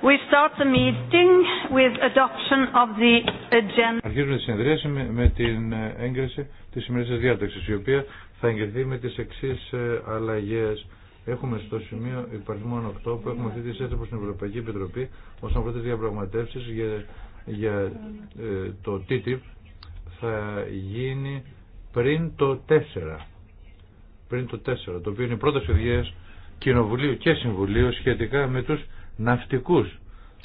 We start the meeting with adoption of the agenda. Αρχίζουμε τη συνεδρίαση με, την ε, έγκριση της σημερινής διάταξης, η οποία θα εγκριθεί με τις εξής ε, αλλαγές. Έχουμε στο σημείο υπαριθμών 8 που έχουμε αυτή τη σύσταση προς την Ευρωπαϊκή Επιτροπή όσον αφορά τις διαπραγματεύσεις για, για ε, το TTIP θα γίνει πριν το 4. Πριν το 4, το οποίο είναι η πρόταση οδηγίας Κοινοβουλίου και Συμβουλίου σχετικά με τους ναυτικούς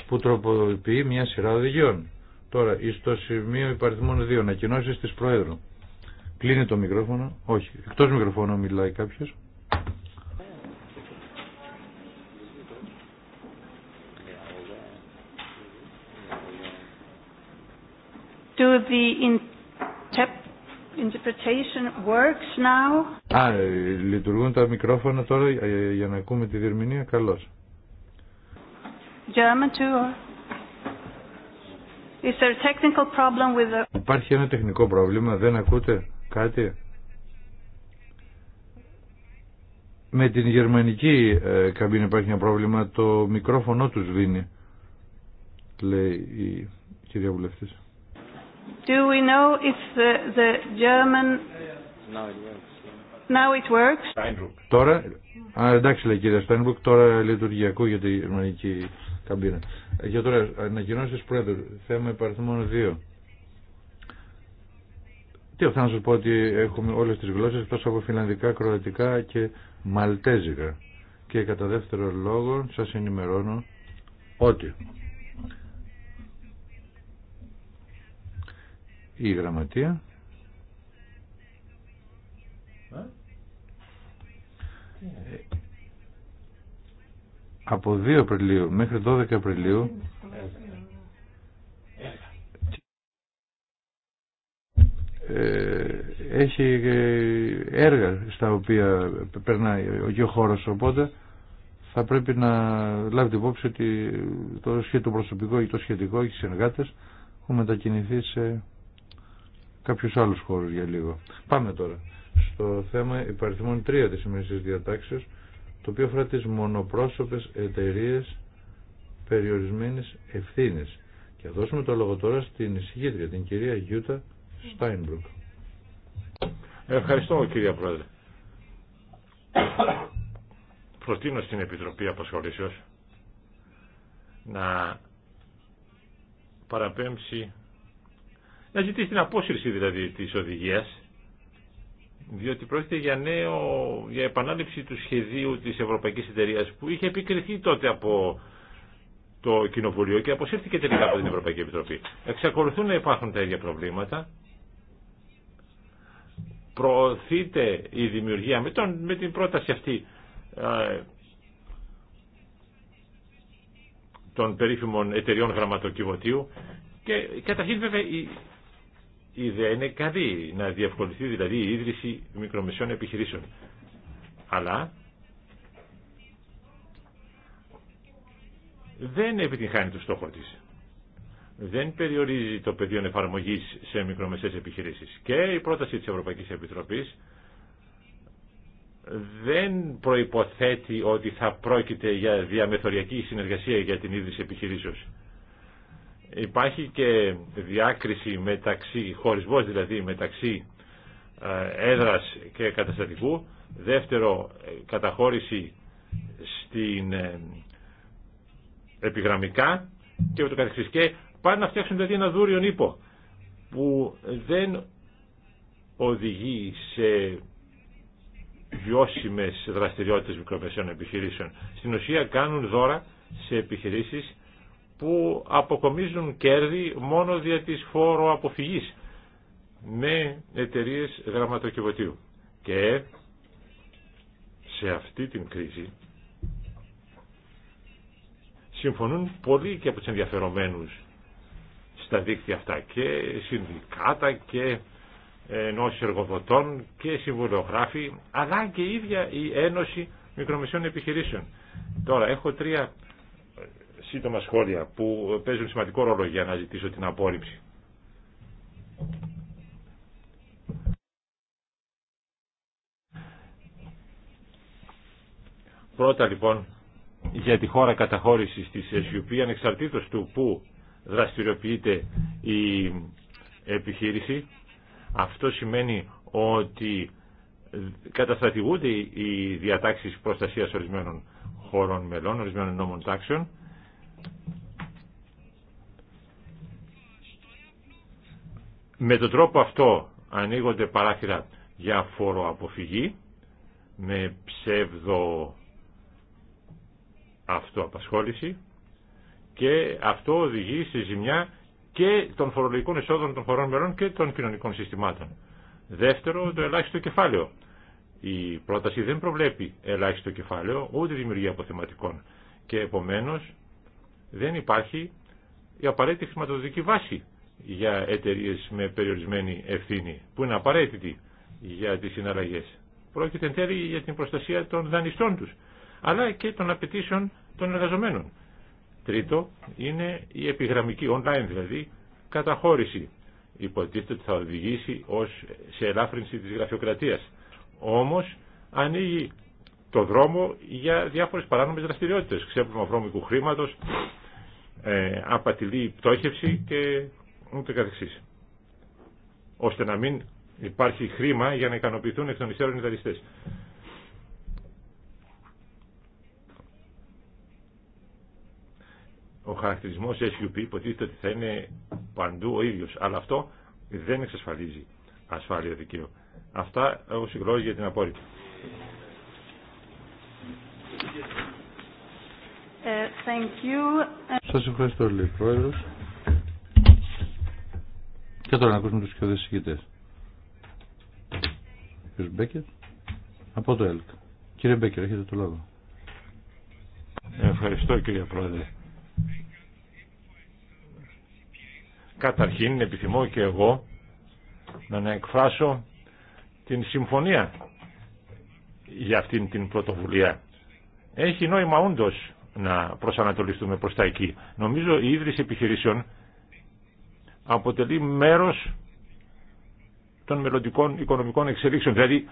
που τροποποιεί μια σειρά οδηγιών. Τώρα, το σημείο υπαριθμών 2, ανακοινώσει τη Προέδρου. Κλείνει το μικρόφωνο. Όχι, εκτός μικροφώνου μιλάει κάποιος. Do the interpretation works now? Α, λειτουργούν τα μικρόφωνα τώρα ε, ε, για να ακούμε τη διερμηνία. Καλώς. German too, uh, Is there a technical problem with the... Υπάρχει ένα τεχνικό πρόβλημα, δεν ακούτε κάτι. Με την γερμανική ε, καμπίνα υπάρχει ένα πρόβλημα, το μικρόφωνο τους σβήνει, λέει η κυρία βουλευτής. Do we know if the, the German... Now it works. Now Τώρα, α, εντάξει λέει η κυρία Στάινμπρουκ, τώρα λειτουργεί, ακούγεται η γερμανική καμπίνα. Ε, για τώρα, ανακοινώσει πρόεδρου, θέμα υπαρθμών 2. Τι, θα σα πω ότι έχουμε όλε τι γλώσσε εκτό από φιλανδικά, κροατικά και μαλτέζικα. Και κατά δεύτερο λόγο, σα ενημερώνω ότι η γραμματεία από 2 Απριλίου μέχρι 12 Απριλίου ε, έχει ε, έργα στα οποία περνάει ο χώρος οπότε θα πρέπει να λάβετε υπόψη ότι το σχετικό προσωπικό ή το σχετικό και οι συνεργάτες έχουν μετακινηθεί σε κάποιους άλλους χώρους για λίγο. Πάμε τώρα στο θέμα υπαριθμών 3 της σημερινής διατάξεως το οποίο αφορά τις μονοπρόσωπες εταιρείε περιορισμένης ευθύνης. Και θα δώσουμε το λόγο τώρα στην εισηγήτρια, την κυρία Γιούτα Στάινμπρουκ. Ευχαριστώ κυρία Πρόεδρε. Προτείνω στην Επιτροπή Απασχολήσεως να παραπέμψει, να ζητήσει την απόσυρση δηλαδή της οδηγίας διότι πρόκειται για, νέο, για επανάληψη του σχεδίου της Ευρωπαϊκής Εταιρεία που είχε επικριθεί τότε από το Κοινοβουλίο και αποσύρθηκε τελικά από την Ευρωπαϊκή Επιτροπή. Εξακολουθούν να υπάρχουν τα ίδια προβλήματα. Προωθείται η δημιουργία με, τον, με την πρόταση αυτή των περίφημων εταιριών γραμματοκιβωτίου και καταρχήν βέβαια η η ιδέα είναι καλή, να διευκολυνθεί δηλαδή η ίδρυση μικρομεσαίων επιχειρήσεων. Αλλά δεν επιτυγχάνει το στόχο της. Δεν περιορίζει το πεδίο εφαρμογής σε μικρομεσαίες επιχειρήσεις. Και η πρόταση της Ευρωπαϊκής Επιτροπής δεν προϋποθέτει ότι θα πρόκειται για διαμεθοριακή συνεργασία για την ίδρυση επιχειρήσεως. Υπάρχει και διάκριση μεταξύ, χωρισμός δηλαδή μεταξύ ε, έδρας και καταστατικού. Δεύτερο, ε, καταχώρηση στην ε, επιγραμμικά και ούτω καθεξής. Και πάνε να φτιάξουν δηλαδή ένα δούριο νύπο που δεν οδηγεί σε βιώσιμες δραστηριότητες μικρομεσαίων επιχειρήσεων. Στην ουσία κάνουν δώρα σε επιχειρήσεις που αποκομίζουν κέρδη μόνο δια της φόρο αποφυγής με ναι, εταιρείε γραμματοκιβωτίου. Και σε αυτή την κρίση συμφωνούν πολλοί και από τους ενδιαφερομένους στα δίκτυα αυτά και συνδικάτα και ενός εργοδοτών και συμβουλόγραφοι αλλά και ίδια η Ένωση Μικρομεσαίων Επιχειρήσεων. Τώρα έχω τρία σύντομα σχόλια που παίζουν σημαντικό ρόλο για να ζητήσω την απόρριψη. Πρώτα λοιπόν για τη χώρα καταχώρησης της SUP ανεξαρτήτως του που δραστηριοποιείται η επιχείρηση. Αυτό σημαίνει ότι καταστατηγούνται οι διατάξεις προστασίας ορισμένων χωρών μελών, ορισμένων νόμων τάξεων με τον τρόπο αυτό ανοίγονται παράθυρα για φοροαποφυγή με ψεύδο αυτοαπασχόληση και αυτό οδηγεί σε ζημιά και των φορολογικών εισόδων των χωρών μερών και των κοινωνικών συστημάτων. Δεύτερο, το ελάχιστο κεφάλαιο. Η πρόταση δεν προβλέπει ελάχιστο κεφάλαιο, ούτε δημιουργία αποθεματικών. Και επομένως δεν υπάρχει η απαραίτητη χρηματοδοτική βάση για εταιρείε με περιορισμένη ευθύνη, που είναι απαραίτητη για τις συναλλαγές. Πρόκειται εν τέλει για την προστασία των δανειστών τους, αλλά και των απαιτήσεων των εργαζομένων. Τρίτο είναι η επιγραμμική, online δηλαδή, καταχώρηση. Υποτίθεται ότι θα οδηγήσει ως σε ελάφρυνση της γραφειοκρατίας. Όμως ανοίγει το δρόμο για διάφορες παράνομες δραστηριότητες. Ξέπλυμα βρώμικου χρήματος, ε, απατηλή πτώχευση και ούτε καθεξής. Ώστε να μην υπάρχει χρήμα για να ικανοποιηθούν εκ των υστέρων οι Ο χαρακτηρισμός SUP υποτίθεται ότι θα είναι παντού ο ίδιος, αλλά αυτό δεν εξασφαλίζει ασφάλεια δικαίου. Αυτά ως συγκρότηση για την απόρριψη. Ε, thank you. Ε, Σας ευχαριστώ λέει Πρόεδρος. Και τώρα να ακούσουμε τους πιο δεσηγητές. Κύριος Μπέκερ, από το ΕΛΚ. Κύριε Μπέκερ, έχετε το λόγο. Ευχαριστώ κύριε Πρόεδρε. Καταρχήν επιθυμώ και εγώ να εκφράσω την συμφωνία για αυτήν την πρωτοβουλία. Έχει νόημα όντως να προσανατολιστούμε προς τα εκεί. Νομίζω η ίδρυση επιχειρήσεων αποτελεί μέρος των μελλοντικών οικονομικών εξελίξεων, δηλαδή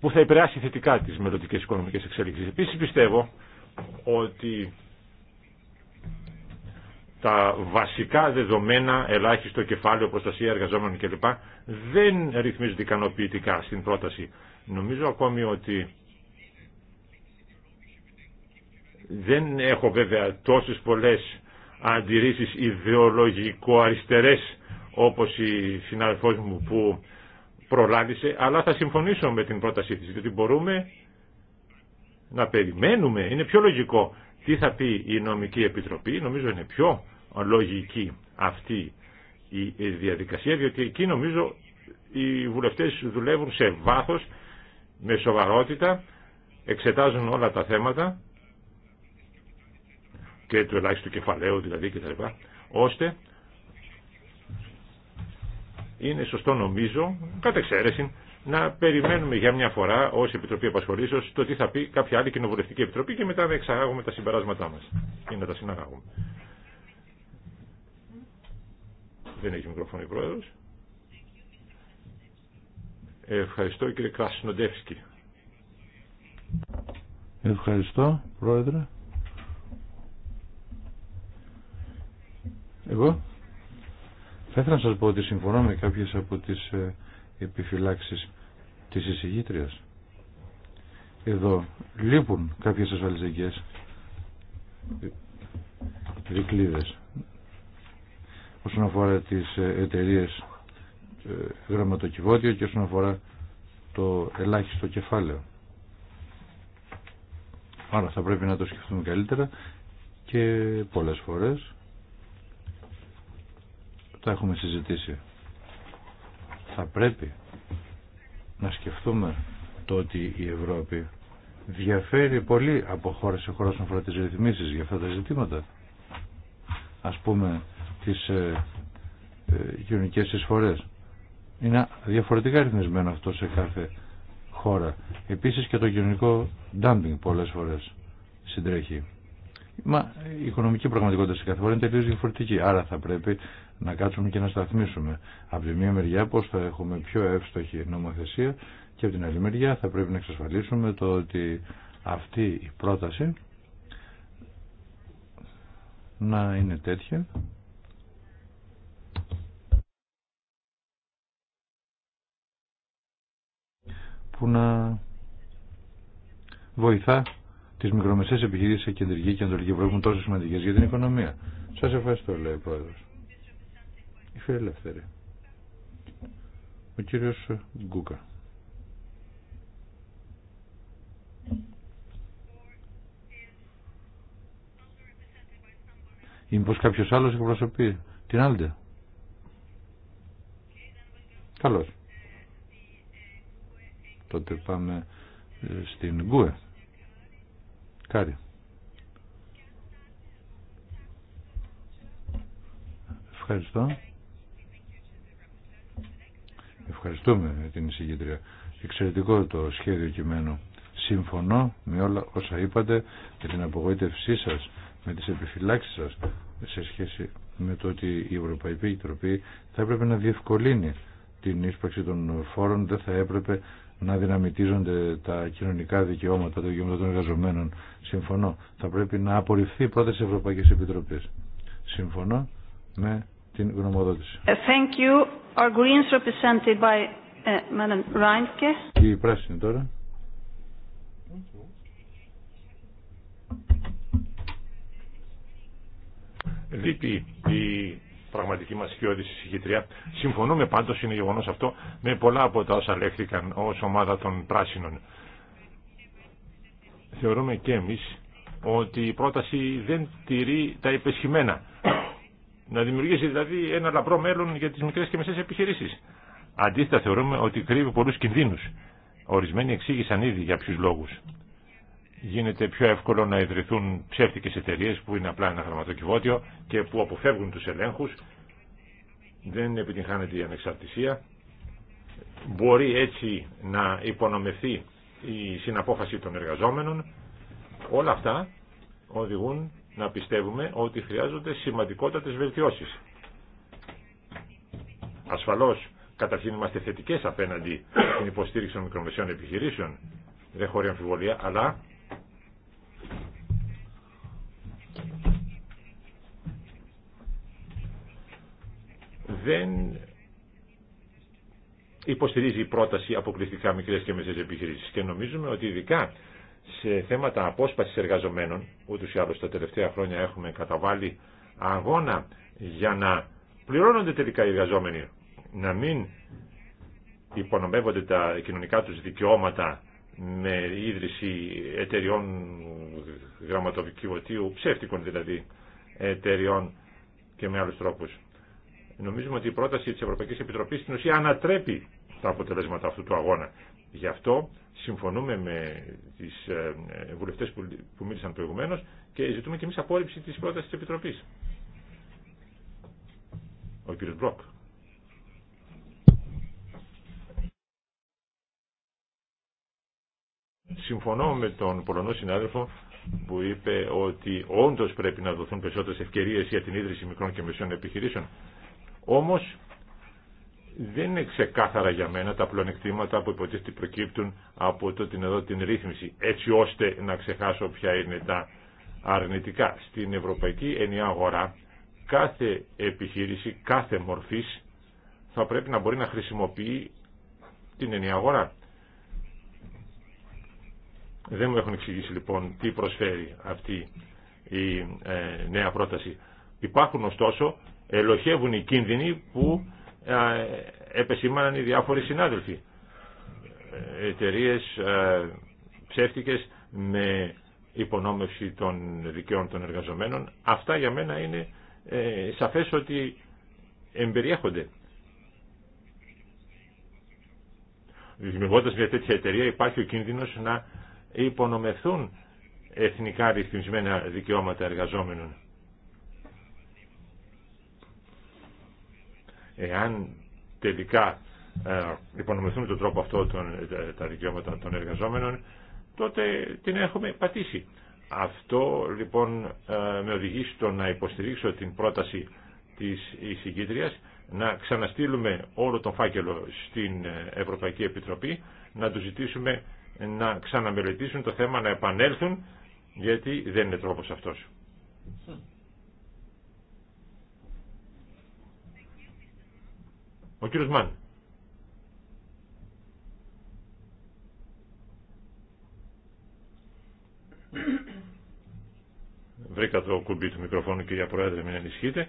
που θα επηρεάσει θετικά τις μελλοντικές οικονομικές εξελίξεις. Επίσης πιστεύω ότι τα βασικά δεδομένα, ελάχιστο κεφάλαιο, προστασία εργαζόμενων κλπ. δεν ρυθμίζονται ικανοποιητικά στην πρόταση. Νομίζω ακόμη ότι δεν έχω βέβαια τόσες πολλές αντιρρήσεις ιδεολογικο-αριστερές όπως η συναδελφός μου που προλάβησε, αλλά θα συμφωνήσω με την πρότασή της, διότι μπορούμε να περιμένουμε, είναι πιο λογικό τι θα πει η νομική επιτροπή, νομίζω είναι πιο λογική αυτή η διαδικασία, διότι εκεί νομίζω οι βουλευτές δουλεύουν σε βάθος, με σοβαρότητα, εξετάζουν όλα τα θέματα και του ελάχιστου κεφαλαίου δηλαδή κτλ. ώστε είναι σωστό νομίζω, κατά εξαίρεση, να περιμένουμε για μια φορά ω Επιτροπή Απασχολήσεω το τι θα πει κάποια άλλη κοινοβουλευτική επιτροπή και μετά να εξαγάγουμε τα συμπεράσματά μα ή να τα συναγάγουμε. Δεν έχει μικρόφωνο η πρόεδρο. Ευχαριστώ κύριε Κράσινοντεύσκη. Ευχαριστώ πρόεδρε. Εγώ θα ήθελα να σας πω ότι συμφωνώ με κάποιες από τις ε, επιφυλάξεις της εισηγήτριας. Εδώ λείπουν κάποιες ασφαλιστικές δικλίδες όσον αφορά τις ε, εταιρείε ε, γραμματοκιβώτιο και όσον αφορά το ελάχιστο κεφάλαιο. Άρα θα πρέπει να το σκεφτούμε καλύτερα και πολλές φορές τα έχουμε συζητήσει. Θα πρέπει να σκεφτούμε το ότι η Ευρώπη διαφέρει πολύ από χώρα σε χώρα αφορά τις ρυθμίσεις για αυτά τα ζητήματα. Ας πούμε τις ε, ε, εισφορές. Είναι διαφορετικά ρυθμισμένο αυτό σε κάθε χώρα. Επίσης και το κοινωνικό dumping πολλές φορές συντρέχει. Μα η οικονομική πραγματικότητα σε κάθε χώρα είναι τελείως διαφορετική. Άρα θα πρέπει να κάτσουμε και να σταθμίσουμε. Από τη μία μεριά πώς θα έχουμε πιο εύστοχη νομοθεσία και από την άλλη μεριά θα πρέπει να εξασφαλίσουμε το ότι αυτή η πρόταση να είναι τέτοια που να βοηθά τις μικρομεσαίες επιχειρήσεις σε κεντρική και αντολική που έχουν τόσο σημαντικές για την οικονομία. Σας ευχαριστώ, λέει ο Πρόεδρος η φιλελεύθερη Ο κύριος Γκούκα. Ή μήπως κάποιος άλλος εκπροσωπεί την άλλη. Καλώς. Τότε πάμε ε, στην Γκουε. Κάρι. Ευχαριστώ. Ευχαριστούμε την εισηγήτρια. Εξαιρετικό το σχέδιο κειμένου. Συμφωνώ με όλα όσα είπατε και την απογοήτευσή σας με τις επιφυλάξεις σας σε σχέση με το ότι η Ευρωπαϊκή Επιτροπή θα έπρεπε να διευκολύνει την ίσπραξη των φόρων, δεν θα έπρεπε να δυναμητίζονται τα κοινωνικά δικαιώματα, των εργαζομένων. Συμφωνώ. Θα πρέπει να απορριφθεί η πρόταση Ευρωπαϊκής Επιτροπής. Συμφωνώ με την γνωμοδότηση. Ε, thank you. Our Greens represented by uh, Madam Reinke. Και η πράσινη τώρα. Λείπει η πραγματική μας χειώδηση συγχυτρία. Συμφωνούμε πάντως, είναι γεγονός αυτό, με πολλά από τα όσα λέχθηκαν ως ομάδα των πράσινων. Θεωρούμε και εμείς ότι η πρόταση δεν τηρεί τα υπεσχημένα να δημιουργήσει δηλαδή ένα λαμπρό μέλλον για τις μικρές και μεσέ επιχειρήσεις. Αντίθετα θεωρούμε ότι κρύβει πολλούς κινδύνους. Ορισμένοι εξήγησαν ήδη για ποιους λόγους. Γίνεται πιο εύκολο να ιδρυθούν ψεύτικες εταιρείε που είναι απλά ένα γραμματοκιβώτιο και που αποφεύγουν τους ελέγχους. Δεν επιτυγχάνεται η ανεξαρτησία. Μπορεί έτσι να υπονομευθεί η συναπόφαση των εργαζόμενων. Όλα αυτά οδηγούν να πιστεύουμε ότι χρειάζονται σημαντικότατες βελτιώσεις. Ασφαλώς, καταρχήν είμαστε θετικές απέναντι στην υποστήριξη των μικρομεσαίων επιχειρήσεων, δεν χωρεί αμφιβολία, αλλά δεν υποστηρίζει η πρόταση αποκλειστικά μικρές και μεσές επιχειρήσεις και νομίζουμε ότι ειδικά σε θέματα απόσπασης εργαζομένων, ούτως ή άλλως τα τελευταία χρόνια έχουμε καταβάλει αγώνα για να πληρώνονται τελικά οι εργαζόμενοι, να μην υπονομεύονται τα κοινωνικά τους δικαιώματα με ίδρυση εταιριών γραμματοβικιωτίου, ψεύτικων δηλαδή εταιριών και με άλλους τρόπους. Νομίζουμε ότι η πρόταση της Ευρωπαϊκής Επιτροπής στην ουσία ανατρέπει τα αποτελέσματα αυτού του αγώνα. Γι' αυτό συμφωνούμε με τις ε, βουλευτέ που μίλησαν προηγουμένω και ζητούμε και εμεί απόρριψη τη πρόταση τη Επιτροπή. Ο κ. Μπροκ. Συμφωνώ με τον Πολωνό συνάδελφο που είπε ότι όντω πρέπει να δοθούν περισσότερες ευκαιρίες για την ίδρυση μικρών και μεσών επιχειρήσεων. Όμως δεν είναι ξεκάθαρα για μένα τα πλονεκτήματα που υποτίθεται προκύπτουν από το την εδώ την ρύθμιση, έτσι ώστε να ξεχάσω ποια είναι τα αρνητικά. Στην Ευρωπαϊκή Ενιαία Αγορά κάθε επιχείρηση, κάθε μορφής θα πρέπει να μπορεί να χρησιμοποιεί την Ενιαία Αγορά. Δεν μου έχουν εξηγήσει λοιπόν τι προσφέρει αυτή η ε, νέα πρόταση. Υπάρχουν ωστόσο, ελοχεύουν οι κίνδυνοι που επεσήμαναν οι διάφοροι συνάδελφοι. Εταιρείε ψεύτικες με υπονόμευση των δικαιών των εργαζομένων. Αυτά για μένα είναι ε, σαφές ότι εμπεριέχονται. Δημιουργώντα μια τέτοια εταιρεία υπάρχει ο κίνδυνος να υπονομευθούν εθνικά ρυθμισμένα δικαιώματα εργαζόμενων. Εάν τελικά ε, τον τρόπο αυτό τον, τα δικαιώματα των εργαζόμενων, τότε την έχουμε πατήσει. Αυτό λοιπόν ε, με οδηγεί στο να υποστηρίξω την πρόταση της εισηγήτριας να ξαναστείλουμε όλο τον φάκελο στην ε, Ευρωπαϊκή Επιτροπή να του ζητήσουμε να ξαναμελετήσουν το θέμα, να επανέλθουν γιατί δεν είναι τρόπος αυτός. Ο κύριος Μαν. Βρήκα το κουμπί του μικροφόνου, κυρία Πρόεδρε, μην ανησυχείτε.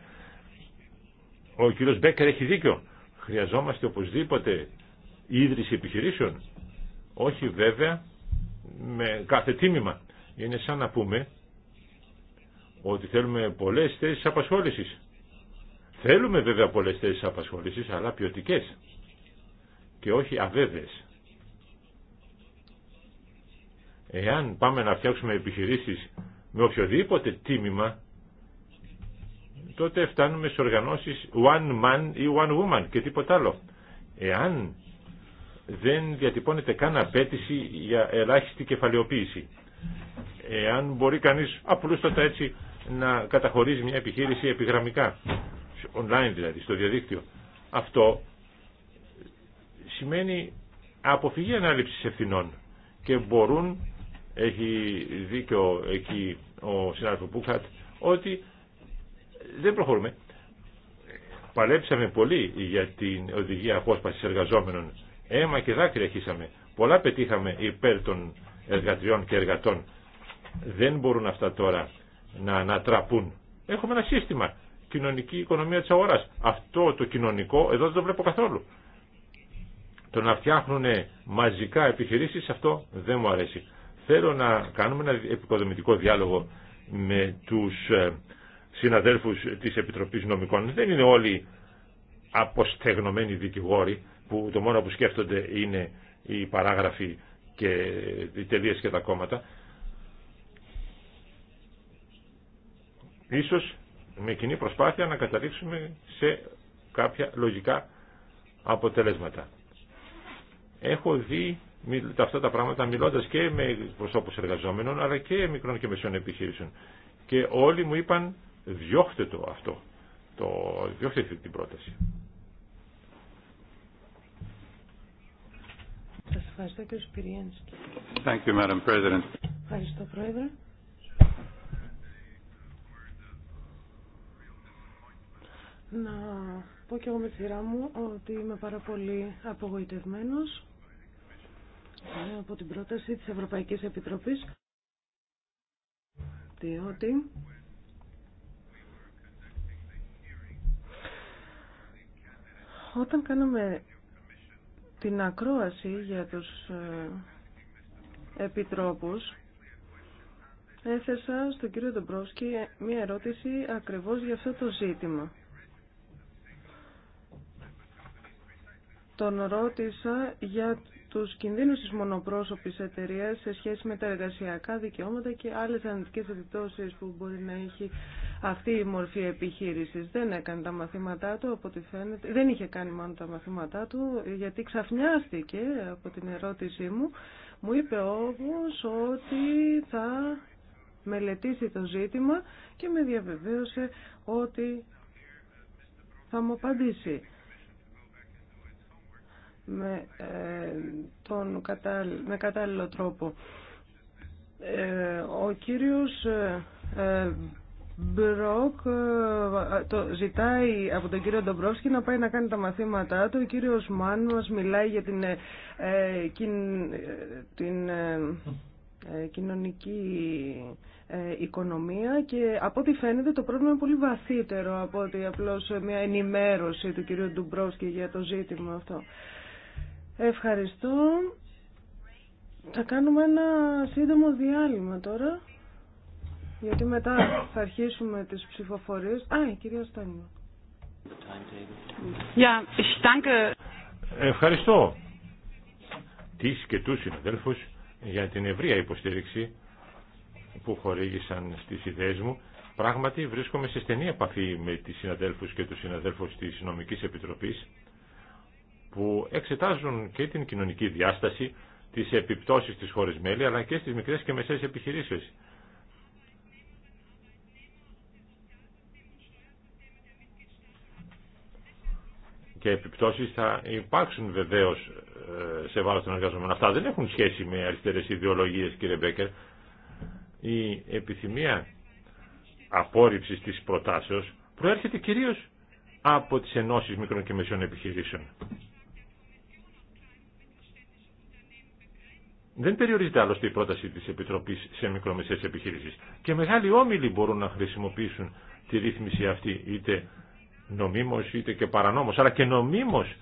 Ο κύριος Μπέκερ έχει δίκιο. Χρειαζόμαστε οπωσδήποτε ίδρυση επιχειρήσεων. Όχι βέβαια με κάθε τίμημα. Είναι σαν να πούμε ότι θέλουμε πολλές θέσεις απασχόλησης. Θέλουμε βέβαια πολλές θέσεις απασχόλησης, αλλά ποιοτικέ και όχι αβέβαιες. Εάν πάμε να φτιάξουμε επιχειρήσεις με οποιοδήποτε τίμημα, τότε φτάνουμε σε οργανώσεις one man ή one woman και τίποτα άλλο. Εάν δεν διατυπώνεται καν απέτηση για ελάχιστη κεφαλαιοποίηση. Εάν μπορεί κανείς απλούστατα έτσι να καταχωρίζει μια επιχείρηση επιγραμμικά online δηλαδή, στο διαδίκτυο. Αυτό σημαίνει αποφυγή ανάληψης ευθυνών και μπορούν, έχει δίκιο εκεί ο συνάδελφος Πούχατ, ότι δεν προχωρούμε. Παλέψαμε πολύ για την οδηγία απόσπασης εργαζόμενων. Έμα και δάκρυα χύσαμε. Πολλά πετύχαμε υπέρ των εργατριών και εργατών. Δεν μπορούν αυτά τώρα να ανατραπούν. Έχουμε ένα σύστημα κοινωνική οικονομία της αγοράς. Αυτό το κοινωνικό εδώ δεν το βλέπω καθόλου. Το να φτιάχνουν μαζικά επιχειρήσεις αυτό δεν μου αρέσει. Θέλω να κάνουμε ένα επικοδομητικό διάλογο με τους ε, συναδέλφους της Επιτροπής Νομικών. Δεν είναι όλοι αποστεγνωμένοι δικηγόροι που το μόνο που σκέφτονται είναι οι παράγραφοι και οι τελείες και τα κόμματα. Ίσως με κοινή προσπάθεια να καταλήξουμε σε κάποια λογικά αποτελέσματα. Έχω δει αυτά τα πράγματα μιλώντας και με προσώπους εργαζόμενων αλλά και μικρών και μεσών επιχειρήσεων και όλοι μου είπαν διώχτε το αυτό το, διώχτε την πρόταση ευχαριστώ Thank you, Madam President. Να πω και εγώ με τη σειρά μου ότι είμαι πάρα πολύ απογοητευμένος ε, από την πρόταση της Ευρωπαϊκής Επιτροπής διότι όταν κάναμε την ακρόαση για τους ε, επιτρόπους έθεσα στον κύριο Ντομπρόσκι μία ερώτηση ακριβώς για αυτό το ζήτημα. Τον ρώτησα για τους κινδύνους της μονοπρόσωπης εταιρεία σε σχέση με τα εργασιακά δικαιώματα και άλλες αρνητικές επιπτώσεις που μπορεί να έχει αυτή η μορφή επιχείρησης. Δεν έκανε τα μαθήματά του, από ό,τι φαίνεται. Δεν είχε κάνει μόνο τα μαθήματά του, γιατί ξαφνιάστηκε από την ερώτησή μου. Μου είπε όμως ότι θα μελετήσει το ζήτημα και με διαβεβαίωσε ότι θα μου απαντήσει με, ε, τον με κατάλληλο τρόπο. Ε, ο κύριος ε, Μπροκ το ζητάει από τον κύριο Ντομπρόφσκι να πάει να κάνει τα μαθήματά του. Ο κύριος Μάν μας μιλάει για την, την κοινωνική οικονομία και από ό,τι φαίνεται το πρόβλημα είναι πολύ βαθύτερο από ότι απλώς μια ενημέρωση του κυρίου Ντομπρόφσκι για το ζήτημα αυτό. Ευχαριστώ. Θα κάνουμε ένα σύντομο διάλειμμα τώρα, γιατί μετά θα αρχίσουμε τις ψηφοφορίες. Α, η κυρία Στάνιμα. Yeah, Ευχαριστώ τις και τους συναδέλφους για την ευρεία υποστήριξη που χορήγησαν στις ιδέες μου. Πράγματι βρίσκομαι σε στενή επαφή με τις συναδέλφους και τους συναδέλφους της Νομικής Επιτροπής που εξετάζουν και την κοινωνική διάσταση, τι επιπτώσεις της χώρες μέλη, αλλά και στις μικρές και μεσαίες επιχειρήσεις. Και επιπτώσεις θα υπάρξουν βεβαίως ε, σε βάρος των εργαζομένων. Αυτά δεν έχουν σχέση με αριστερές ιδεολογίες, κύριε Μπέκερ. Η επιθυμία απόρριψης της προτάσεως προέρχεται κυρίως από τι ενώσεις μικρών και μεσαίων επιχειρήσεων. Δεν περιορίζεται άλλωστε η πρόταση της Επιτροπής σε μικρομεσαίες επιχειρήσεις. Και μεγάλοι όμιλοι μπορούν να χρησιμοποιήσουν τη ρύθμιση αυτή, είτε νομίμως είτε και παρανόμως, αλλά και νομίμως.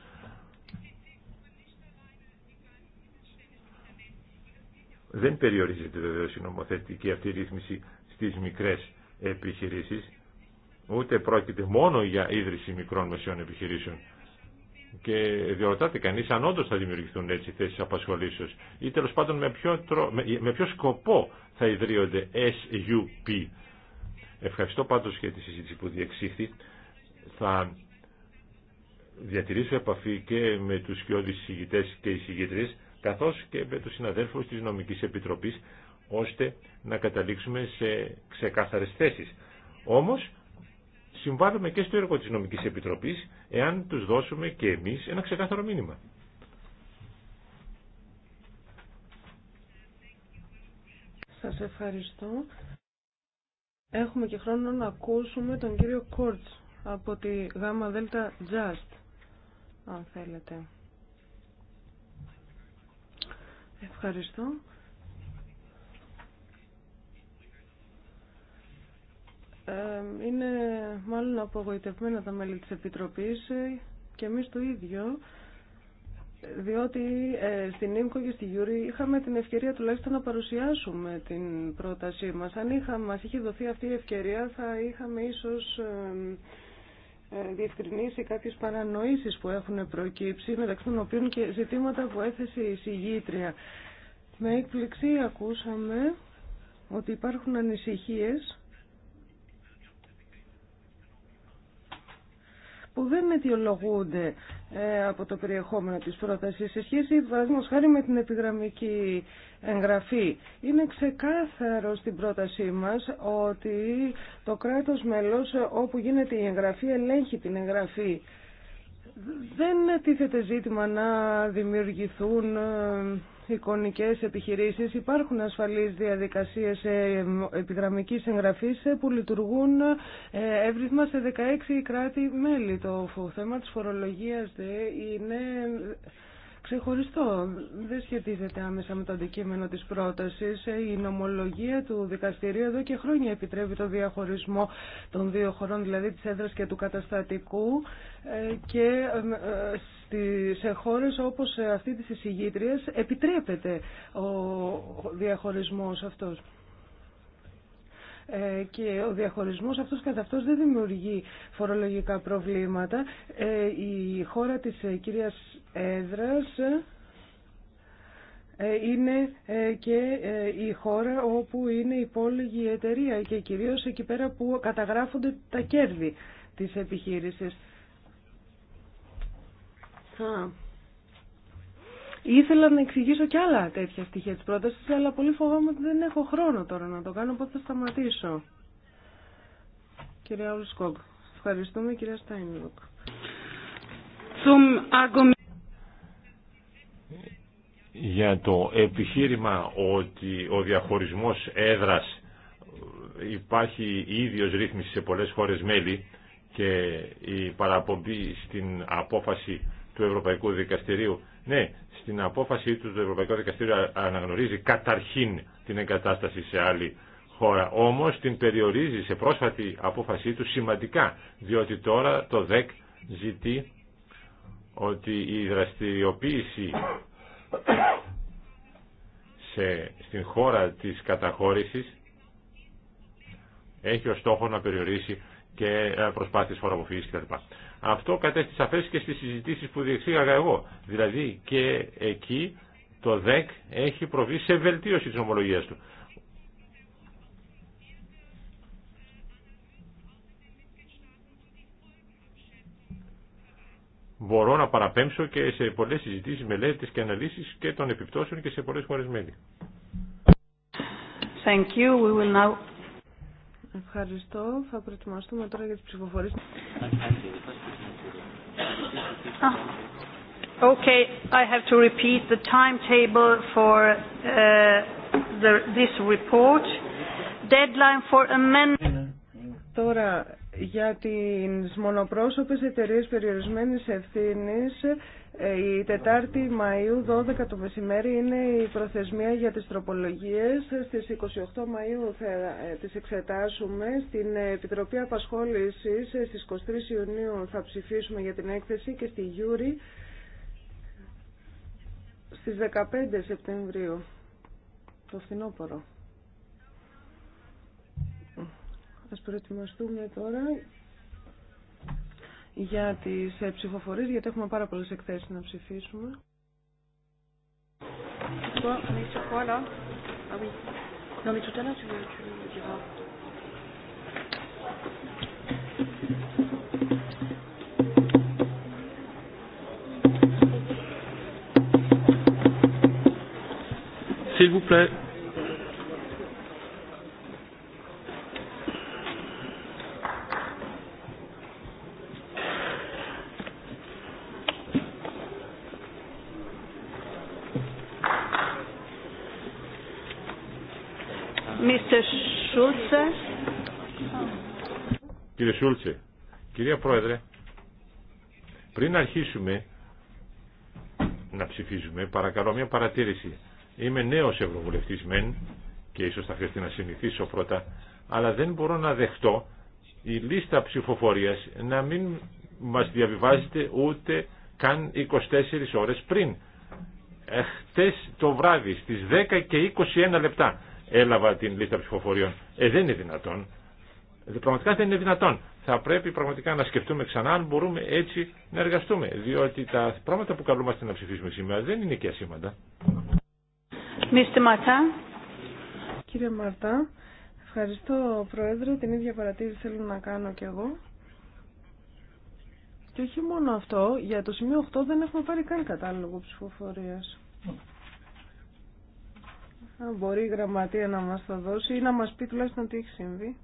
Δεν περιορίζεται βεβαίως η νομοθετική αυτή ρύθμιση στις μικρές επιχειρήσεις, ούτε πρόκειται μόνο για ίδρυση μικρών μεσαίων επιχειρήσεων και διορτάται κανεί, αν όντω θα δημιουργηθούν έτσι θέσει απασχολήσεω ή τέλο πάντων με ποιο, τρο... με ποιο σκοπό θα ιδρύονται SUP. Ευχαριστώ πάντως για τη συζήτηση που διεξήχθη. Θα διατηρήσω επαφή και με τους σκιώδει συγητέ και οι εισηγητρίες καθώ και με του συναδέλφου τη Νομική Επιτροπή, ώστε να καταλήξουμε σε ξεκάθαρε θέσει. Όμω, συμβάλλουμε και στο έργο της Νομικής Επιτροπής εάν τους δώσουμε και εμείς ένα ξεκάθαρο μήνυμα. Σας ευχαριστώ. Έχουμε και χρόνο να ακούσουμε τον κύριο Κόρτς από τη ΓΑΜΑ ΔΕΛΤΑ Just, αν θέλετε. Ευχαριστώ. Ε, είναι μάλλον απογοητευμένα τα μέλη της Επιτροπής και εμείς το ίδιο διότι ε, στην ΙΜΚΟ και στη Γιούρη είχαμε την ευκαιρία τουλάχιστον να παρουσιάσουμε την πρότασή μας. Αν είχα, μας είχε δοθεί αυτή η ευκαιρία θα είχαμε ίσως ε, διευκρινίσει κάποιες παρανοήσεις που έχουν προκύψει μεταξύ των οποίων και ζητήματα που έθεσε η συγγήτρια. Με έκπληξη ακούσαμε ότι υπάρχουν ανησυχίες που δεν αιτιολογούνται ε, από το περιεχόμενο της πρότασης σε σχέση, παραδείγματος χάρη με την επιγραμμική εγγραφή. Είναι ξεκάθαρο στην πρότασή μας ότι το κράτος μέλος όπου γίνεται η εγγραφή ελέγχει την εγγραφή. Δεν τίθεται ζήτημα να δημιουργηθούν ε, εικονικές επιχειρήσεις υπάρχουν ασφαλείς διαδικασίες ε, επιγραμμικής εγγραφής ε, που λειτουργούν ε, εύρυθμα σε 16 κράτη-μέλη. Το θέμα της φορολογίας είναι ξεχωριστό. Δεν σχετίζεται άμεσα με το αντικείμενο της πρότασης. Η νομολογία του δικαστηρίου εδώ και χρόνια επιτρέπει το διαχωρισμό των δύο χωρών, δηλαδή της έδρας και του καταστατικού ε, και ε, σε χώρες όπως αυτή της εισηγήτριας επιτρέπεται ο διαχωρισμός αυτός ε, και ο διαχωρισμός αυτός κατά αυτός δεν δημιουργεί φορολογικά προβλήματα. η χώρα της κυρίας έδρας ε, είναι ε, και ε, η χώρα όπου είναι η η εταιρεία και κυρίως εκεί πέρα που καταγράφονται τα κέρδη της επιχείρησης. Ήθελα να εξηγήσω και άλλα τέτοια στοιχεία της πρότασης, αλλά πολύ φοβάμαι ότι δεν έχω χρόνο τώρα να το κάνω, οπότε θα σταματήσω. Κυρία Ουλσκόγκ, ευχαριστούμε κυρία Στάινλουκ για το επιχείρημα ότι ο διαχωρισμός έδρας υπάρχει ίδιος ρύθμιση σε πολλές χώρες μέλη και η παραπομπή στην απόφαση του Ευρωπαϊκού Δικαστηρίου. Ναι, στην απόφαση του το Ευρωπαϊκό Δικαστήριο αναγνωρίζει καταρχήν την εγκατάσταση σε άλλη χώρα. Όμως την περιορίζει σε πρόσφατη απόφασή του σημαντικά, διότι τώρα το ΔΕΚ ζητεί ότι η δραστηριοποίηση σε, στην χώρα της καταχώρησης έχει ως στόχο να περιορίσει και ε, προσπάθειες φοροαποφυγής κτλ. Αυτό κατέστησε σαφές και στις συζητήσεις που διεξήγαγα εγώ. Δηλαδή και εκεί το ΔΕΚ έχει προβεί σε βελτίωση της ομολογίας του. μπορώ να παραπέμψω και σε πολλές συζητήσεις, μελέτες και αναλύσεις και των επιπτώσεων και σε πολλές χώρες μέλη. Thank you. We will now... Ευχαριστώ. Θα προετοιμαστούμε τώρα για τις ψηφοφορίες. Ah, okay, I have to repeat the timetable for uh, the, this report. Deadline for amendment. Τώρα για τις μονοπρόσωπες εταιρείες περιορισμένης ευθύνης, ε, η Τετάρτη Μαΐου 12 το μεσημέρι είναι η προθεσμία για τις τροπολογίες. Στις 28 Μαΐου θα ε, τις εξετάσουμε. Στην ε, Επιτροπή Απασχόλησης στις 23 Ιουνίου θα ψηφίσουμε για την έκθεση και στη Γιούρη στις 15 Σεπτεμβρίου, το φθινόπωρο. Ας προετοιμαστούμε τώρα για τις ε, ψηφοφορίες, γιατί έχουμε πάρα πολλές εκθέσεις να ψηφίσουμε. Ah S'il vous Κυρία Πρόεδρε, πριν αρχίσουμε να ψηφίζουμε, παρακαλώ μια παρατήρηση. Είμαι νέος ευρωβουλευτής μεν και ίσως θα χρειαστεί να συνηθίσω πρώτα, αλλά δεν μπορώ να δεχτώ η λίστα ψηφοφορίας να μην μας διαβιβάζεται ούτε καν 24 ώρες πριν. Χτες το βράδυ στις 10 και 21 λεπτά έλαβα την λίστα ψηφοφοριών. Ε, δεν είναι δυνατόν. Δηλαδή, πραγματικά δεν είναι δυνατόν. Θα πρέπει πραγματικά να σκεφτούμε ξανά αν μπορούμε έτσι να εργαστούμε. Διότι τα πράγματα που καλούμαστε να ψηφίσουμε σήμερα δεν είναι και ασήμαντα. Κύριε Μαρτά, ευχαριστώ Πρόεδρε. Την ίδια παρατήρηση θέλω να κάνω κι εγώ. Και όχι μόνο αυτό, για το σημείο 8 δεν έχουμε πάρει καν κατάλογο ψηφοφορία. Αν μπορεί η γραμματεία να μας το δώσει ή να μας πει τουλάχιστον τι έχει συμβεί.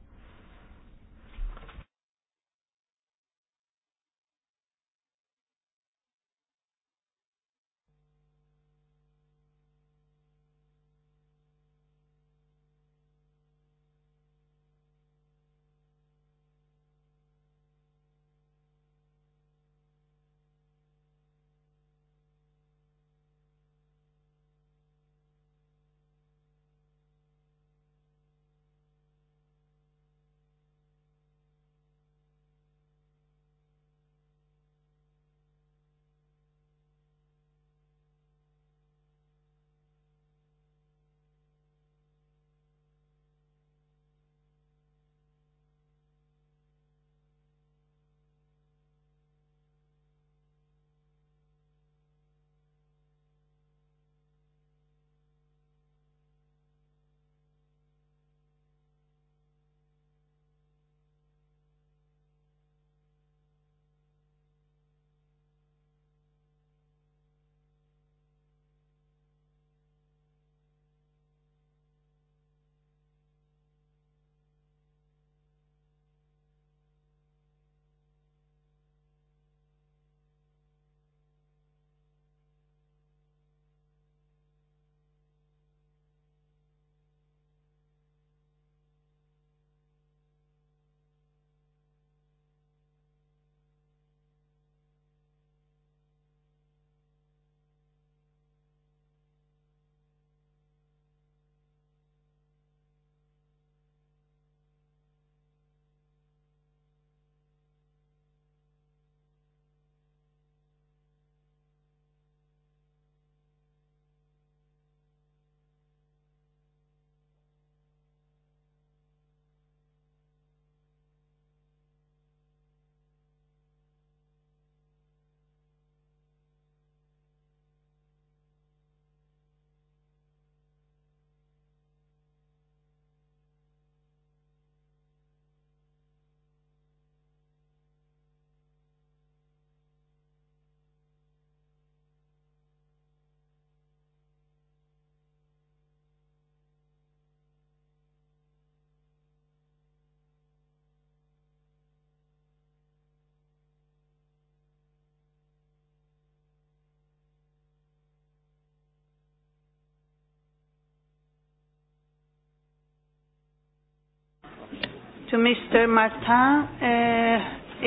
To Mr. Uh,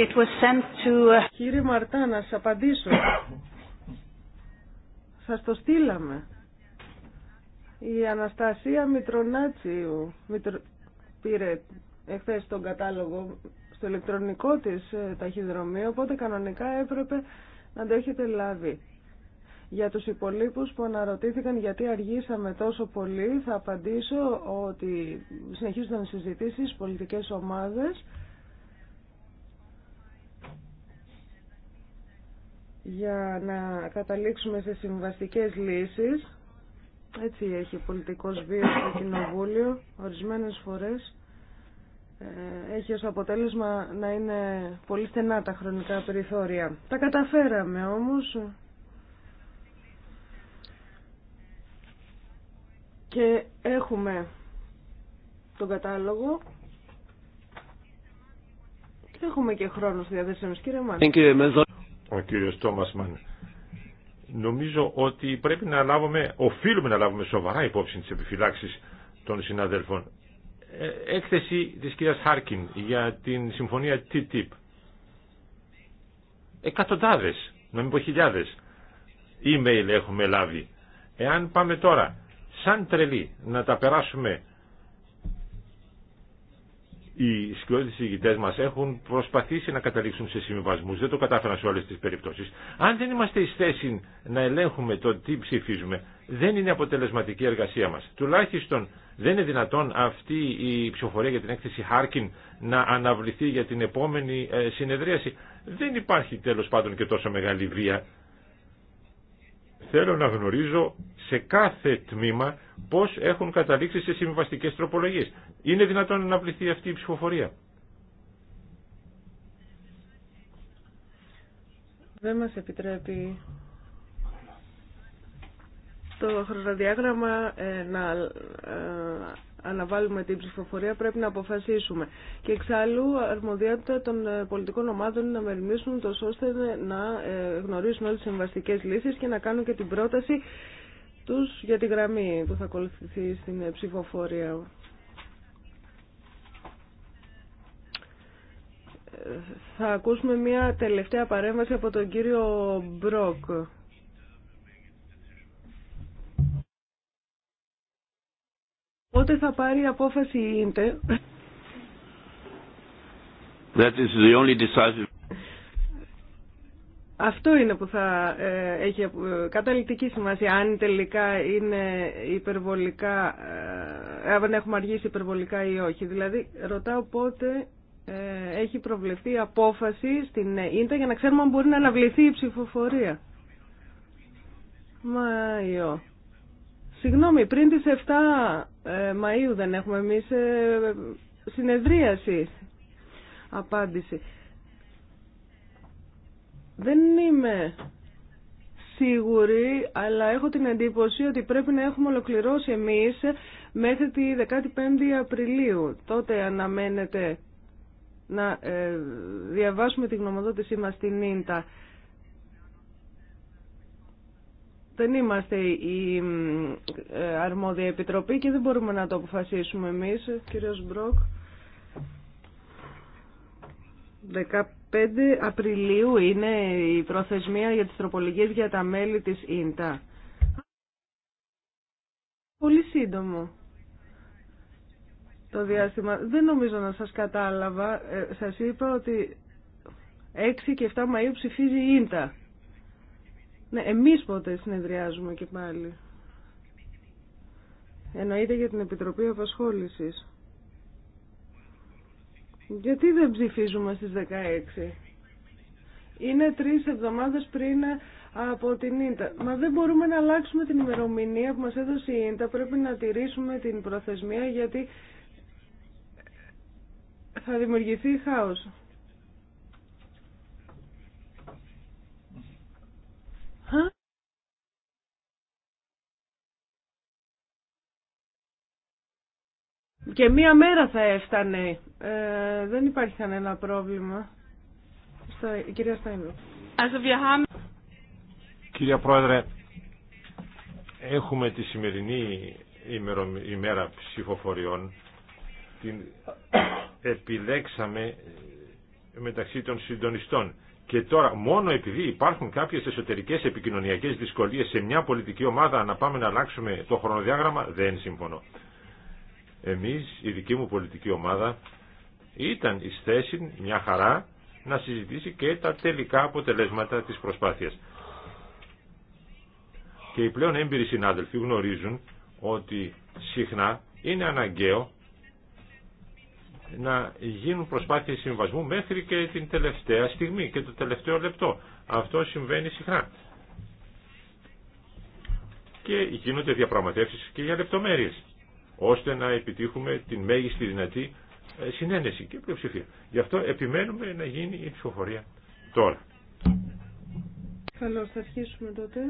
it was sent to... Uh, Κύριε Μαρτά, να σας απαντήσω. σας το στείλαμε. Η Αναστασία Μητρονάτσιου πήρε εχθές τον κατάλογο στο ηλεκτρονικό της ε, ταχυδρομείο, οπότε κανονικά έπρεπε να το έχετε λάβει. Για τους υπολείπους που αναρωτήθηκαν γιατί αργήσαμε τόσο πολύ, θα απαντήσω ότι συνεχίζονταν συζητήσεις πολιτικές ομάδες για να καταλήξουμε σε συμβαστικές λύσεις. Έτσι έχει πολιτικός βίος στο Κοινοβούλιο, ορισμένες φορές ε, έχει ως αποτέλεσμα να είναι πολύ στενά τα χρονικά περιθώρια. Τα καταφέραμε όμως, Και έχουμε τον κατάλογο και έχουμε και χρόνο στη Κύριε Μάν. Ο κύριος Τόμας Μάν. Νομίζω ότι πρέπει να λάβουμε, οφείλουμε να λάβουμε σοβαρά υπόψη τις επιφυλάξεις των συναδέλφων. Ε, έκθεση της κυρίας Χάρκιν για την συμφωνία TTIP. Εκατοντάδες, να μην πω χιλιάδες, email έχουμε λάβει. Εάν πάμε τώρα σαν τρελή να τα περάσουμε. Οι σκιώδεις ηγητές μας έχουν προσπαθήσει να καταλήξουν σε συμβιβασμούς, δεν το κατάφεραν σε όλες τις περιπτώσεις. Αν δεν είμαστε εις θέση να ελέγχουμε το τι ψηφίζουμε, δεν είναι αποτελεσματική η εργασία μας. Τουλάχιστον δεν είναι δυνατόν αυτή η ψηφοφορία για την έκθεση Χάρκιν να αναβληθεί για την επόμενη ε, συνεδρίαση. Δεν υπάρχει τέλος πάντων και τόσο μεγάλη βία θέλω να γνωρίζω σε κάθε τμήμα πώς έχουν καταλήξει σε συμβαστικέ τροπολογίες. Είναι δυνατόν να αναπληθεί αυτή η ψηφοφορία. Δεν μας επιτρέπει το χρονοδιάγραμμα ε, να ε, αναβάλουμε την ψηφοφορία πρέπει να αποφασίσουμε. Και εξάλλου αρμοδιότητα των ε, πολιτικών ομάδων να μεριμνήσουν τόσο ώστε να γνωρίσουν όλες τις συμβαστικές λύσεις και να κάνουν και την πρόταση τους για τη γραμμή που θα ακολουθηθεί στην ψηφοφορία. Θα ακούσουμε μια τελευταία παρέμβαση από τον κύριο Μπρόκ. Πότε θα πάρει απόφαση η ΙΝΤΕ. That is the only decisive... Αυτό είναι που θα ε, έχει ε, καταληκτική σημασία. Αν τελικά είναι υπερβολικά, ε, αν έχουμε αργήσει υπερβολικά ή όχι. Δηλαδή, ρωτάω πότε ε, έχει προβλεφθεί απόφαση στην ΙΝΤΑ για να ξέρουμε αν μπορεί να αναβληθεί η ψηφοφορία. Μάιο. Συγγνώμη, πριν τις 7 ε, Μαΐου δεν έχουμε εμείς ε, συνεδρίαση. Απάντηση. Δεν είμαι σίγουρη, αλλά έχω την εντύπωση ότι πρέπει να έχουμε ολοκληρώσει εμείς μέχρι τη 15 Απριλίου. Τότε αναμένεται να ε, διαβάσουμε τη γνωμοδότησή μας στην Ίντα δεν είμαστε η ε, αρμόδια επιτροπή και δεν μπορούμε να το αποφασίσουμε εμείς, κύριος Μπροκ. 15 Απριλίου είναι η προθεσμία για τις τροπολογίες για τα μέλη της ΙΝΤΑ. Πολύ σύντομο το διάστημα. Δεν νομίζω να σας κατάλαβα. Ε, σας είπα ότι 6 και 7 Μαΐου ψηφίζει η ΙΝΤΑ. Ναι, εμείς πότε συνεδριάζουμε και πάλι. Εννοείται για την Επιτροπή Απασχόλησης. Γιατί δεν ψηφίζουμε στις 16. Είναι τρεις εβδομάδες πριν από την ίντα. Μα δεν μπορούμε να αλλάξουμε την ημερομηνία που μας έδωσε η ίντα. Πρέπει να τηρήσουμε την προθεσμία γιατί θα δημιουργηθεί χάος. Και μία μέρα θα έφτανε. Ε, δεν υπάρχει κανένα πρόβλημα. Στο, κυρία Στάινου. Κυρία Πρόεδρε, έχουμε τη σημερινή ημέρα ψηφοφοριών. Την επιλέξαμε μεταξύ των συντονιστών. Και τώρα, μόνο επειδή υπάρχουν κάποιε εσωτερικέ επικοινωνιακέ δυσκολίε σε μια πολιτική ομάδα, να πάμε να αλλάξουμε το χρονοδιάγραμμα, δεν συμφωνώ. Εμείς, η δική μου πολιτική ομάδα, ήταν εις θέση μια χαρά να συζητήσει και τα τελικά αποτελέσματα της προσπάθειας. Και οι πλέον έμπειροι συνάδελφοι γνωρίζουν ότι συχνά είναι αναγκαίο να γίνουν προσπάθειες συμβασμού μέχρι και την τελευταία στιγμή και το τελευταίο λεπτό. Αυτό συμβαίνει συχνά. Και γίνονται διαπραγματεύσεις και για λεπτομέρειες ώστε να επιτύχουμε την μέγιστη δυνατή ε, συνένεση και πλειοψηφία. Γι' αυτό επιμένουμε να γίνει η ψηφοφορία τώρα. Καλώς, θα αρχίσουμε τότε.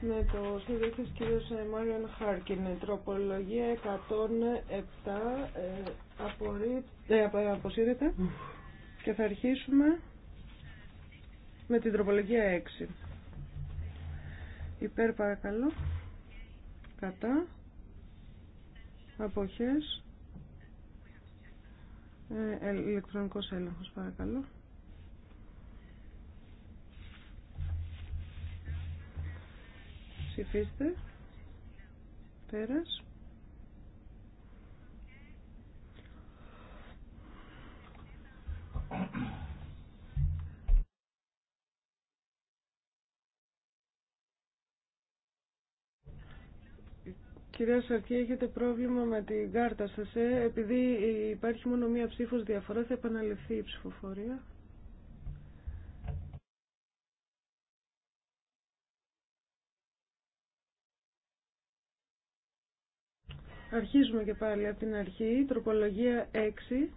με το συνδέεται ο κύριος Μάριον Χάρκιν. Τροπολογία 107 ε, ε αποσύρεται και θα αρχίσουμε με την τροπολογία 6. Υπέρ παρακαλώ. Κατά. Αποχές. Ε, ε, ηλεκτρονικός έλεγχος παρακαλώ. Ψηφίστε. Πέρας. Κυρία Σαρτιέ, έχετε πρόβλημα με την κάρτα σας. Ε? Επειδή υπάρχει μόνο μία ψήφος διαφορά, θα επαναληφθεί η ψηφοφορία. Αρχίζουμε και πάλι από την αρχή. Τροπολογία 6.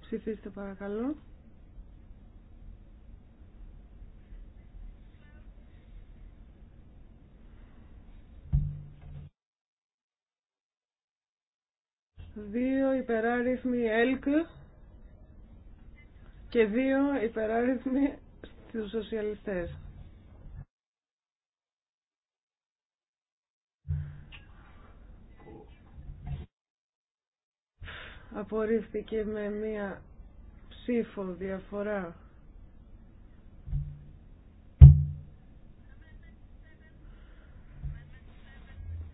Ψηφίστε παρακαλώ. Δύο υπεράριθμοι ΕΛΚ και δύο υπεράριθμοι στους σοσιαλιστές. Απορρίφθηκε με μία ψήφο διαφορά.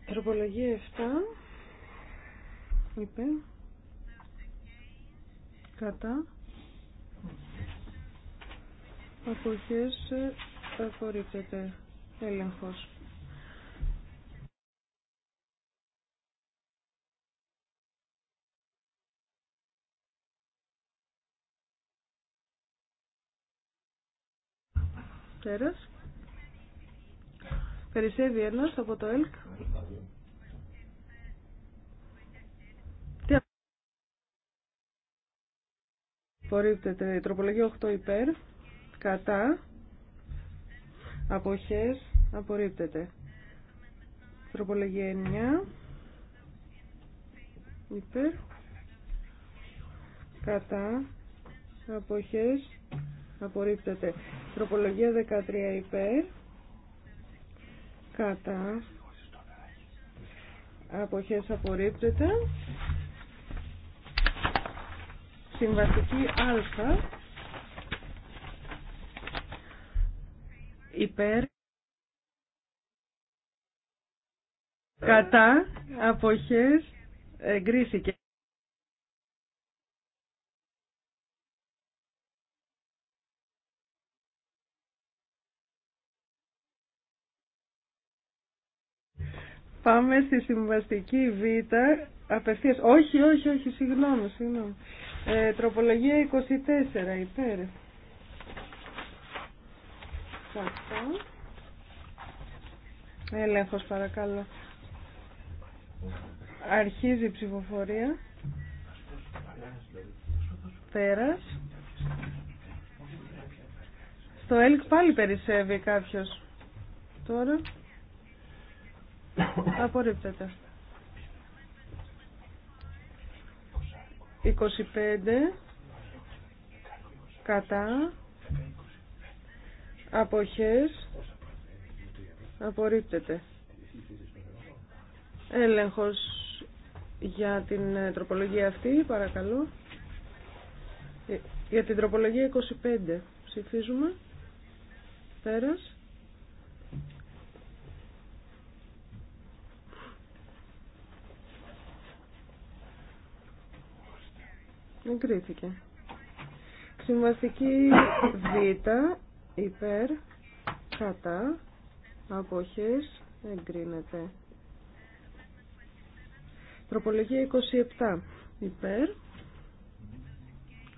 Τροπολογία 7 είπε κατά αποχές ε, απορρίπτεται έλεγχος. Πέρας. Περισσεύει ένας από το ΕΛΚ. Απορρίπτεται. Τροπολογία 8 υπέρ. Κατά. Αποχές. Απορρίπτεται. Τροπολογία 9. Υπέρ. Κατά. Αποχές. Απορρίπτεται. Τροπολογία 13 υπέρ. Κατά. Αποχές απορρίπτεται. Συμβαστική α υπέρ κατά αποχές εγκρίθηκε. Πάμε στη συμβαστική Β. Απευθείας. Όχι, όχι, όχι, συγγνώμη, συγγνώμη. Ε, τροπολογία 24 υπέρ. Κατά. Έλεγχος παρακαλώ. Αρχίζει η ψηφοφορία. Πέρας. Στο ΕΛΚ πάλι περισσεύει κάποιος. Τώρα. Απορρίπτεται. 25 κατά αποχές απορρίπτεται. Έλεγχος για την ε, τροπολογία αυτή, παρακαλώ. Ε, για την τροπολογία 25 ψηφίζουμε. Πέρας. Εγκρίθηκε. Συμβαστική Β υπέρ κατά αποχές εγκρίνεται. Τροπολογία 27 υπέρ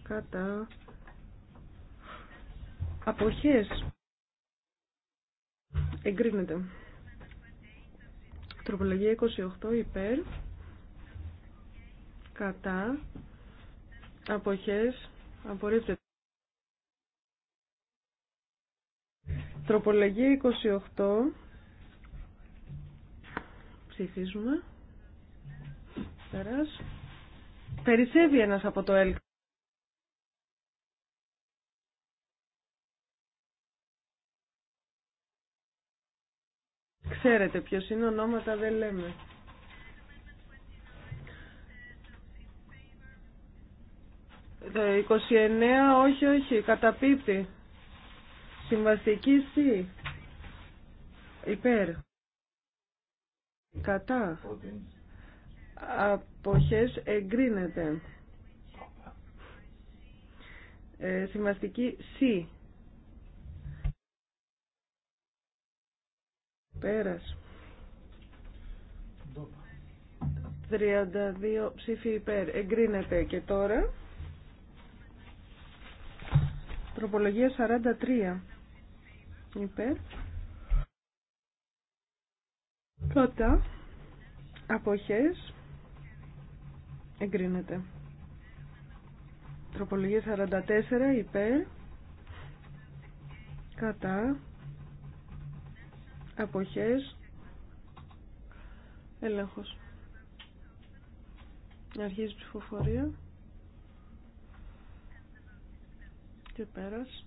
κατά αποχές εγκρίνεται. Τροπολογία 28 υπέρ κατά Αποχές. Απορρίπτεται. Τροπολογία 28. Ψηφίζουμε. Περάς. Περισσεύει ένας από το ΕΛΚ. Ξέρετε ποιος είναι ονόματα δεν λέμε. 29, ε, όχι, όχι, καταπίπτει. Συμβαστική C. Υπέρ. Κατά. Αποχές εγκρίνεται. Ε, συμβαστική C. Πέρας. 32 ψήφοι υπέρ. Εγκρίνεται και τώρα. Τροπολογία 43. Υπέρ. Κατά. Αποχές. Εγκρίνεται. Τροπολογία 44. Υπέρ. Κατά. Αποχές. Έλεγχος. Αρχίζει η ψηφοφορία. και πέρας.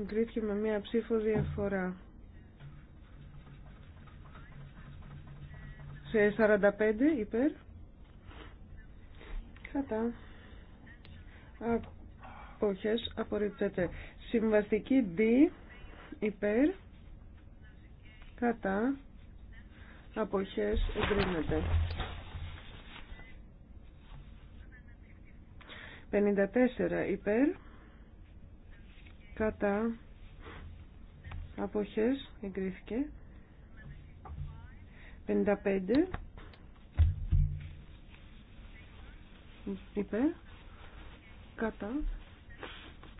Εγκρίθηκε με μία ψήφο διαφορά. Σε 45 υπέρ. Κατά. Αποχές απορρίπτεται. Συμβαστική D υπέρ. Κατά. Αποχές εγκρίνεται. 54 υπέρ κατά αποχές εγκρίθηκε 55 υπέρ κατά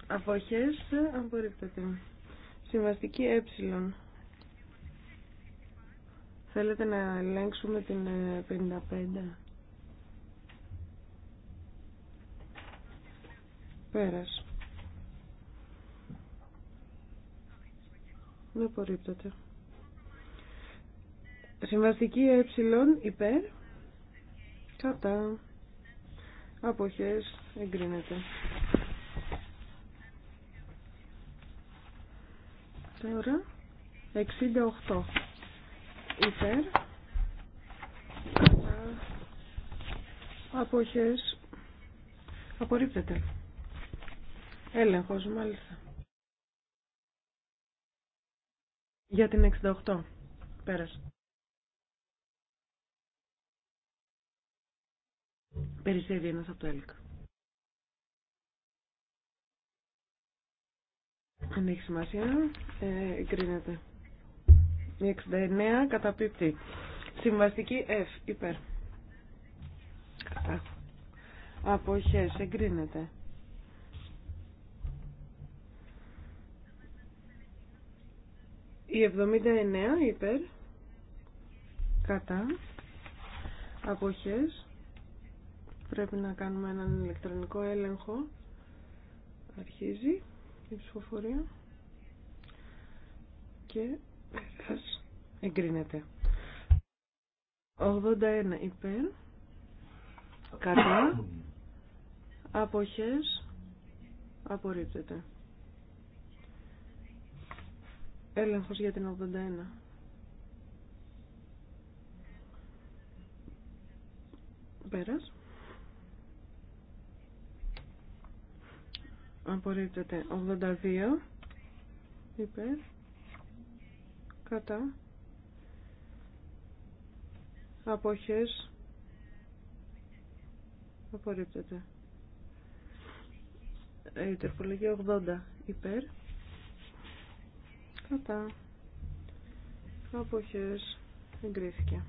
αποχές απορρίπτεται συμβαστική ε θέλετε να ελέγξουμε την 55 ε, Πέρας. Δεν απορρίπτεται. Συμβαστική ε υπέρ. Κατά. Αποχές εγκρίνεται. Τώρα 68 υπέρ. Κατά. Αποχές απορρίπτεται. Έλεγχος, μάλιστα. Για την 68. Πέρασε. Περισσεύει ένας από το ΕΛΚ. Αν έχει σημασία, ε, Η 69 καταπίπτει. Συμβαστική F, υπέρ. Αποχές, εγκρίνεται. Η 79 υπέρ κατά αποχές πρέπει να κάνουμε έναν ηλεκτρονικό έλεγχο αρχίζει η ψηφοφορία και εγκρίνεται 81 υπέρ κατά αποχές απορρίπτεται Έλεγχος για την 81. Πέρας. Απορρίπτεται 82. Υπέρ. Κατά. Αποχές. Απορρίπτεται. Ε, η τερπολογία 80 υπέρ κατά αποχές εγκρίθηκε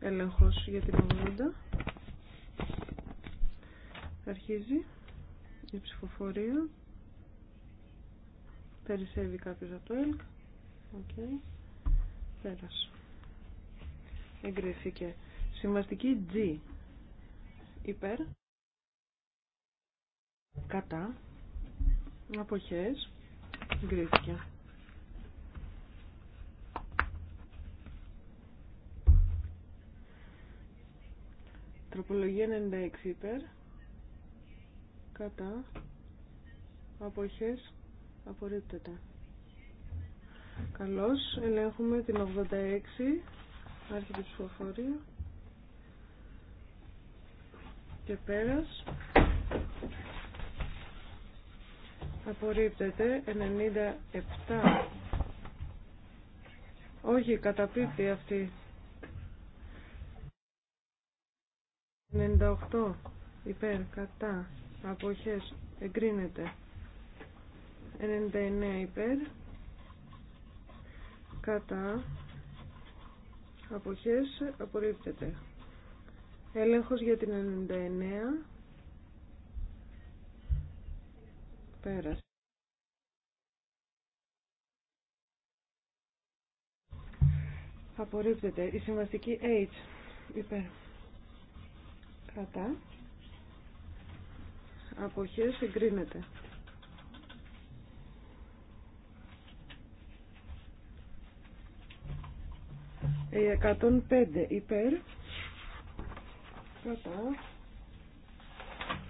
έλεγχος για την 80 αρχίζει η ψηφοφορία περισσεύει κάποιος από το ΕΛΚ Οκ. πέρασε εγκρίθηκε συμβαστική G υπέρ κατά Αποχές. γκρίθηκε Τροπολογία 96 υπέρ. Κατά. Αποχές. Απορρίπτεται. Καλώς. Ελέγχουμε την 86. Άρχεται ψηφοφορία. Και πέρας απορρίπτεται 97 όχι καταπίπτει αυτή 98 υπέρ κατά αποχές εγκρίνεται 99 υπέρ κατά αποχές απορρίπτεται έλεγχος για την 99 Πέρας. Απορρίπτεται. Η συμβαστική H. Υπέρ. Κατά. Αποχέ εγκρίνεται. Η ε, 105 υπέρ. Κατά.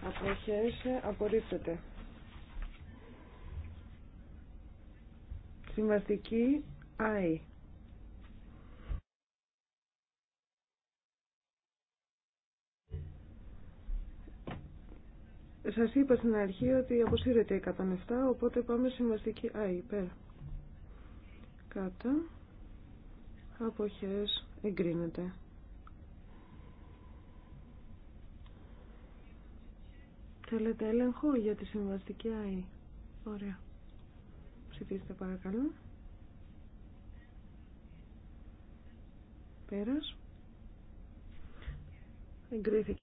Αποχέ απορρίπτεται. Συμβαστική I. Σας είπα στην αρχή ότι αποσύρεται η 107, οπότε πάμε συμβαστική I, Πέρα. Κάτω. Αποχές εγκρίνεται. Θέλετε έλεγχο για τη συμβαστική ΑΕ. Ωραία. Ψηφίστε παρακαλώ. Πέρας. Εγκρίθηκε.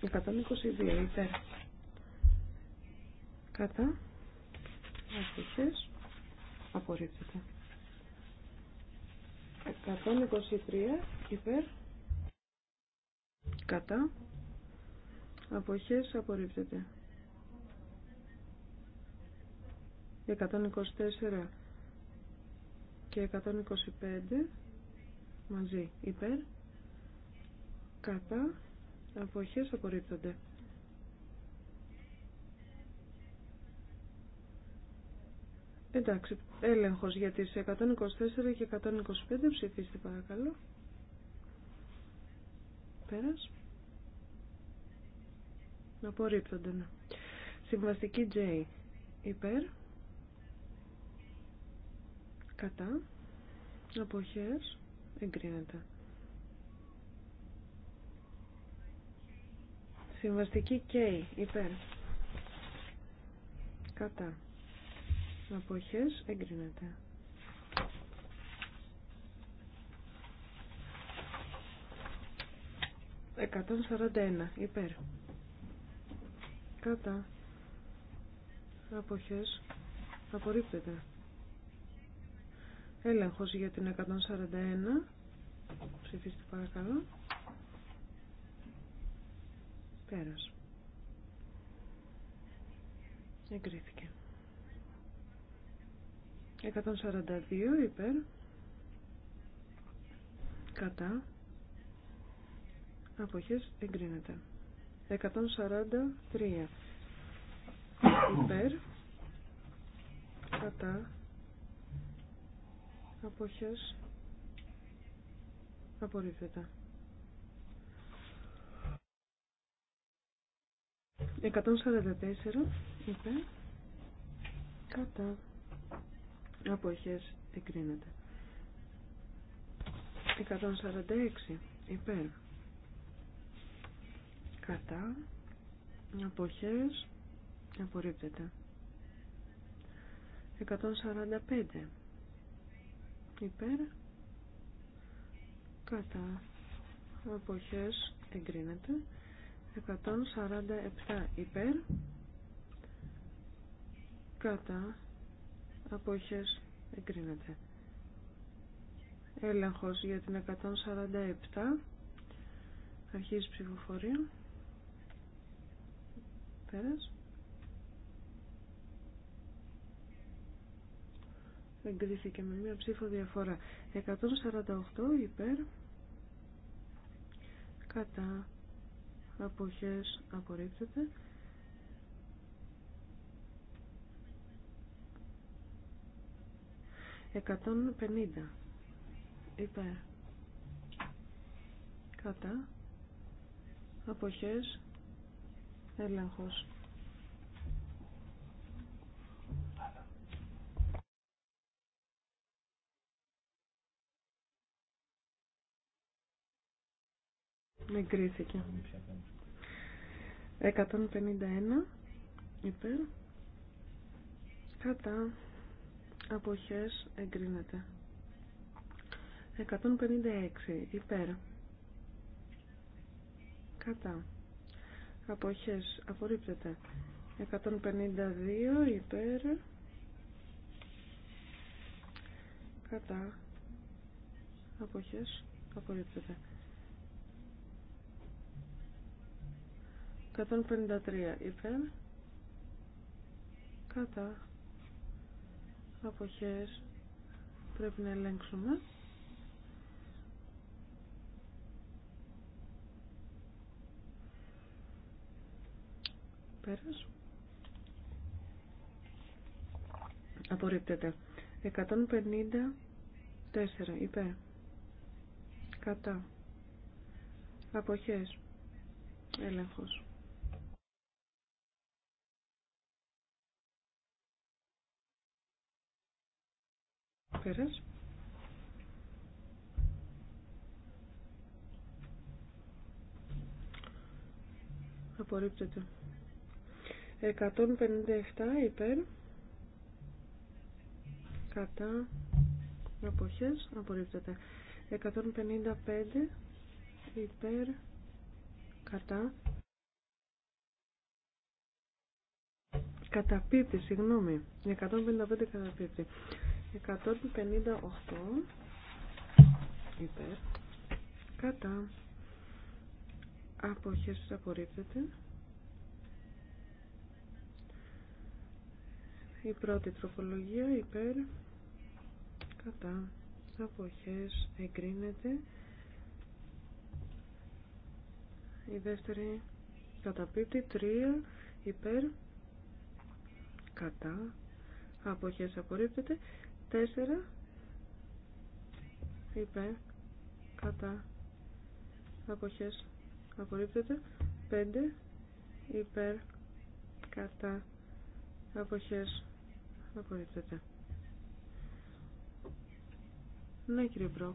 Εκατόν υπέρ. Κατά. Αστυχές. Απορρίπτεται. 123 υπέρ κατά αποχές απορρίπτεται 124 και 125 μαζί υπέρ κατά αποχές απορρίπτονται Εντάξει, έλεγχος για τις 124 και 125 ψηφίστε παρακαλώ. Πέρας. Απορρίπτονται. Ναι. Συμβαστική J. Υπέρ. Κατά. Αποχές. Εγκρίνεται. Συμβαστική K. Υπέρ. Κατά αποχές εγκρίνεται. 141. σαράντα υπέρ. Κατά αποχές απορρίπτεται. Έλεγχος για την 141. Ψηφίστε παρακαλώ. Πέρας. Εγκρίθηκε. 142 υπέρ κατά αποχές εγκρίνεται 143 υπέρ κατά αποχές απορρίφεται 144 υπέρ κατά αποχές εγκρίνεται 146 υπέρ κατά αποχές απορρίπτεται 145 υπέρ κατά αποχές εγκρίνεται 147 υπέρ κατά αποχές εγκρίνεται. Έλεγχος για την 147 αρχίζει ψηφοφορία. Πέρας. Εγκρίθηκε με μία ψήφο διαφορά. 148 υπέρ κατά αποχές απορρίπτεται. 150 Είπε. κατά αποχές έλεγχος Με κρίθηκε. 151 υπέρ κατά αποχές εγκρίνεται 156 υπέρ κατά αποχές απορρίπτεται 152 υπέρ κατά αποχές απορρίπτεται 153 υπέρ κατά αποχές πρέπει να ελέγξουμε. Πέρας. Απορρίπτεται. 154 υπέ Κατά. Αποχές. Έλεγχος. Πέρας. Απορρίπτεται. 157 υπέρ. Κατά. Αποχές. Απορρίπτεται. 155 υπέρ. Κατά. Καταπίπτει, συγγνώμη. 155 καταπίπτει. 158 υπέρ κατά αποχές απορρίπτεται η πρώτη τροπολογία υπέρ κατά αποχές εγκρίνεται η δεύτερη καταπίπτει τρία, υπέρ κατά αποχές απορρίπτεται τέσσερα υπέρ κατά αποχές απορρίπτεται πέντε υπέρ κατά αποχές απορρίπτεται ναι κύριε Μπρόκ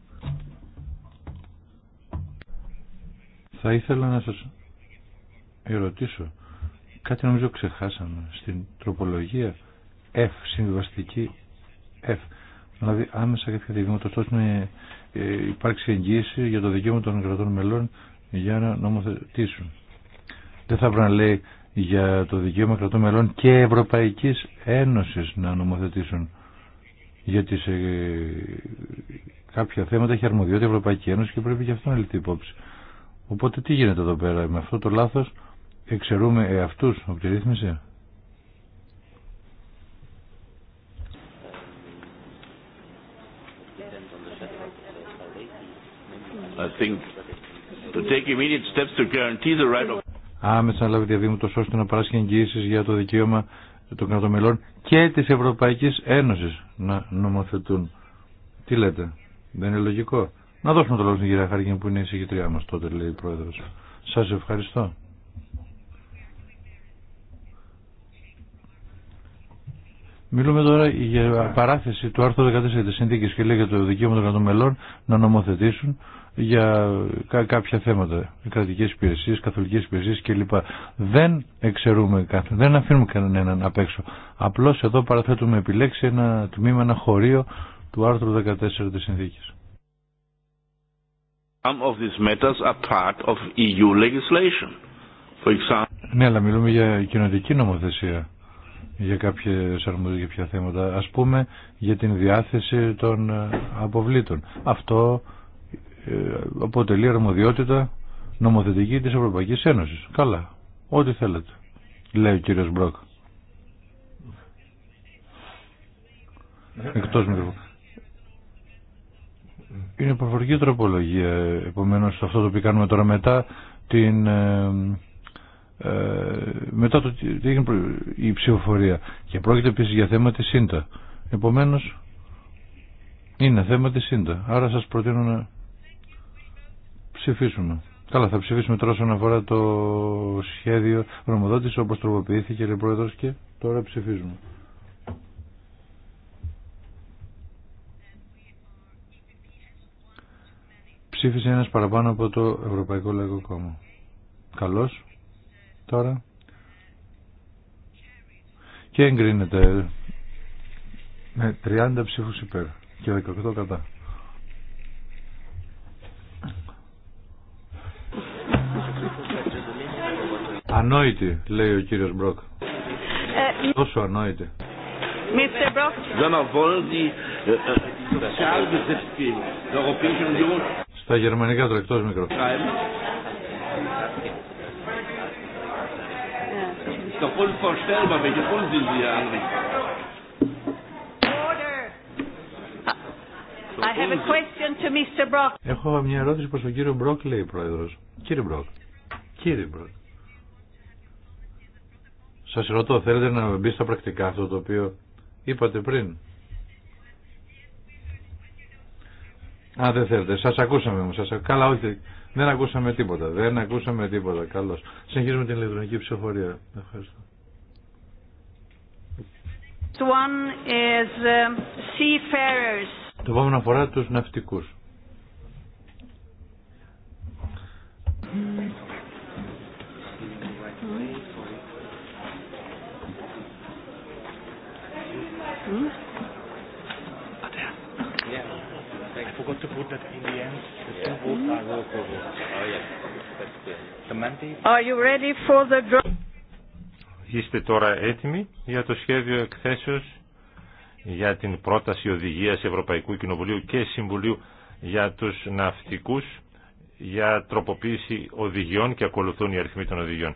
θα ήθελα να σας ερωτήσω κάτι νομίζω ξεχάσαμε στην τροπολογία F συμβιβαστική F. Δηλαδή άμεσα κάποια στιγμή ώστε να υπάρξει εγγύηση για το δικαίωμα των κρατών μελών για να νομοθετήσουν. Δεν θα πρέπει να λέει για το δικαίωμα κρατών μελών και Ευρωπαϊκή Ένωση να νομοθετήσουν γιατί σε ε, κάποια θέματα έχει αρμοδιότητα η Ευρωπαϊκή Ένωση και πρέπει και αυτό να λυθεί υπόψη. Οπότε τι γίνεται εδώ πέρα, με αυτό το λάθος εξαιρούμε ε, αυτούς από τη ρύθμιση. to take immediate steps to guarantee the Άμεσα να λάβει το ώστε να παράσχει εγγύηση για το δικαίωμα των κρατομελών και τη Ευρωπαϊκή Ένωση να νομοθετούν. Τι λέτε, δεν είναι λογικό. Να δώσουμε το λόγο στην κυρία που είναι η συγκεκριά μα τότε, λέει η πρόεδρο. Σα ευχαριστώ. Μιλούμε τώρα για παράθεση του άρθρου 14 της συνθήκης και λέει για το δικαίωμα των μελών να νομοθετήσουν για κάποια θέματα, κρατικές υπηρεσίες, καθολικές υπηρεσίες κλπ. Δεν εξαιρούμε κάποιον, δεν αφήνουμε κανέναν απ' έξω. Απλώς εδώ παραθέτουμε επιλέξει ένα τμήμα, ένα χωρίο του άρθρου 14 της συνθήκης. Ναι, αλλά μιλούμε για κοινωνική νομοθεσία για κάποιες αρμοδιότητες για ποια θέματα ας πούμε για την διάθεση των ε, αποβλήτων αυτό ε, αποτελεί αρμοδιότητα νομοθετική της Ευρωπαϊκής Ένωσης καλά, ό,τι θέλετε λέει ο κύριος Μπρόκ εκτός είναι προφορική τροπολογία επομένως αυτό το οποίο κάνουμε τώρα μετά την ε, ε, μετά το τι έγινε η ψηφοφορία και πρόκειται επίση για θέμα τη ΣΥΝΤΑ επομένως είναι θέμα τη ΣΥΝΤΑ άρα σας προτείνω να ψηφίσουμε καλά θα ψηφίσουμε τώρα όσον αφορά το σχέδιο γνωμοδότηση όπως τροποποιήθηκε λέει πρόεδρος και τώρα ψηφίζουμε ψήφισε ένας παραπάνω από το Ευρωπαϊκό Λαϊκό Κόμμα καλώς τώρα και εγκρίνεται με 30 ψήφους υπέρ και 18 κατά. Ανόητη, λέει ο κύριος Μπρόκ. Ε, Τόσο ανόητη. Eh, eh, Στα γερμανικά τρακτός μικρό. Έχω μια ερώτηση προς τον κύριο Μπρόκ, λέει πρόεδρος. Κύριε Μπρόκ. Κύριε Μπρόκ. Σας ρωτώ, θέλετε να μπει στα πρακτικά αυτό το οποίο είπατε πριν. Α, δεν θέλετε. Σας ακούσαμε όμως. Σας... Καλά, όχι. Δεν ακούσαμε τίποτα. Δεν ακούσαμε τίποτα. Καλώς. Συνεχίζουμε την ηλεκτρονική ψηφοφορία. Ευχαριστώ. One is uh, Το επόμενο αφορά τους ναυτικούς. Mm-hmm. E the in mm-hmm. Oh, yeah. Oh, Είστε τώρα έτοιμοι για το σχέδιο εκθέσεως για την πρόταση οδηγίας Ευρωπαϊκού Κοινοβουλίου και Συμβουλίου για τους ναυτικούς για τροποποίηση οδηγιών και ακολουθούν οι αριθμοί των οδηγιών.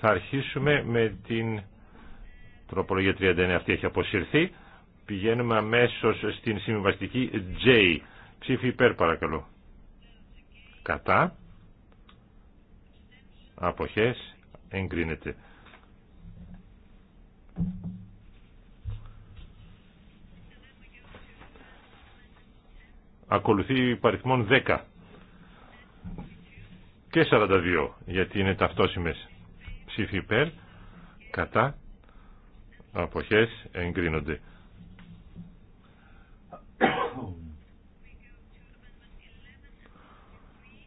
Θα αρχίσουμε με την τροπολογία 39 αυτή έχει αποσυρθεί. Πηγαίνουμε αμέσω στην συμβαστική J. Ψήφι υπέρ παρακαλώ. Κατά. Αποχές. Εγκρίνεται. Ακολουθεί παριθμόν 10 και 42 γιατί είναι ταυτόσιμες ψήφι υπέρ κατά αποχές εγκρίνονται.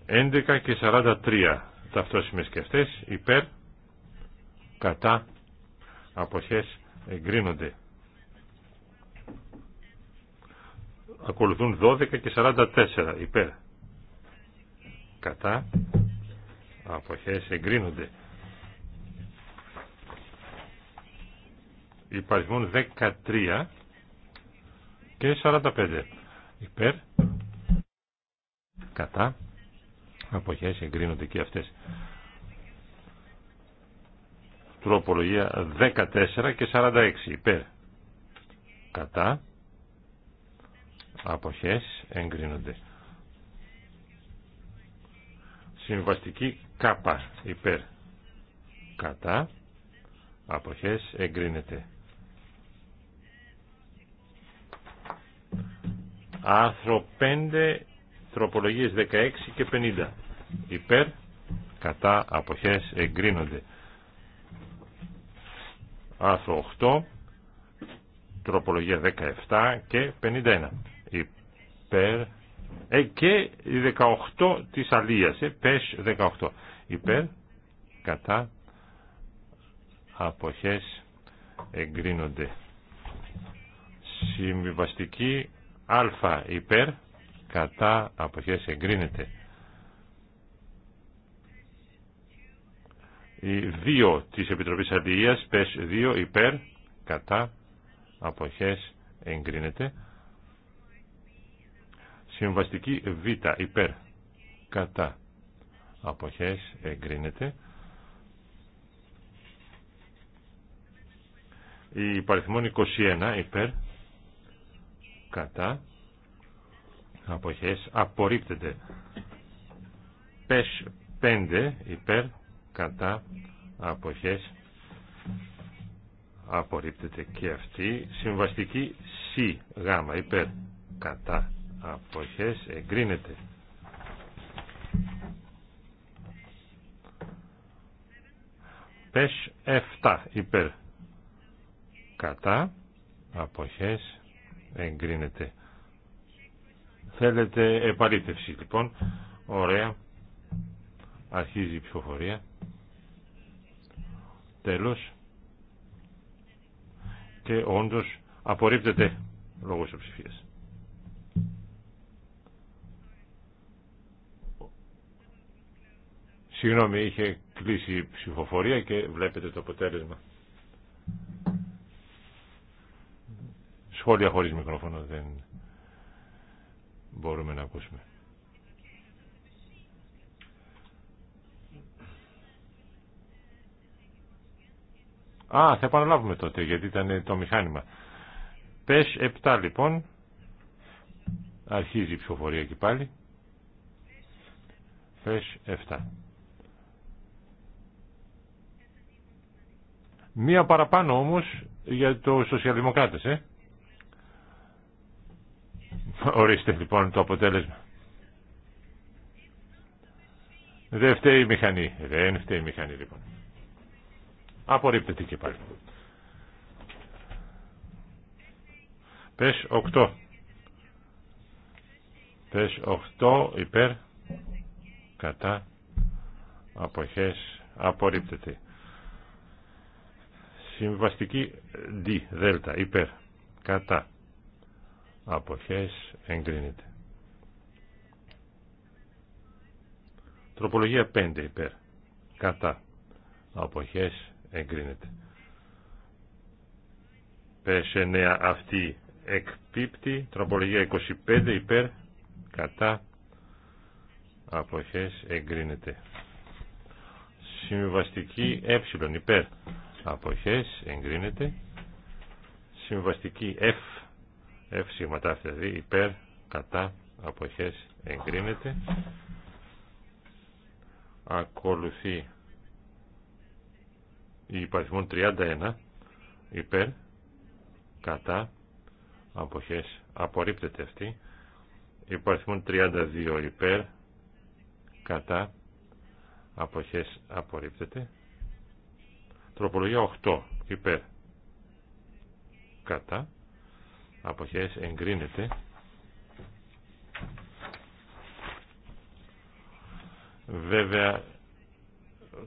11 και 43 ταυτόσιμες και αυτές υπέρ κατά αποχές εγκρίνονται ακολουθούν 12 και 44 υπέρ κατά αποχές εγκρίνονται Υπάρχουν 13 και 45 υπέρ κατά αποχές εγκρίνονται και αυτές. Τροπολογία 14 και 46 υπέρ. Κατά. Αποχές εγκρίνονται. Συμβαστική κάπα υπέρ. Κατά. Αποχές εγκρίνεται. Άρθρο 5, τροπολογίες 16 και 50 υπέρ κατά αποχές εγκρίνονται άρθρο 8 τροπολογία 17 και 51 υπέρ ε, και 18 της αλίας ε, πες 18 υπέρ κατά αποχές εγκρίνονται συμβιβαστική α υπέρ κατά αποχές εγκρίνεται Η 2 της Επιτροπής Αντιείας, ΠΕΣ 2 υπέρ, κατά, αποχές, εγκρίνεται. Συμβαστική Β υπέρ, κατά, αποχές, εγκρίνεται. Η παριθμόν 21 υπέρ, κατά, αποχές, απορρίπτεται. ΠΕΣ 5 υπέρ, κατά αποχές απορρίπτεται και αυτή συμβαστική C γάμα υπέρ κατά αποχές εγκρίνεται 7 υπέρ κατά αποχές εγκρίνεται θέλετε επαλήθευση λοιπόν ωραία αρχίζει η ψηφοφορία Τέλος. Και όντως απορρίπτεται λόγω ψηφίας. Συγγνώμη, είχε κλείσει η ψηφοφορία και βλέπετε το αποτέλεσμα. Σχόλια χωρίς μικρόφωνο δεν μπορούμε να ακούσουμε. Α, θα επαναλάβουμε τότε γιατί ήταν το μηχάνημα. Πες 7 λοιπόν. Αρχίζει η ψηφοφορία και πάλι. Πες 7. Μία παραπάνω όμως για το σοσιαλδημοκράτες, ε. Ορίστε λοιπόν το αποτέλεσμα. Δεν φταίει η μηχανή. Δεν φταίει η μηχανή λοιπόν. Απορρίπτεται και πάλι. Πες 8. Πες 8 υπέρ κατά αποχές απορρίπτεται. Συμβαστική D, δέλτα, υπέρ, κατά, αποχές εγκρίνεται. Τροπολογία 5 υπέρ, κατά, αποχές εγκρίνεται. Πέσε νέα αυτή εκπίπτει, τροπολογία 25 υπέρ, κατά, αποχές εγκρίνεται. Συμβαστική ε υπέρ, αποχές εγκρίνεται. Συμβαστική F, F δηλαδή υπέρ, κατά, αποχές εγκρίνεται. Ακολουθεί υπαριθμών 31 υπέρ κατά αποχές απορρίπτεται αυτή υπαριθμών 32 υπέρ κατά αποχές απορρίπτεται τροπολογία 8 υπέρ κατά αποχές εγκρίνεται βέβαια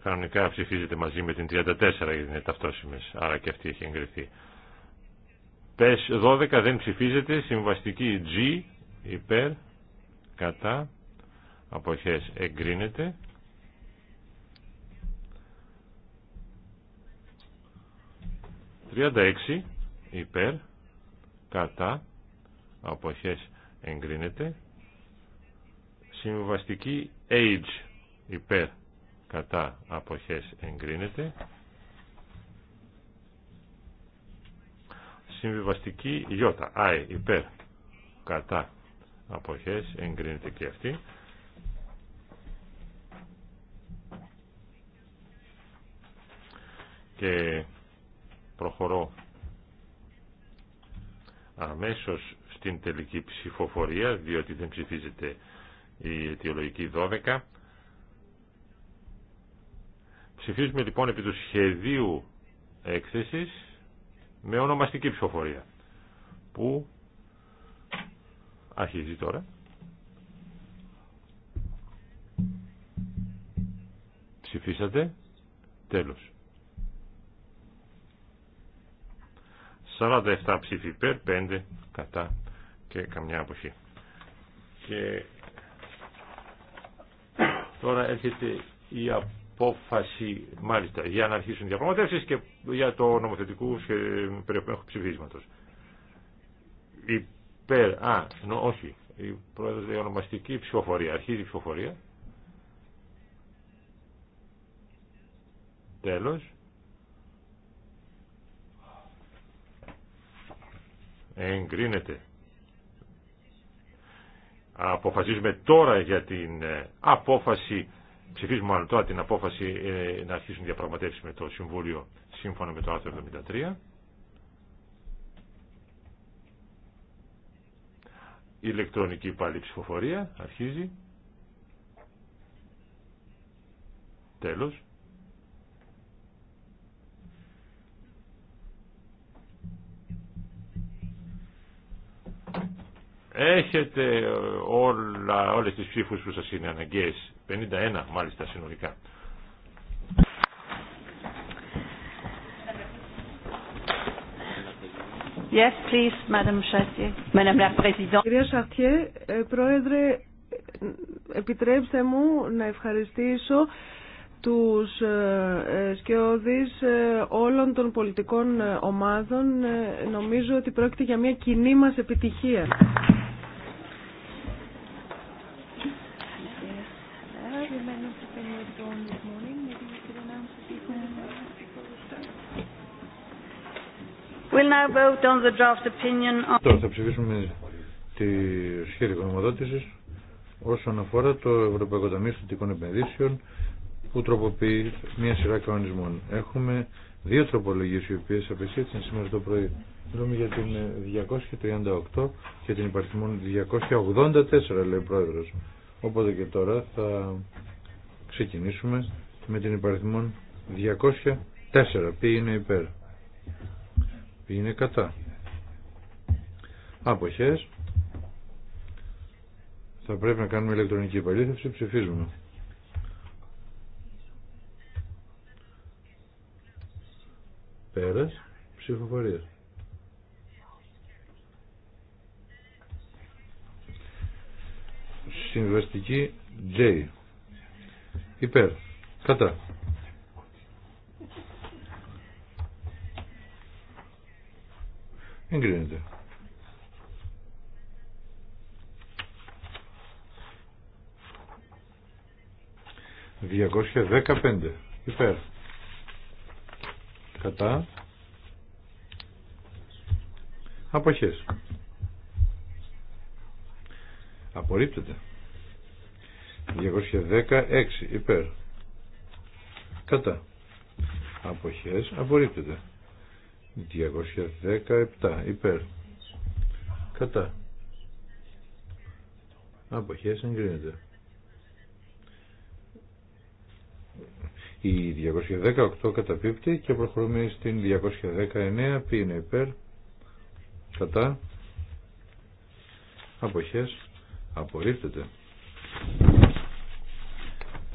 κανονικά ψηφίζεται μαζί με την 34 γιατί είναι ταυτόσιμες, άρα και αυτή έχει εγκριθεί. ΠΕΣ 12 δεν ψηφίζεται, συμβαστική G υπέρ, κατά, αποχές εγκρίνεται. ...36 υπέρ, κατά, αποχές εγκρίνεται. Συμβαστική age υπέρ, κατά αποχές εγκρίνεται. Συμβιβαστική Ι, αε, υπέρ, κατά αποχές εγκρίνεται και αυτή. Και προχωρώ αμέσως στην τελική ψηφοφορία, διότι δεν ψηφίζεται η αιτιολογική 12. Ψηφίζουμε λοιπόν επί του σχεδίου έκθεσης με ονομαστική ψηφοφορία που αρχίζει τώρα. Ψηφίσατε. Τέλος. 47 ψήφοι υπέρ, 5 κατά και καμιά αποχή. Και τώρα έρχεται η απόφαση μάλιστα για να αρχίσουν οι διαπραγματεύσεις και για το νομοθετικό περιεχομένου ψηφίσματος. Υπέρ, α, νο, όχι, η πρόεδρος λέει ονομαστική ψηφοφορία, αρχίζει η ψηφοφορία. Τέλος. Εγκρίνεται. Αποφασίζουμε τώρα για την ε, απόφαση ψηφίζουμε μάλλον τώρα την απόφαση ε, να αρχίσουν διαπραγματεύσει με το Συμβούλιο σύμφωνα με το άρθρο 73. ηλεκτρονική πάλι ψηφοφορία αρχίζει τέλος έχετε όλα, όλες τις ψήφους που σας είναι αναγκαίες 51 μάλιστα συνολικά. Yes, please, Κυρία Σαρτιέ, ε, Πρόεδρε, επιτρέψτε μου να ευχαριστήσω τους ε, ε, σκιώδεις όλων των πολιτικών ομάδων. Νομίζω ότι πρόκειται για μια κοινή μας επιτυχία. now vote on the draft opinion Τώρα θα ψηφίσουμε τη σχέδια γνωμοδότησης όσον αφορά το Ευρωπαϊκό Ταμείο Στατικών Επενδύσεων που τροποποιεί μια σειρά κανονισμών. Έχουμε δύο τροπολογίες οι οποίες απεσχέθησαν σήμερα το πρωί. Μιλούμε για την 238 και την υπαριθμόν 284 λέει ο Πρόεδρος. Οπότε και τώρα θα ξεκινήσουμε με την υπαριθμόν 204. Ποιοι είναι υπέρ. Ποιοι είναι κατά. Αποχές. Θα πρέπει να κάνουμε ηλεκτρονική επαλήθευση. Ψηφίζουμε. Πέρας. Ψηφοφορία. Συμβαστική J. Υπέρ. Κατά. Εγκρίνεται. Διακόσια δέκα πέντε. Υπέρ. Κατά. Αποχές. Απορρίπτεται. 216 υπέρ. Κατά. Αποχές απορρίπτεται. 217 υπέρ. Κατά. Αποχές εγκρίνεται. Η 218 καταπίπτει και προχωρούμε στην 219 ποι είναι υπέρ. Κατά. Αποχές απορρίπτεται.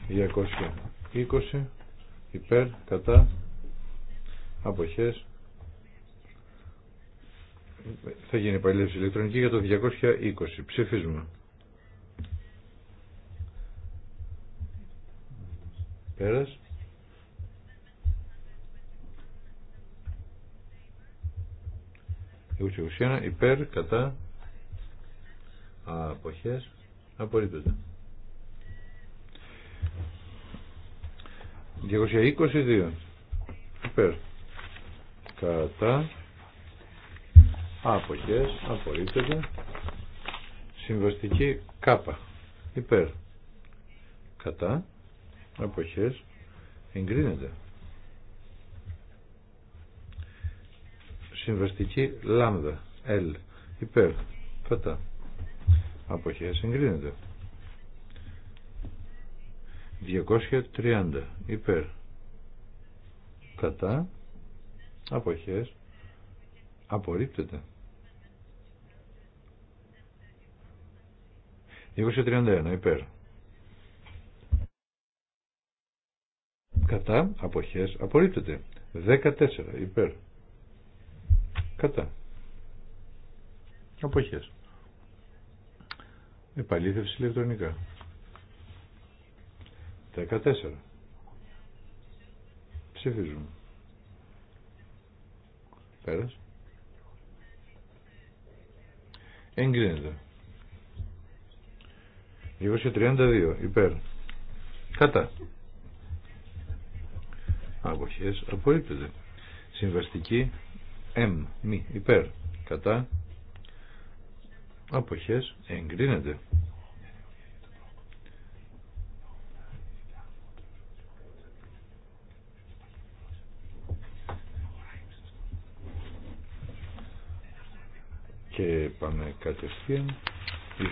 220 υπέρ κατά αποχές θα γίνει παλιεύση ηλεκτρονική για το 220 ψηφίζουμε πέρας υπέρ κατά αποχές απορρίπτεται 222. Υπέρ. Κατά. Αποχές. Απορρίπτεται. Συμβαστική κάπα. Υπέρ. Κατά. Αποχές. Εγκρίνεται. Συμβαστική λάμδα. ελ, Υπέρ. Κατά. Αποχές. Εγκρίνεται. 230 υπέρ κατά αποχές απορρίπτεται 231 υπέρ κατά αποχές απορρίπτεται 14 υπέρ κατά αποχές επαλήθευση ηλεκτρονικά 14. Ψηφίζουμε. Πέρασε Εγκρίνεται. 232. Υπέρ. Κατά. Αποχές. Απορρίπτεται. Συμβαστική. Μ. Μη. Υπέρ. Κατά. Αποχές. Εγκρίνεται. Και πάμε κατευθείαν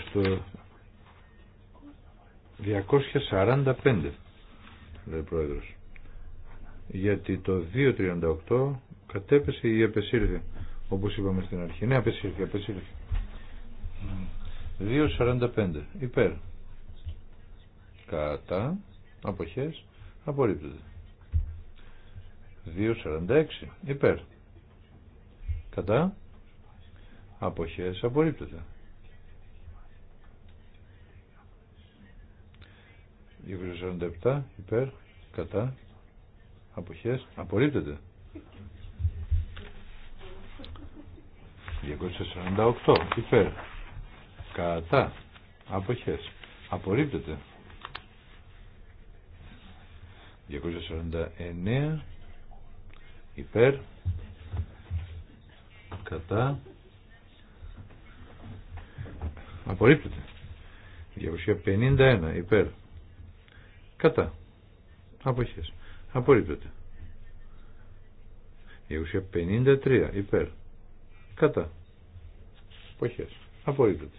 στο 245 λέει πρόεδρος γιατί το 238 κατέπεσε ή επεσήρθη όπως είπαμε στην αρχή ναι επεσήρθη, επεσήρθη 245 υπέρ κατά αποχές απορρίπτεται 246 υπέρ κατά αποχές απορρίπτεται. 247 υπέρ, κατά, αποχές, απορρίπτεται. 248 υπέρ, κατά, αποχές, απορρίπτεται. 249 υπέρ, κατά, Απορρίπτεται. 251 υπέρ. Κατά. Αποχές. Απορρίπτεται. 253 υπέρ. Κατά. Αποχές. Απορρίπτεται.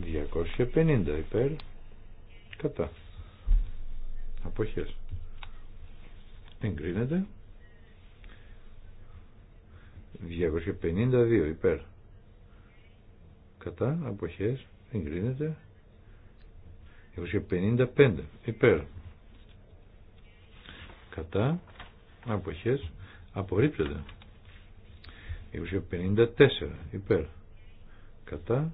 250 υπέρ. Κατά. Αποχές. Εγκρίνεται. 252 υπέρ κατά αποχές εγκρίνεται 255 υπέρ κατά αποχές απορρίπτεται 254 υπέρ κατά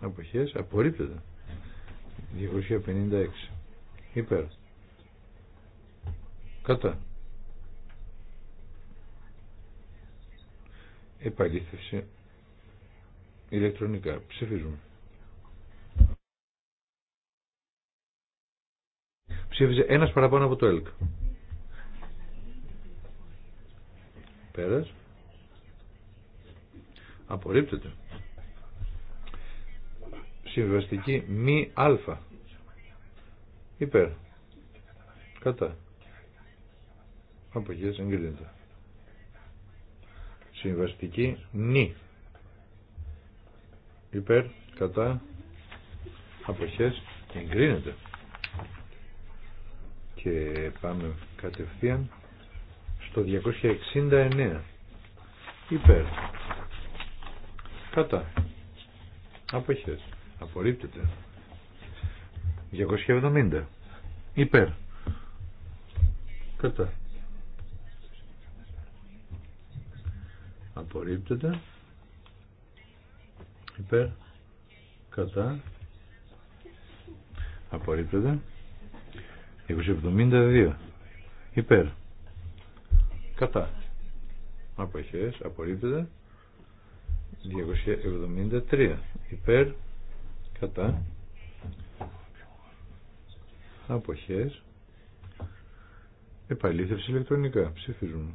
αποχές απορρίπτεται 256 υπέρ κατά επαλήθευση Ηλεκτρονικά. Ψηφίζουμε. Ψήφιζε ένας παραπάνω από το ΕΛΚ. Πέρας. Απορρίπτεται. Συμβαστική μη α. Υπέρ. Κατά. Αποχές εγκρίνεται. Συμβαστική νη υπέρ, κατά, αποχές, εγκρίνεται. Και πάμε κατευθείαν στο 269. Υπέρ. Κατά. Αποχές. Απορρίπτεται. 270. Υπέρ. Κατά. Απορρίπτεται υπέρ κατά απορρίπτεται 272 υπέρ κατά αποχές απορρίπτεται 273 υπέρ κατά αποχές επαλήθευση ηλεκτρονικά ψηφίζουμε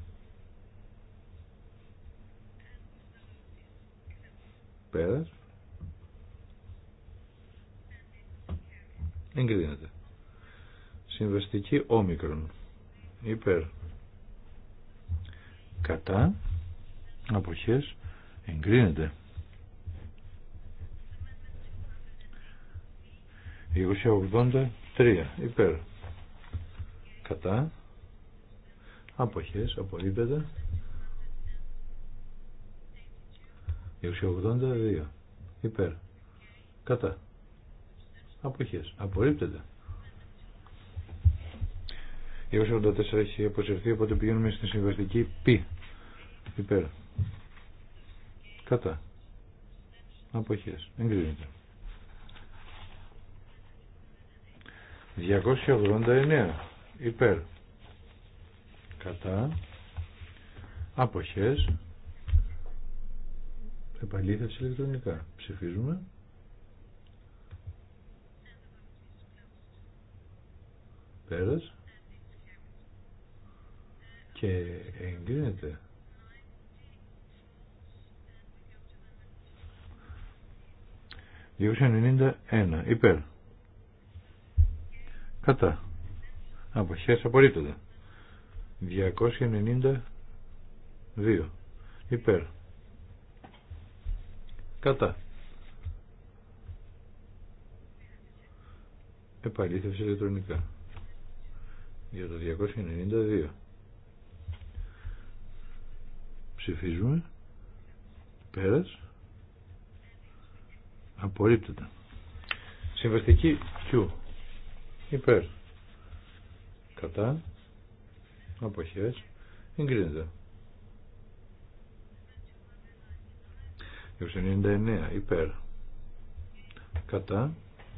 Εγκρίνεται. Συμβαστική όμικρον. Υπέρ. Κατά. Αποχές. Εγκρίνεται. 283. Υπέρ. Κατά. Αποχές. Απορρίπτεται. 282. Υπέρ. Κατά. Αποχές. Απορρίπτεται. 284 έχει αποσυρθεί, οπότε πηγαίνουμε στη συμβαστική π. Υπέρ. Κατά. Αποχές. Εγκρίνεται. 289. Υπέρ. Κατά. Αποχές. Επαλήθευση ηλεκτρονικά. Ψηφίζουμε. Πέρας. Και εγκρίνεται. ένα. Υπέρ. Κατά. Αποχές απορρίπτονται. 292. Υπέρ. Κατά. Επαλήθευση ηλεκτρονικά. Για το 292. Ψηφίζουμε. Πέρας. Απορρίπτεται. Συμβαστική Q. Υπέρ. Κατά. Αποχές. Εγκρίνεται. 299 υπέρ κατά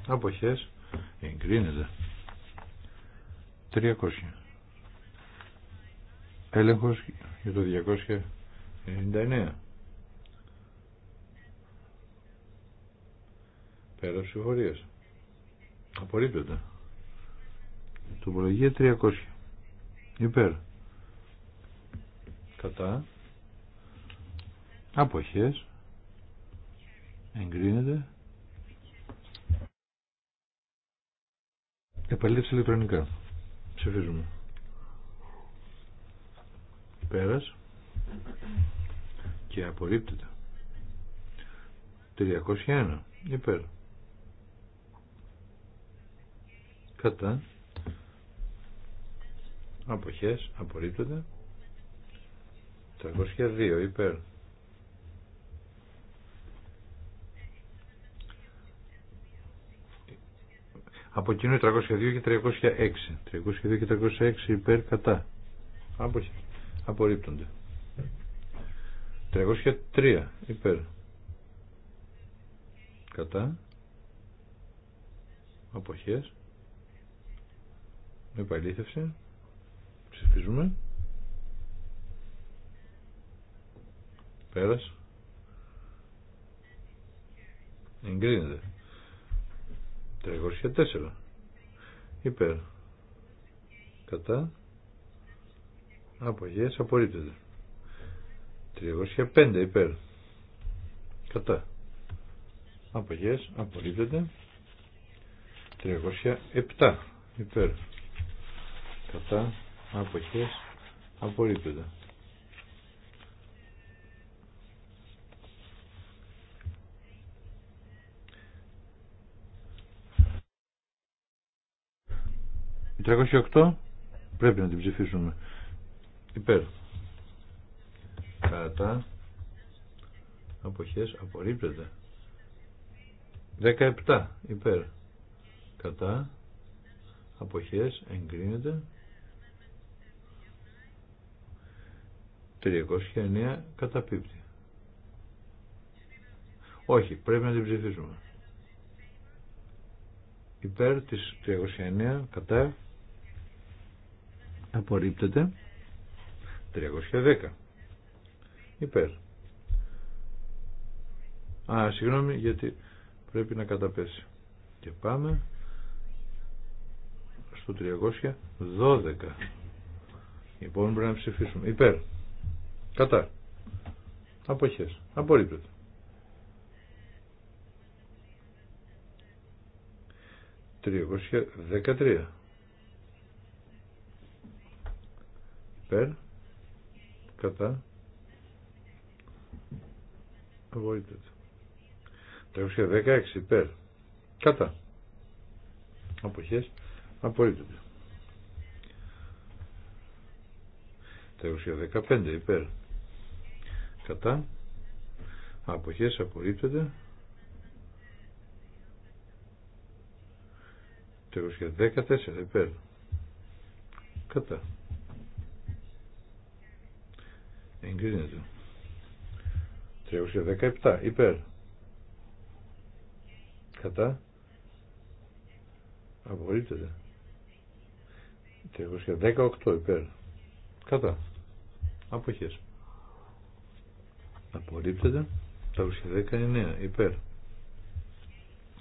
αποχές εγκρίνεται 300 έλεγχος για το 299 πέρα ψηφορίας απορρίπτεται τοπολογία 300 υπέρ κατά αποχές εγκρίνεται επαλήθευση ηλεκτρονικά ψηφίζουμε πέρας και απορρίπτεται 301 υπέρ κατά αποχές απορρίπτεται 302 υπέρ Από κοινού 302 και 306. 302 και 306 υπέρ κατά. Απορρίπτονται. 303 υπέρ. Κατά. Αποχές. Επαλήθευση. Ψηφίζουμε. Πέρας. Εγκρίνεται. 304 υπέρ κατά απογές απορρίπτεται 305 υπέρ κατά απογές απορρίπτεται 307 υπέρ κατά αποχέ, απορρίπτεται 308 πρέπει να την ψηφίσουμε. Υπέρ. Κατά. Αποχές απορρίπτεται. 17 υπέρ. Κατά. Αποχές εγκρίνεται. 309 καταπίπτει. Όχι, πρέπει να την ψηφίσουμε. Υπέρ της 309 κατά απορρίπτεται 310 υπέρ α συγγνώμη γιατί πρέπει να καταπέσει και πάμε στο 312 λοιπόν πρέπει να ψηφίσουμε υπέρ κατά αποχές απορρίπτεται 313 υπέρ κατά Τα 316 υπέρ κατά αποχές απορρίπτεται 315 υπέρ κατά αποχές απορρίπτεται 14 υπέρ κατά εγκρίνεται 317 υπέρ κατά απορρίπτεται 318 υπέρ κατά αποχές απορρίπτεται 319 υπέρ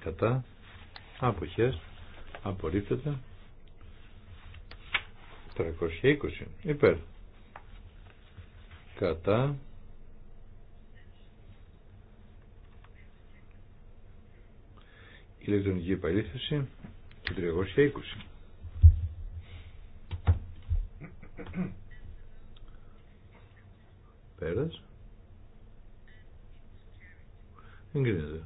κατά αποχές απορρίπτεται 320 υπέρ κατά ηλεκτρονική επαλήθευση του 320. Πέρας. Εγκρίνεται.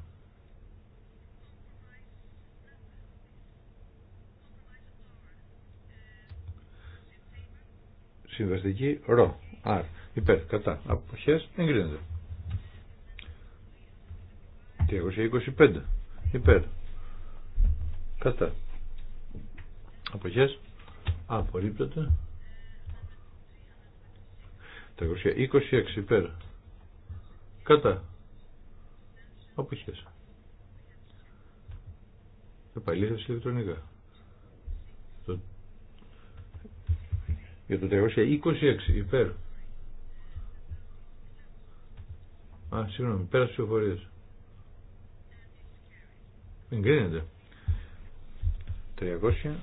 Συμβαστική ρο. Άρα. Υπέρ, κατά, αποχές, εγκρίνεται. 325. Υπέρ. Κατά. Αποχές. Απορρίπτεται. 326. Υπέρ. Κατά. Αποχές. Επαλήθευση ηλεκτρονικά. Για το 326. Υπέρ. Α, συγγνώμη, πέρα στις Δεν κρίνεται. 328.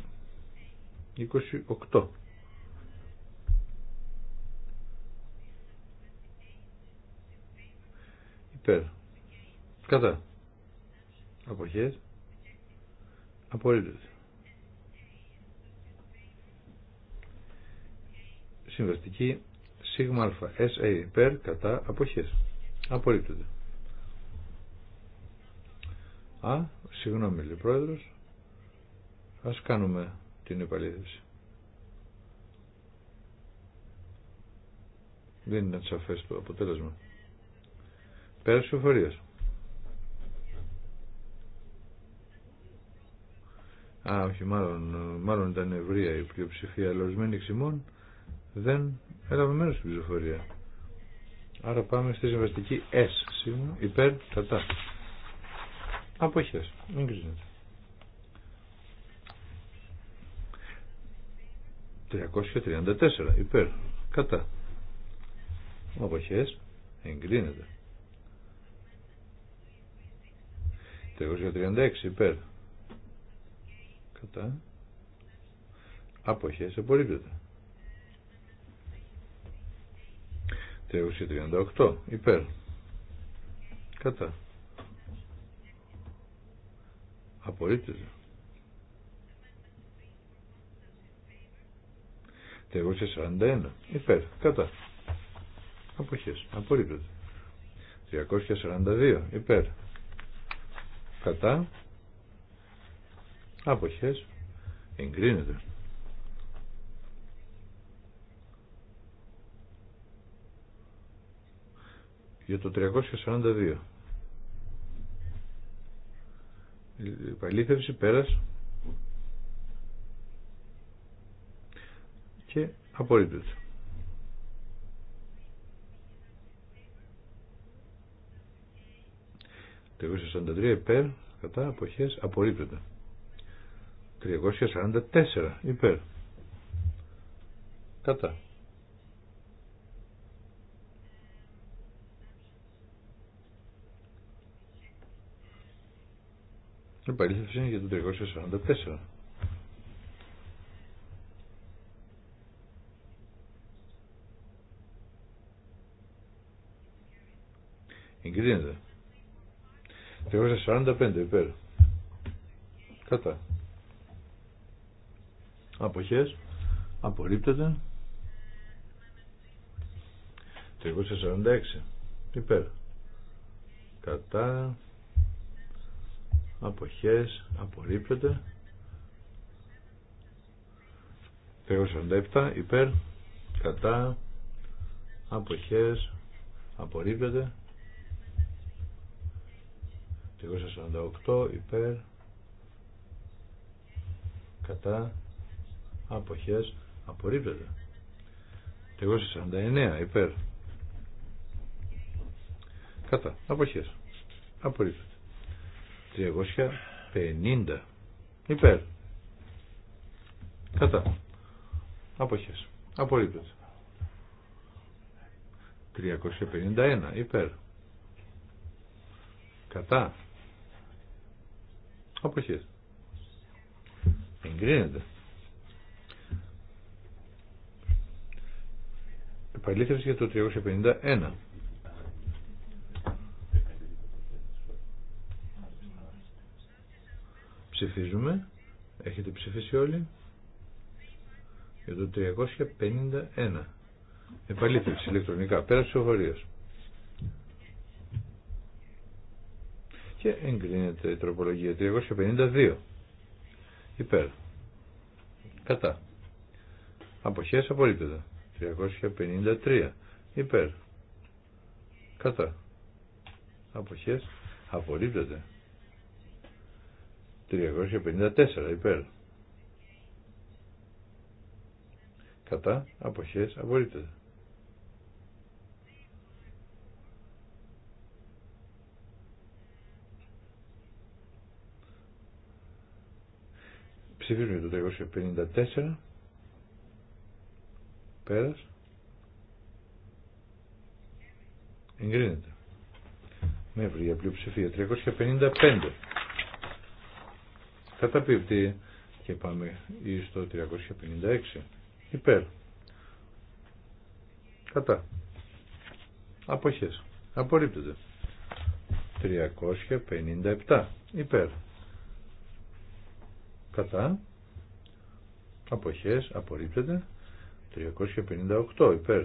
Υπέρ. Κατά. Αποχές. Απορρίπτεται. Συμβαστική σίγμα α, SA υπέρ κατά αποχές. Απορρίπτεται. Α, συγγνώμη λέει πρόεδρος. Ας κάνουμε την επαλήθευση. Δεν είναι σαφές το αποτέλεσμα. Πέρασε ο Α, όχι, μάλλον, μάλλον ήταν ευρεία η πλειοψηφία, αλλά ορισμένοι δεν έλαβε μέρος στην ψηφοφορία. Άρα πάμε στη συμβαστική S. Σίγουρα υπέρ κατά. Αποχές. Εγκρίνεται. 334 υπέρ κατά. Αποχές. Εγκρίνεται. 336 υπέρ κατά. Αποχές. Απορρίπτεται. 338 υπέρ κατά απορρίπτεται 341 υπέρ κατά αποχές απορρίπτεται 342 υπέρ κατά αποχές εγκρίνεται για το 342. Παλήθευση, πέρας και απορρίπτωται Το 343 υπέρ, κατά, αποχές, το 344 υπέρ. Κατά. Η επαλήθευση είναι για το 344. Εγκρίνεται. 345 υπέρ. Κατά. Αποχές. Απορρίπτεται. 346 υπέρ. Κατά αποχές απορρίπτεται 347 υπέρ κατά αποχές απορρίπτεται 348 υπέρ κατά αποχές απορρίπτεται 349 υπέρ κατά αποχές απορρίπτεται 350 υπέρ κατά αποχές απορρίπτωση 351 υπέρ κατά αποχές εγκρίνεται επαλήθευση για το 351 Ψηφίζουμε. Έχετε ψηφίσει όλοι. Για το 351. Επαλήθευση ηλεκτρονικά. Πέρα ψηφοφορίας. Και εγκρίνεται η τροπολογία 352. Υπέρ. Κατά. Αποχές απολύτω. 353. Υπέρ. Κατά. Αποχές απολύτω. 354 υπέρ. Κατά αποχές απορρίπτεται. 354 πέρας εγκρίνεται με ευρία πλειοψηφία 355 καταπίπτει και πάμε στο 356 υπέρ κατά αποχές απορρίπτεται 357 υπέρ κατά αποχές απορρίπτεται 358 υπέρ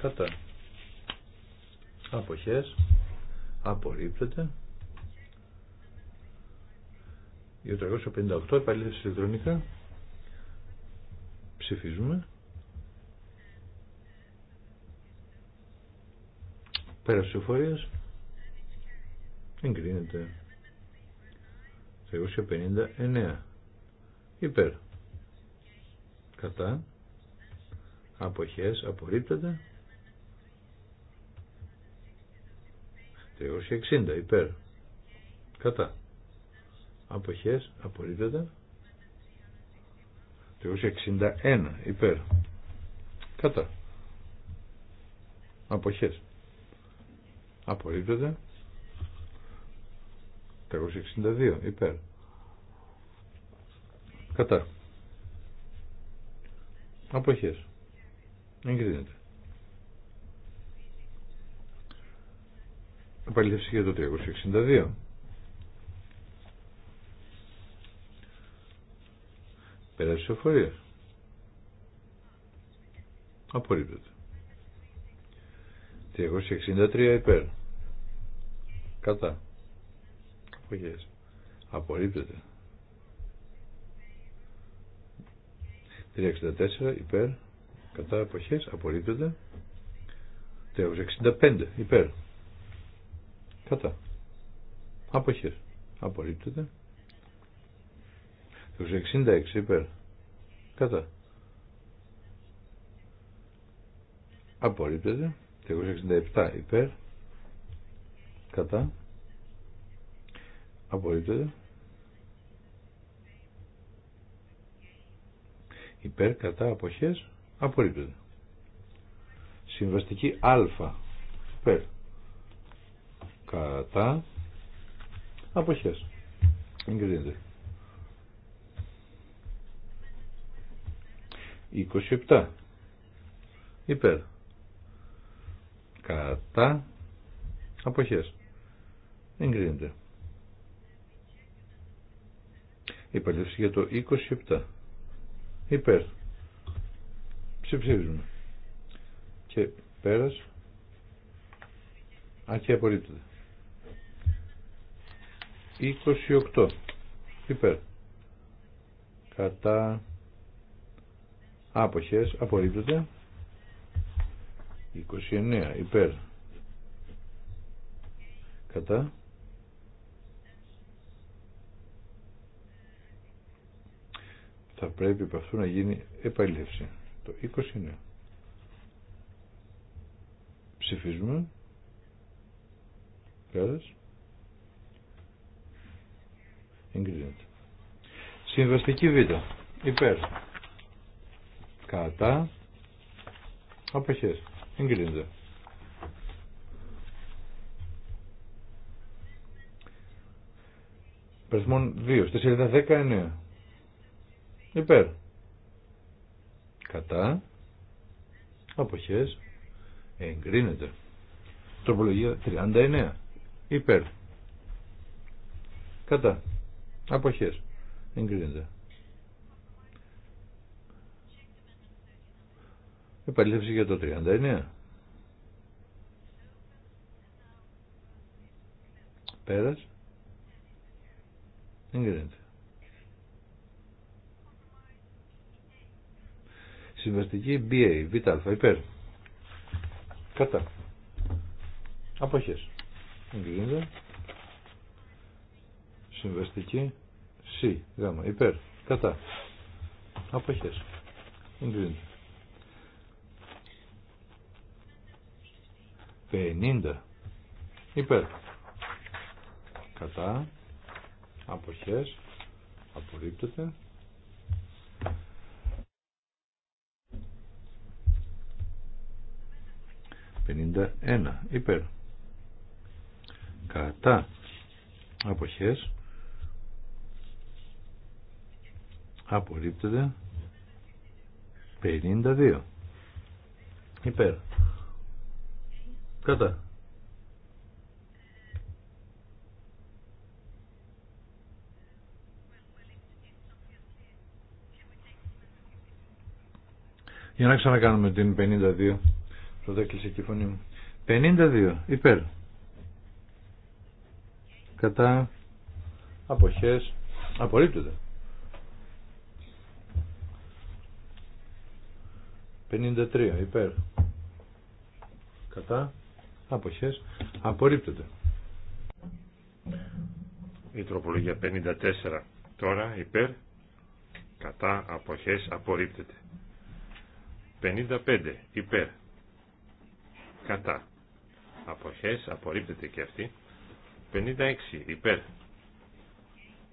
κατά αποχές απορρίπτεται για 358 επαλήθευση ηλεκτρονικά. Ψηφίζουμε. πέρα ψηφοφορίας. Εγκρίνεται. 359. Υπέρ. Κατά. Αποχές. Απορρίπτεται. 360. Υπέρ. Κατά αποχές απορρίπτεται 361 υπέρ κατά αποχές απορρίπτεται 362 υπέρ κατά αποχές εγκρίνεται επαλήθευση για το 362 Πέρα της εφορίας. Απορρίπτεται. 363 υπέρ. Κατά. Αποχές. Απορρίπτεται. 364 υπέρ. Κατά αποχές. Απορρίπτεται. 365 υπέρ. Κατά. Αποχέ. Απορρίπτεται. 266 υπέρ. Κατά. Απορρίπτεται. 267 υπέρ. Κατά. Απορρίπτεται. Υπέρ, κατά, αποχές. Απορρίπτεται. Συμβαστική α. Υπέρ. Κατά. Αποχές. Εγκρίνεται. 27 υπέρ κατά αποχές εγκρίνεται υπαλλεύση για το 27 υπέρ ψηφίζουμε και πέρας α 28 υπέρ κατά Άποχες. Απορρίπτεται. 29. Υπέρ. Κατά. Θα πρέπει από αυτού να γίνει επαλήθευση. Το 29. Ψηφίζουμε. Πέρας. Εγκρίνεται. Συμβαστική β. Υπέρ κατά αποχές εγκρίνεται Περισμόν 2 στη σελίδα 19 υπέρ κατά αποχές εγκρίνεται τροπολογία 39 υπέρ κατά αποχές εγκρίνεται Επαλήθευση για το 39. Πέρας. Εγκρίνεται. Συμβαστική BA, β' υπέρ. Κατά. Αποχές. Εγκρίνεται. Συμβαστική C, γ, υπέρ. Κατά. Αποχές. Εγκρίνεται. 50 υπέρ κατά αποχές απορρίπτεται πενήντα ένα υπέρ κατά αποχές απορρίπτεται 52. δύο υπέρ Κατά. Για να ξανακάνουμε την 52. Πρώτα έκλεισε και η φωνή μου. 52. Υπέρ. Κατά. Αποχές. Απορρίπτεται. 53. Υπέρ. Κατά αποχές απορρίπτεται. Η τροπολογία 54 τώρα υπέρ κατά αποχές απορρίπτεται. 55 υπέρ κατά αποχές απορρίπτεται και αυτή. 56 υπέρ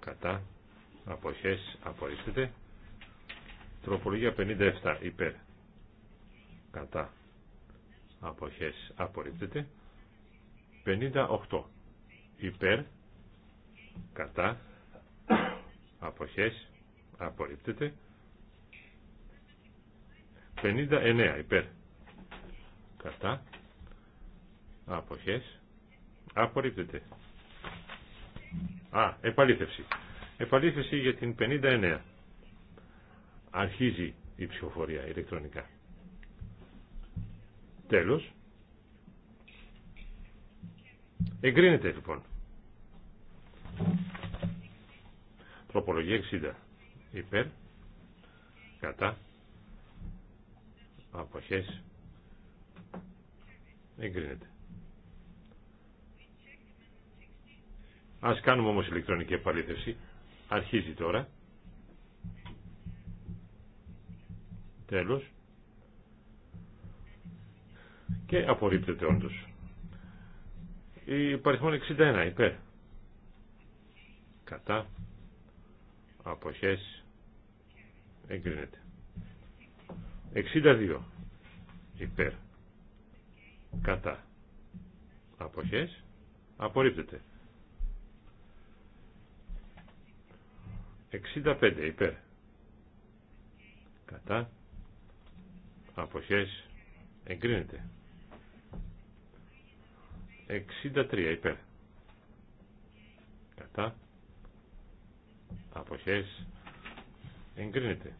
κατά αποχές απορρίπτεται. Τροπολογία 57 υπέρ κατά αποχές απορρίπτεται 58 υπέρ κατά αποχές απορρίπτεται 59 υπέρ κατά αποχές απορρίπτεται α, επαλήθευση επαλήθευση για την 59 αρχίζει η ψηφοφορία ηλεκτρονικά Τέλος. Εγκρίνεται λοιπόν. Τροπολογία 60. Υπέρ. Κατά. Αποχές. Εγκρίνεται. Ας κάνουμε όμως ηλεκτρονική επαλήθευση. Αρχίζει τώρα. Τέλος και απορρίπτεται όντω. Η παριθμόν 61 υπέρ. Κατά. Αποχές. Εγκρίνεται. 62 υπέρ. Κατά. Αποχές. Απορρίπτεται. 65 υπέρ. Κατά. Αποχές. Εγκρίνεται. 63 υπέρ. Κατά. Αποχές. Εγκρίνεται.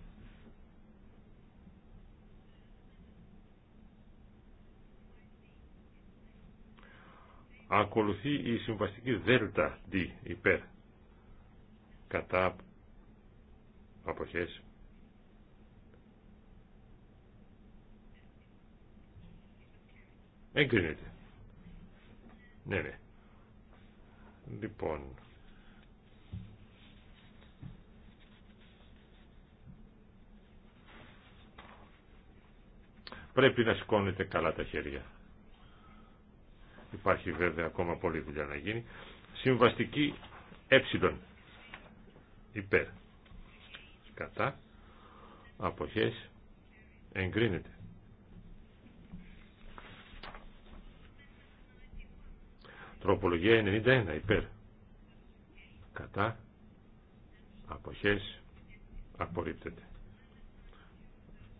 Ακολουθεί η συμβαστική δέλτα D υπέρ. Κατά. Αποχές. Εγκρίνεται. Ναι, ναι. Λοιπόν. Πρέπει να σηκώνετε καλά τα χέρια. Υπάρχει βέβαια ακόμα πολλή δουλειά να γίνει. Συμβαστική ε. Υπέρ. Κατά. Αποχές. Εγκρίνεται. Τροπολογία 91 υπέρ. Κατά. Αποχές. Απορρίπτεται.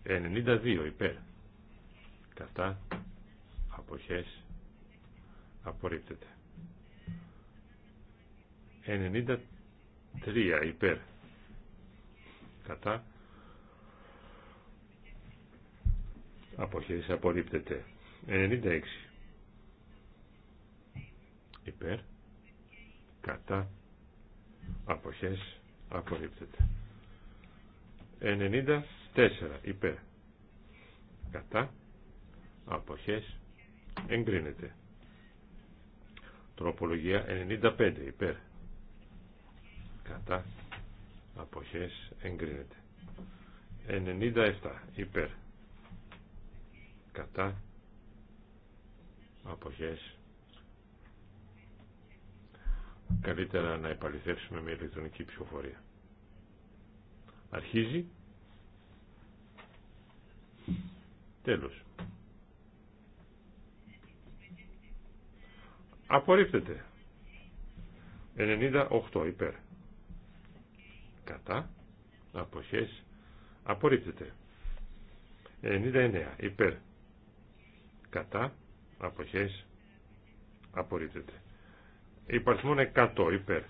92 υπέρ. Κατά. Αποχές. Απορρίπτεται. 93 υπέρ. Κατά. Αποχές. Απορρίπτεται. 96 υπέρ κατά αποχές απορρίπτεται 94 υπέρ κατά αποχές εγκρίνεται τροπολογία 95 υπέρ κατά αποχές εγκρίνεται 97 υπέρ κατά αποχές καλύτερα να επαληθεύσουμε με ηλεκτρονική ψηφοφορία. Αρχίζει. Τέλος. Απορρίπτεται. 98 υπέρ. Κατά. Αποχές. Απορρίπτεται. 99 υπέρ. Κατά. Αποχές. Απορρίπτεται υπαριθμών 100 υπέρ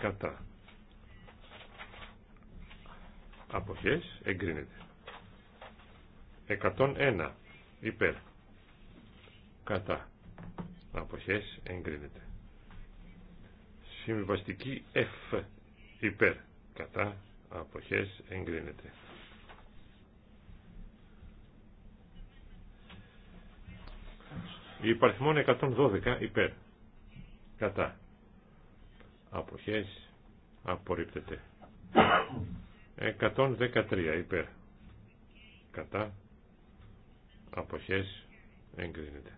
κατά αποχές εγκρίνεται 101 υπέρ κατά αποχές εγκρίνεται συμβιβαστική F υπέρ κατά αποχές εγκρίνεται υπαριθμών 112 υπέρ κατά αποχές απορρίπτεται 113 υπέρ κατά αποχές εγκρίνεται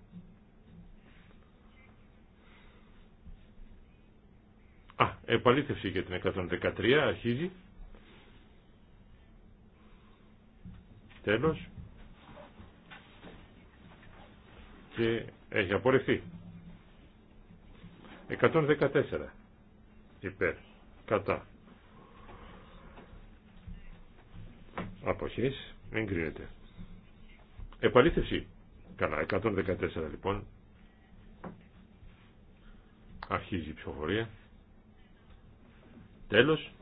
Α, επαλήθευση για την 113 αρχίζει τέλος και έχει απορριφθεί 114 υπέρ κατά αποχής εγκρίνεται επαλήθευση καλά 114 λοιπόν αρχίζει η ψηφοφορία τέλος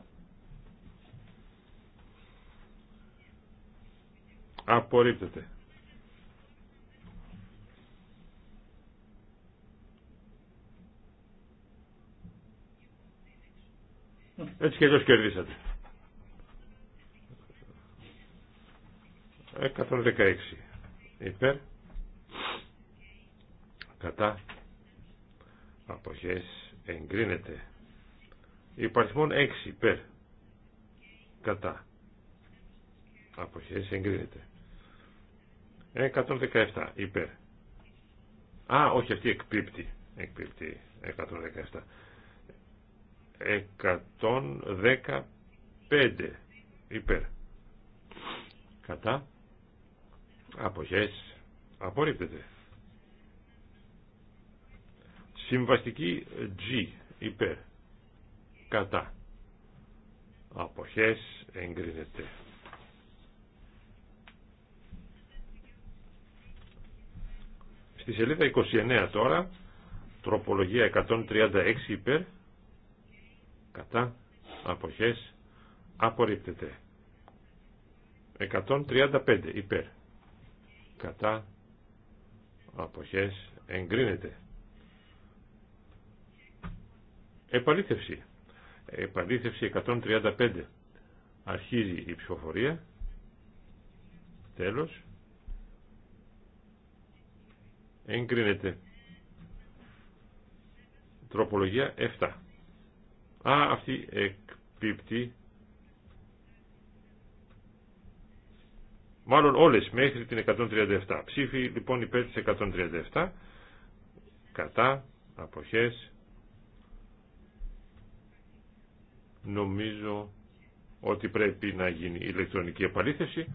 απορρίπτεται Έτσι και αλλιώς κερδίσατε. 116 υπέρ κατά αποχές εγκρίνεται υπαριθμόν 6 υπέρ κατά αποχές εγκρίνεται 117 υπέρ α όχι αυτή εκπίπτει εκπίπτει 117 115 υπέρ κατά αποχές απορρίπτεται συμβαστική G υπέρ κατά αποχές εγκρίνεται στη σελίδα 29 τώρα τροπολογία 136 υπέρ κατά αποχές απορρίπτεται 135 υπέρ κατά αποχές εγκρίνεται επαλήθευση επαλήθευση 135 αρχίζει η ψηφοφορία τέλος εγκρίνεται τροπολογία 7 Α, αυτή εκπίπτει. Μάλλον όλες μέχρι την 137. Ψήφι λοιπόν υπέρ της 137. Κατά, αποχές. Νομίζω ότι πρέπει να γίνει ηλεκτρονική επαλήθευση.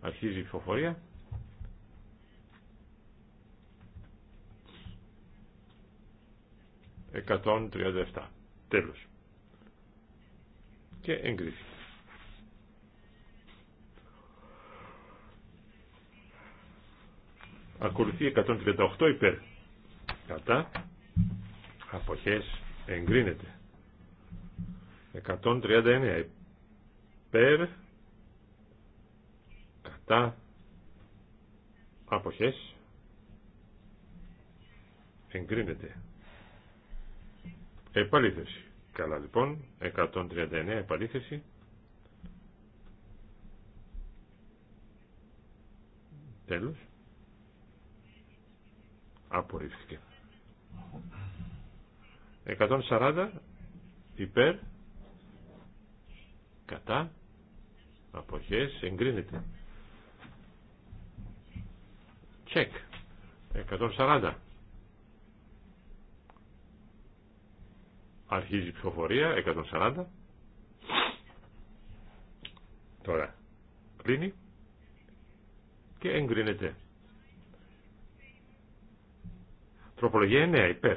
Αρχίζει η ψηφοφορία. Εκατόν τριάντα Τέλος και εγκρίθηκε. Ακολουθεί 138 υπέρ. Κατά. Αποχές εγκρίνεται. 139 υπέρ. Κατά. Αποχές εγκρίνεται. Επαλήθευση. Καλά λοιπόν, 139 επαλήθευση. Τέλος. Απορρίφθηκε. 140 υπέρ κατά αποχές εγκρίνεται. Τσεκ. 140. Αρχίζει η ψηφοφορία, 140. Τώρα κλείνει και εγκρίνεται. Τροπολογία 9 υπέρ.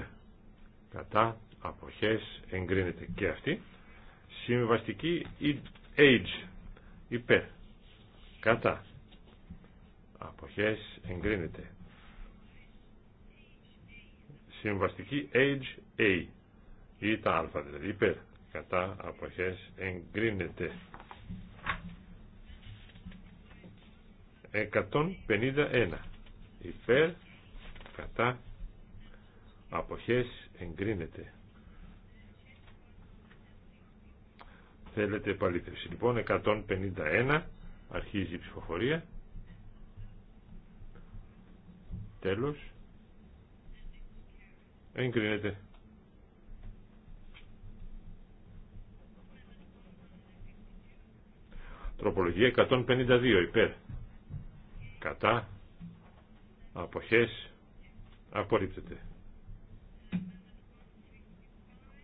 Κατά αποχές εγκρίνεται και αυτή. Συμβαστική age υπέρ. Κατά αποχές εγκρίνεται. Συμβαστική age A ή τα α δηλαδή υπέρ κατά αποχές εγκρίνεται 151 υπέρ κατά αποχές εγκρίνεται θέλετε επαλήθευση λοιπόν 151 αρχίζει η ψηφοφορία τέλος εγκρίνεται Τροπολογία 152 υπέρ. Κατά. Αποχές. Απορρίπτεται.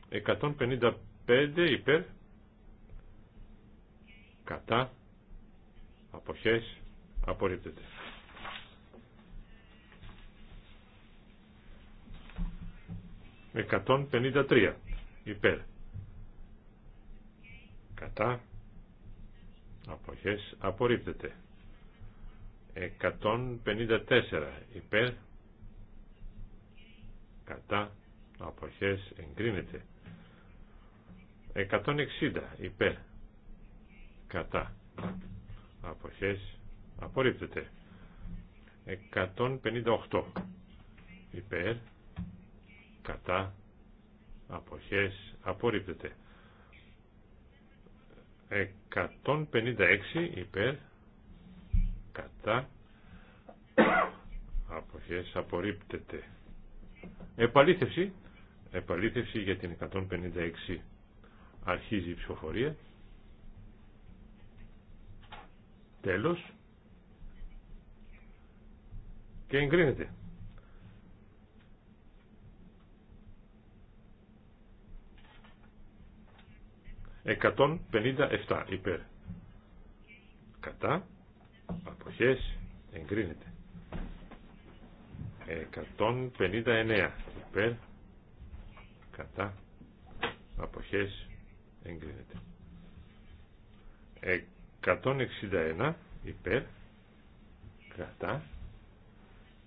155 υπέρ. Κατά. Αποχές. Απορρίπτεται. 153 Υπέρ. Κατά αποχές απορρίπτεται 154 υπέρ κατά αποχές εγκρίνεται 160 υπέρ κατά αποχές απορρίπτεται 158 υπέρ κατά αποχές απορρίπτεται 156 υπέρ κατά αποχές απορρίπτεται επαλήθευση επαλήθευση για την 156 αρχίζει η ψηφοφορία τέλος και εγκρίνεται 157 υπέρ. Κατά. Αποχές. Εγκρίνεται. 159 υπέρ. Κατά. Αποχές. Εγκρίνεται. 161 υπέρ. Κατά.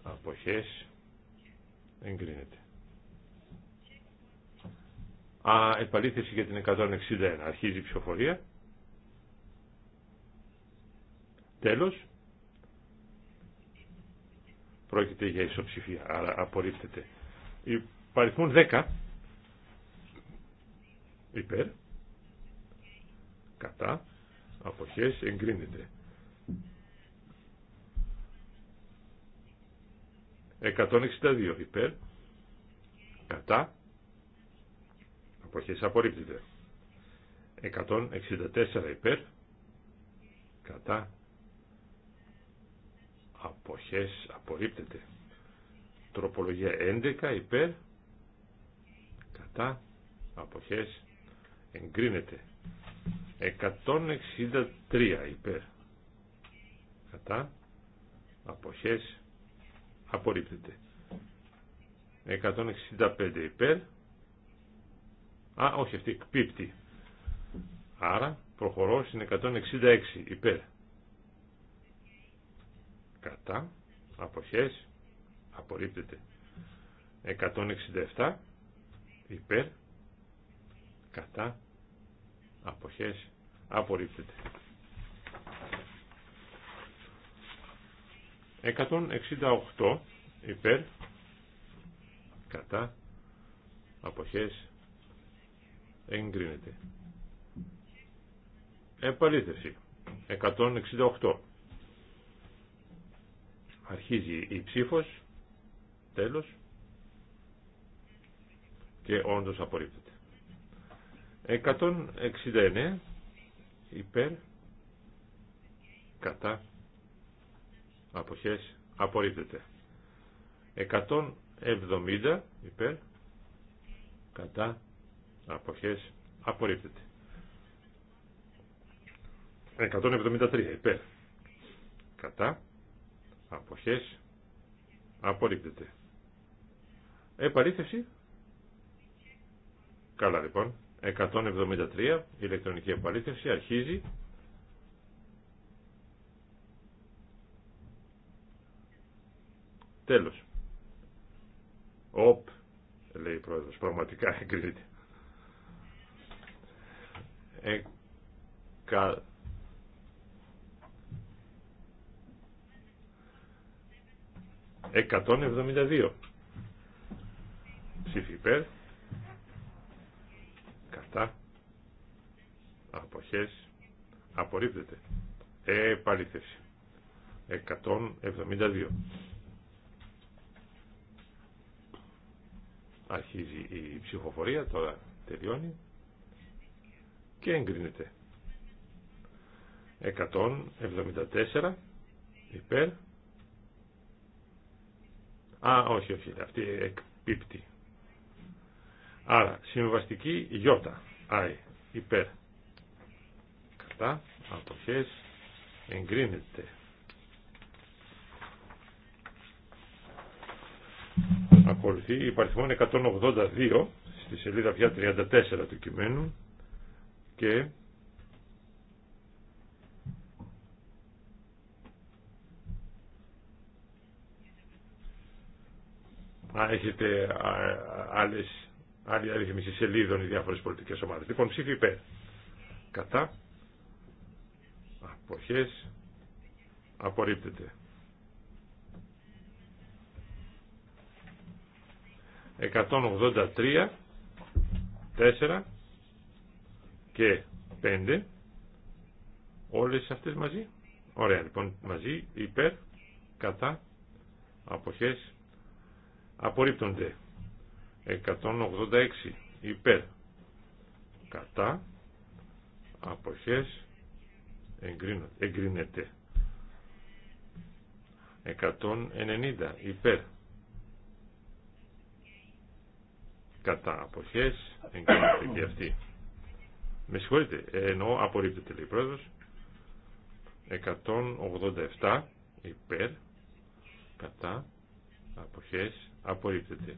Αποχές. Εγκρίνεται. Α, επαλήθευση για την 161. Αρχίζει η ψηφοφορία. Τέλος. Πρόκειται για ισοψηφία, άρα απορρίπτεται. Υπαρχούν 10. Υπέρ. Κατά. Αποχές. Εγκρίνεται. 162 υπέρ. Κατά αποχές απορρίπτεται 164 υπέρ κατά αποχές απορρίπτεται τροπολογία 11 υπέρ κατά αποχές εγκρίνεται 163 υπέρ κατά αποχές απορρίπτεται 165 υπέρ Α, όχι, αυτή εκπίπτει. Άρα προχωρώ στην 166 υπέρ. Κατά. Αποχές. Απορρίπτεται. 167 υπέρ. Κατά. Αποχές. Απορρίπτεται. 168 υπέρ. Κατά. Αποχές εγκρίνεται. Επαλήθευση. 168. Αρχίζει η ψήφος. Τέλος. Και όντως απορρίπτεται. 169. Υπέρ. Κατά. Αποχές. Απορρίπτεται. 170. Υπέρ. Κατά αποχές απορρίπτεται 173 υπέρ κατά αποχές απορρίπτεται επαλήθευση καλά λοιπόν 173 ηλεκτρονική επαλήθευση αρχίζει τέλος οπ λέει η πρόεδρος πραγματικά εγκρίνεται 172 ψήφι υπέρ κατά αποχές απορρίπτεται επαλήθευση 172 αρχίζει η ψηφοφορία τώρα τελειώνει και εγκρίνεται. 174 υπέρ. Α, όχι, όχι, αυτή εκπίπτει. Άρα, συμβαστική Ι, I, υπέρ. Κατά, αποχές, εγκρίνεται. Ακολουθεί υπαριθμόν 182 στη σελίδα πια 34 του κειμένου και έχετε άλλες, άλλη αριθμίση σελίδων οι διάφορες πολιτικές ομάδες. Λοιπόν, ψήφι υπέρ. Κατά. Αποχές. Απορρίπτεται. 183. 4 και 5 όλες αυτές μαζί ωραία λοιπόν μαζί υπέρ κατά αποχές απορρίπτονται 186 υπέρ κατά αποχές εγκρίνεται 190 υπέρ κατά αποχές εγκρίνεται και αυτή με συγχωρείτε, εννοώ απορρίπτεται λέει πρόεδρος. 187 υπέρ, κατά, αποχές, απορρίπτεται.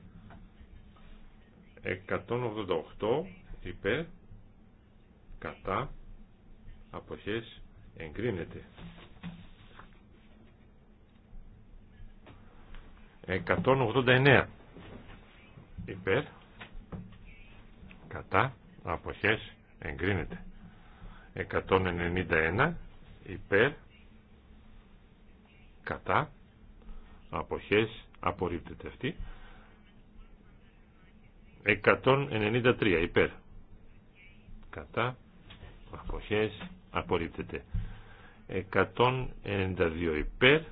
188 υπέρ, κατά, αποχές, εγκρίνεται. 189 υπέρ, κατά, αποχές, εγκρίνεται 191 υπέρ κατά αποχές απορρίπτεται αυτή 193 υπέρ κατά αποχές απορρίπτεται 192 υπέρ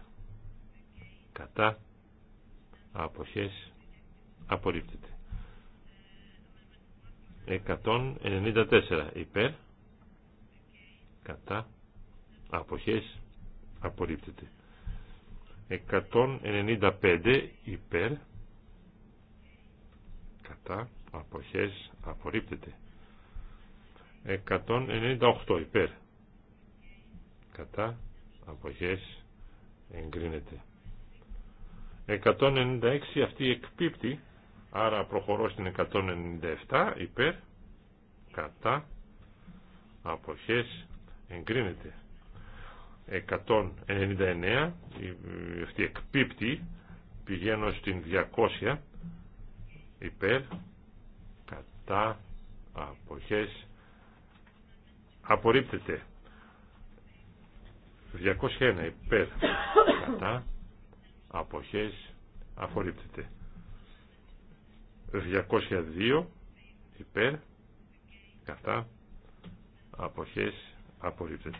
κατά αποχές απορρίπτεται 194 υπέρ κατά αποχές απορρίπτεται 195 υπέρ κατά αποχές απορρίπτεται 198 υπέρ κατά αποχές εγκρίνεται 196 αυτή εκπίπτει Άρα προχωρώ στην 197 υπέρ, κατά, αποχές, εγκρίνεται. 199, αυτή εκπίπτει, πηγαίνω στην 200 υπέρ, κατά, αποχές, απορρίπτεται. 201 υπέρ, κατά, αποχές, απορρίπτεται. 202 υπέρ κατά αποχές απορρίπτεται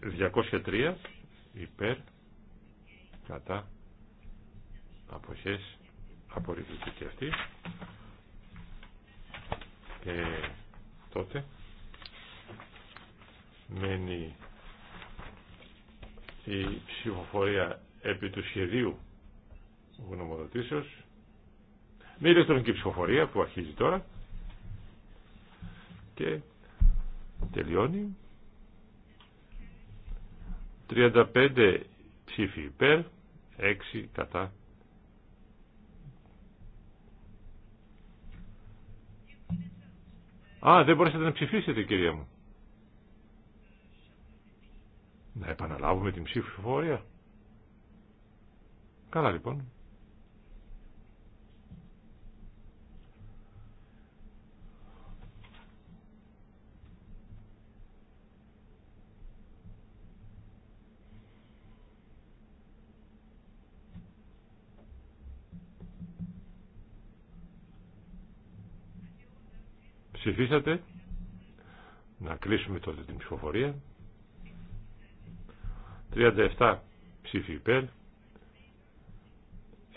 203 υπέρ κατά αποχές απορρίπτεται και αυτή και τότε μένει η ψηφοφορία επί του σχεδίου γνωμοδοτήσεως με ηλεκτρονική ψηφοφορία που αρχίζει τώρα και τελειώνει 35 ψήφοι υπέρ 6 κατά Α, δεν μπορέσατε να ψηφίσετε κυρία μου Να επαναλάβουμε την ψηφοφορία Καλά λοιπόν Ψηφίσατε. Να κλείσουμε τότε την ψηφοφορία. 37 ψήφοι υπέρ,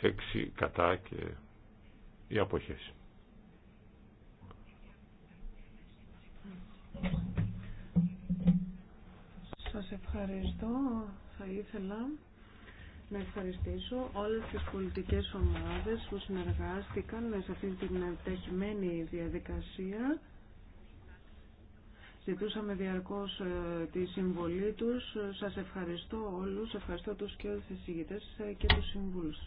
6 κατά και οι αποχές. Σας ευχαριστώ. Θα ήθελα να ευχαριστήσω όλες τις πολιτικές ομάδες που συνεργάστηκαν σε αυτή την επιταχυμένη διαδικασία. Ζητούσαμε διαρκώς ε, τη συμβολή τους. Σας ευχαριστώ όλους, ευχαριστώ τους και όλους τους ε, και τους συμβούλους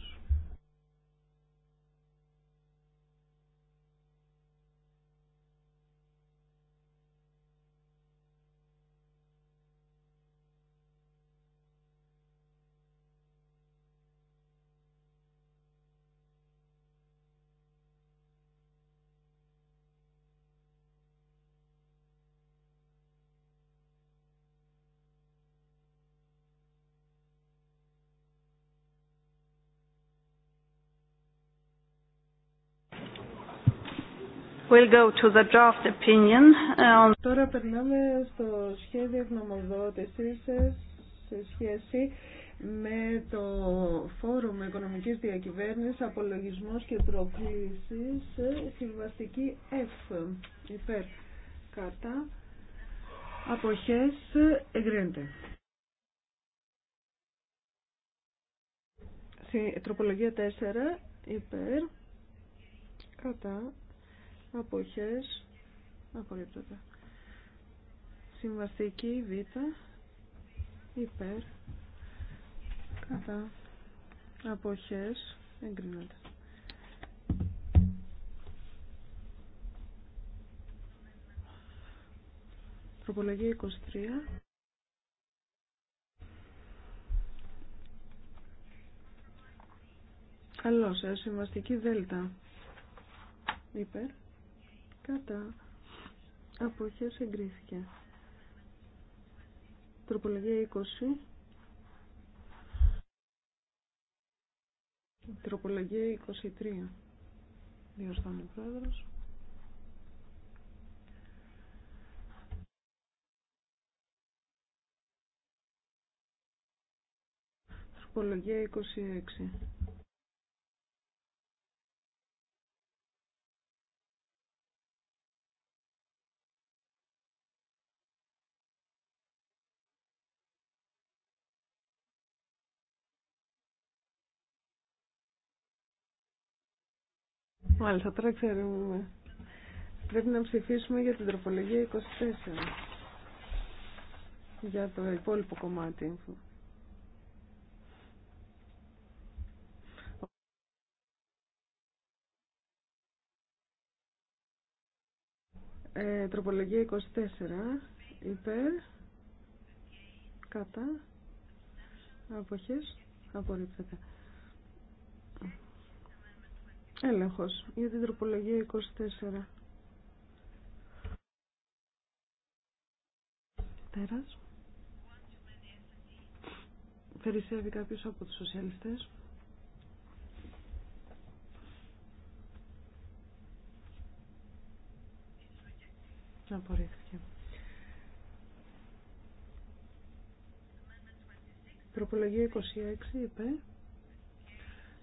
go to the draft uh, Τώρα περνάμε στο σχέδιο γνωμοδότησης σε σχέση με το Φόρουμ Οικονομικής Διακυβέρνησης, Απολογισμός και Προκλήσεις, συμβαστική F, υπέρ, κατά, αποχές, εγκρίνεται. Τροπολογία 4, υπέρ, κατά, αποχές απορρίπτεται συμβαστική β υπέρ κατά αποχές εγκρίνεται Τροπολογία 23 Καλώς, ε, συμβαστική δέλτα υπέρ κατά αποχές εγκρίθηκε τροπολογία 20 τροπολογία 23 διορθώνει ο πρόεδρος τροπολογία 26 Μάλιστα, τώρα ξέρουμε. Πρέπει να ψηφίσουμε για την τροπολογία 24. Για το υπόλοιπο κομμάτι. Ε, τροπολογία 24. Υπέρ. Κατά. Αποχές. Απορρίπτεται. Έλεγχος για την τροπολογία 24. Τέρας. Περισσεύει κάποιος από τους σοσιαλιστές. Απορρίφθηκε. Τροπολογία 26 είπε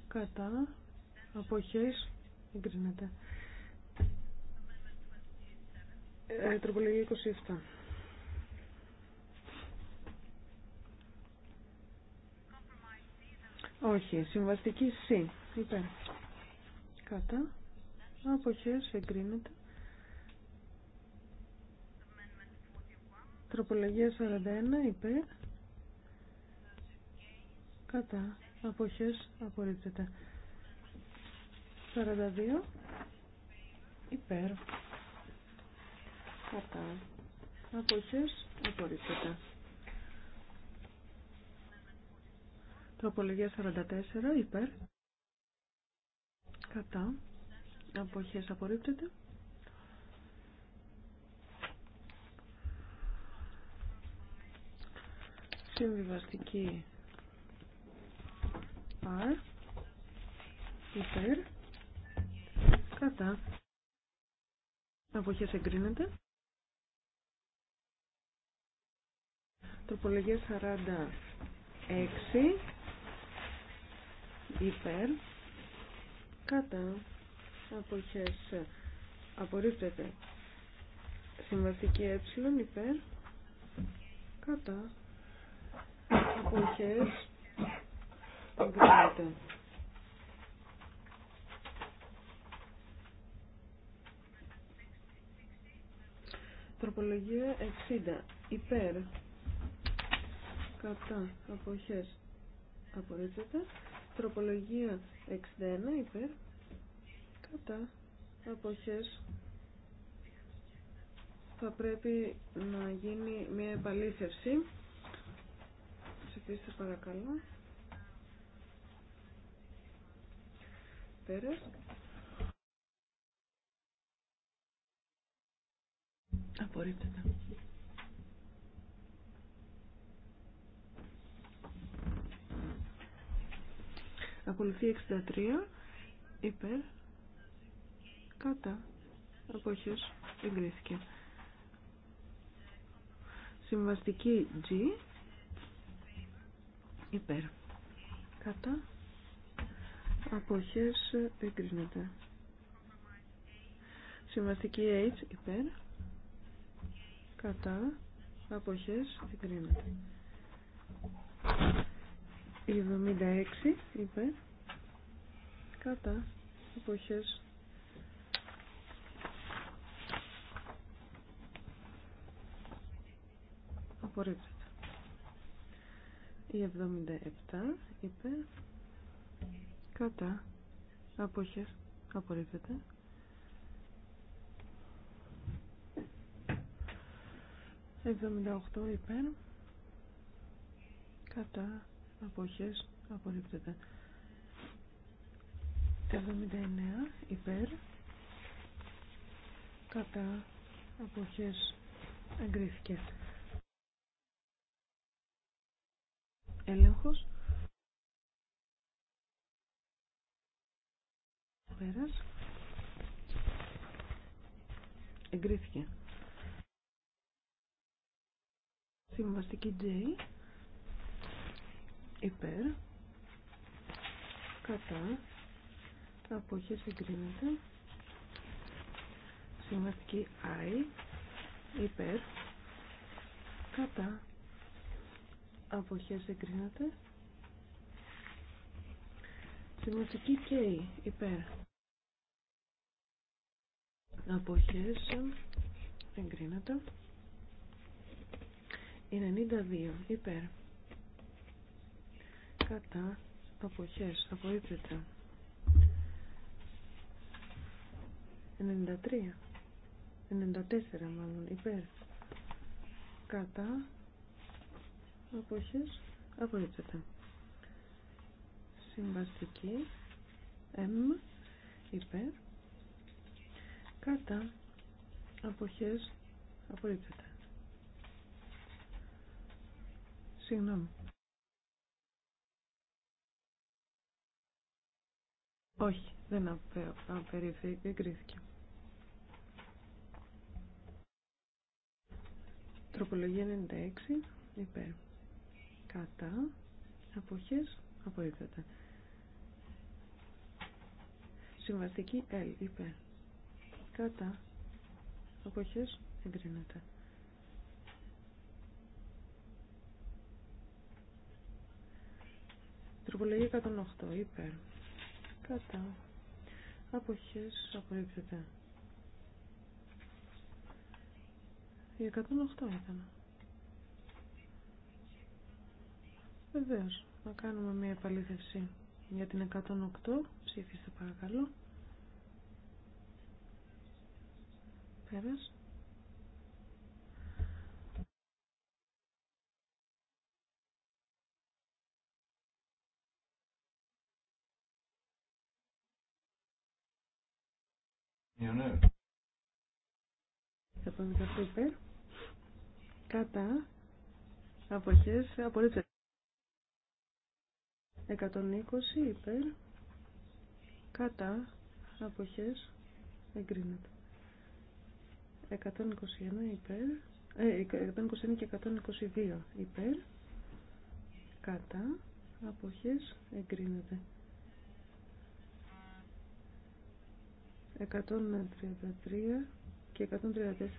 κατά Αποχές. Εγκρίνεται. Ε, τροπολογία 27. Όχι. Συμβαστική C. Υπέρ. Κατά. Αποχές. Εγκρίνεται. Τροπολογία 41. Υπέρ. Κατά. Αποχές. Απορρίπτεται. 42 υπέρ κατά αποχές απορρίπτεται τροπολογία 44 υπέρ κατά αποχές απορρίπτεται συμβιβαστική R υπέρ Κατά. Αποχές εγκρίνεται. Τροπολογία 46. Υπέρ. Κατά. Αποχές απορρίπτεται. Συμβαστική ε υπέρ. Κατά. Αποχές εγκρίνεται. Τροπολογία 60. Υπέρ. Κατά. Αποχές. Απορρίπτεται. Τροπολογία 61. Υπέρ. Κατά. Αποχές. Θα πρέπει να γίνει μια επαλήθευση. Ψηφίστε παρακαλώ. Πέρας. Απορρίπτεται. Ακολουθεί 63 υπέρ κατά αποχές εγκρίθηκε. Συμβαστική G υπέρ κατά αποχές εγκρίνεται. Συμβαστική H υπέρ κατά αποχές εγκρίνεται. 76 είπε, κατά αποχές απορρίπτεται. Η 77 είπε, κατά αποχές απορρίπτεται. 78 υπέρ κατά αποχές απορρίπτεται 79 υπέρ κατά αποχές εγκρίθηκε έλεγχος πέρας εγκρίθηκε Συμβαστική J. Υπέρ. Κατά. Αποχές εγκρίνεται. Συμβαστική I. Υπέρ. Κατά. Αποχές εγκρίνεται. Συμβαστική K. Υπέρ. Αποχές εγκρίνεται. 92 υπέρ κατά αποχές απορρίπτεται 93 94 μάλλον υπέρ κατά αποχές απορρίπτεται συμβαστική M υπέρ κατά αποχές απορρίπτεται Συγγνώμη. Όχι, δεν απε, εγκρίθηκε. Τροπολογία 96, υπέρ. Κατά, αποχές, απορρίπτεται. Συμβαστική L, υπέρ. Κατά, αποχές, εγκρίνεται. Τροπολογία 108. Υπέρ. Κατά. Αποχές. Απορρίπτεται. Η 108 ήταν. Βεβαίω. Να κάνουμε μια επαλήθευση για την 108. Ψήφιστε παρακαλώ. Πέρας. υπέρ. Ναι, ναι. Κατά. Αποχές. Απορρίπτεται. 120 υπέρ. Κατά. Αποχές. Εγκρίνεται. 121 υπέρ. Ε, 121 και 122 υπέρ. Κατά. Αποχές. Εγκρίνεται. 133 και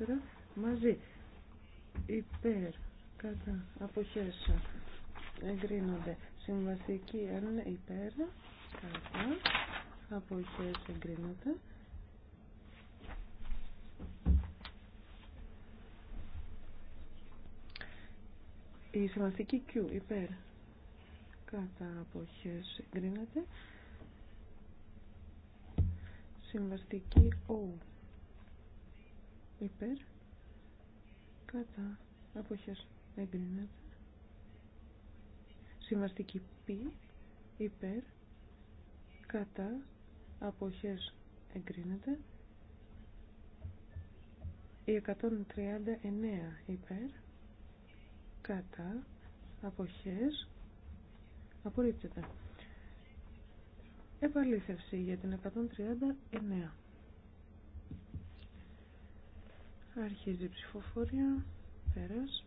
134 μαζί. Υπέρ, κατά, αποχές, εγκρίνονται. Συμβαστική αν υπέρ, κατά, αποχές, εγκρίνονται. Η συμβαστική Q υπέρ, κατά, αποχές, εγκρίνονται. Συμβαστική O. Υπέρ. Κατά. Αποχές. Εγκρίνεται. Συμβαστική Π. Υπέρ. Κατά. Αποχές. Εγκρίνεται. Η 139 υπέρ. Κατά. Αποχές. Απορρίπτεται. Επαλήθευση για την 139. Αρχίζει η ψηφοφορία. Πέρας.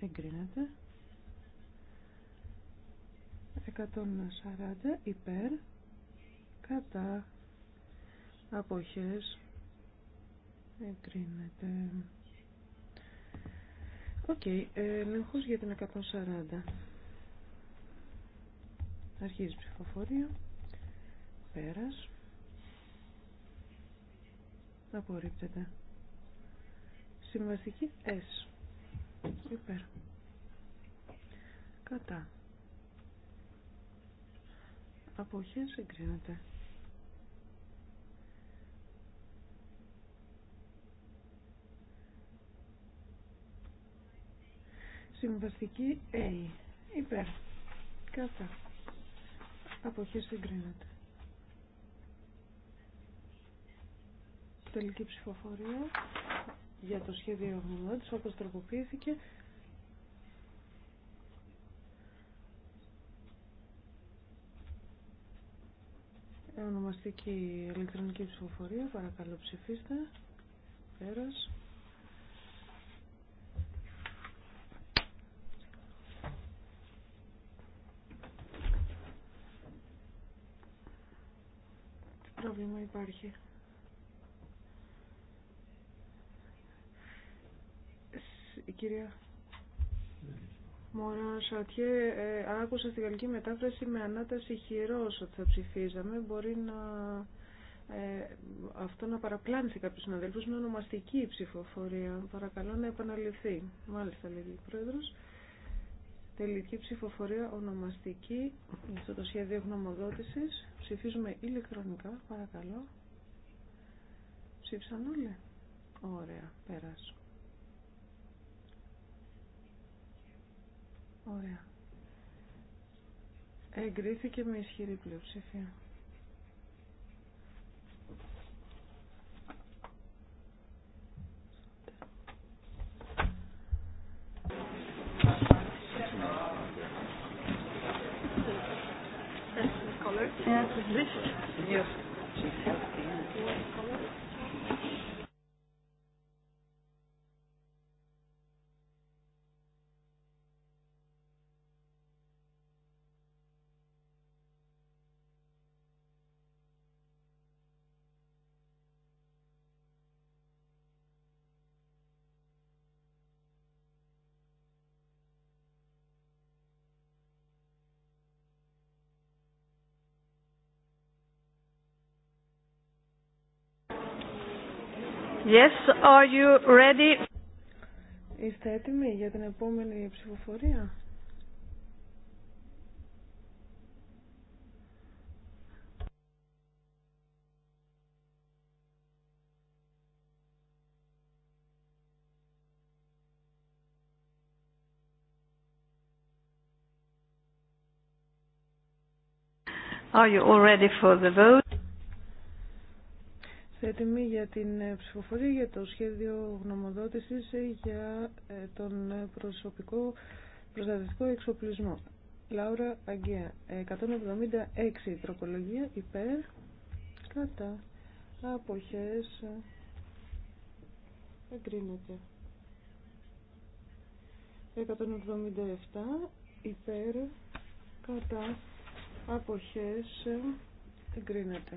Εγκρίνεται. 140 υπέρ. Κατά. Αποχές. Εγκρίνεται. Οκ. Okay, ελεγχός για την 140. Αρχίζει η ψηφοφορία πέρας απορρίπτεται συμβαστική S υπέρ κατά Αποχέ συγκρίνεται. συμβαστική A υπέρ κατά Αποχή συγκρίνεται. τελική ψηφοφορία για το σχέδιο της όπως τροποποιήθηκε. Ονομαστική ηλεκτρονική ψηφοφορία, παρακαλώ ψηφίστε. Πέρας. πρόβλημα υπάρχει. κυρία Μωρά Σατιέ, ε, άκουσα στη γαλλική μετάφραση με ανάταση χειρός ότι θα ψηφίζαμε. Μπορεί να, ε, αυτό να παραπλάνει σε κάποιους συναδέλφους. Είναι ονομαστική ψηφοφορία. Παρακαλώ να επαναληφθεί. Μάλιστα, λέει ο Πρόεδρος. Τελική ψηφοφορία ονομαστική για αυτό το σχέδιο γνωμοδότησης. Ψηφίζουμε ηλεκτρονικά, παρακαλώ. Ψήφισαν όλοι. Ωραία, πέρασε. Ωραία. Εγκρίθηκε με ισχυρή πλειοψηφία. Ευχαριστώ. Yes, are you ready? Είστε έτοιμοι για την επόμενη ψηφοφορία? Are you all ready for the vote? σε για την ε, ψηφοφορία για το σχέδιο γνωμοδότησης ε, για ε, τον προσωπικό προστατευτικό εξοπλισμό. Λάουρα Αγγέα, 176 τροπολογία υπέρ, κατά, αποχές, εγκρίνεται. 177 υπέρ, κατά, αποχές, εγκρίνεται.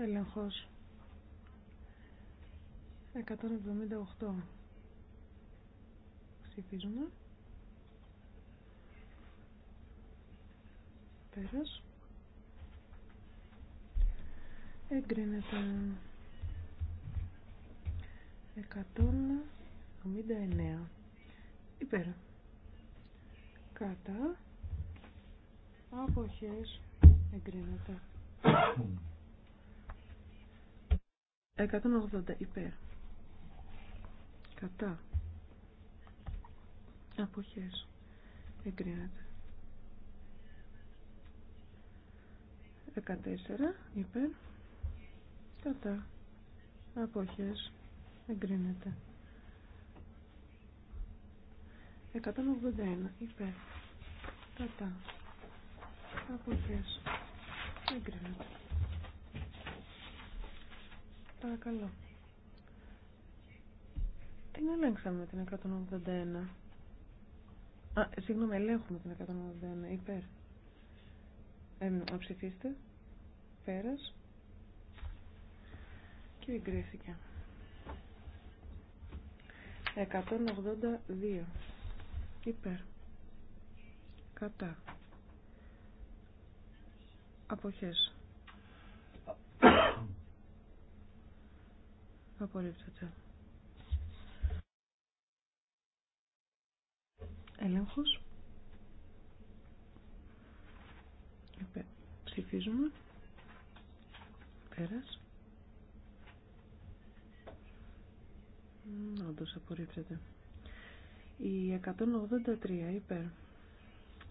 Έλεγχος. 178. Ψηφίζουμε. Πέρας. Εγκρίνεται. 179. Υπέρ. Κατά. Αποχές. Εγκρίνεται. 180 υπέρ. Κατά. Αποχές. Εγκρίνεται. 14 υπέρ. Κατά. Αποχές. Εγκρίνεται. 181 υπέρ. Κατά. Αποχές. Εγκρίνεται. Παρακαλώ. Την ελέγξαμε την 181. Α, συγγνώμη, ελέγχουμε την 181. Υπέρ. Ε, ψηφίστε. Πέρας. Και εγκρίθηκε. 182. Υπέρ. Κατά. Αποχές. Απορρίπτεται. Έλεγχος. Ψηφίζουμε. Πέρας. Όντως απορρίπτεται. Η 183 υπέρ.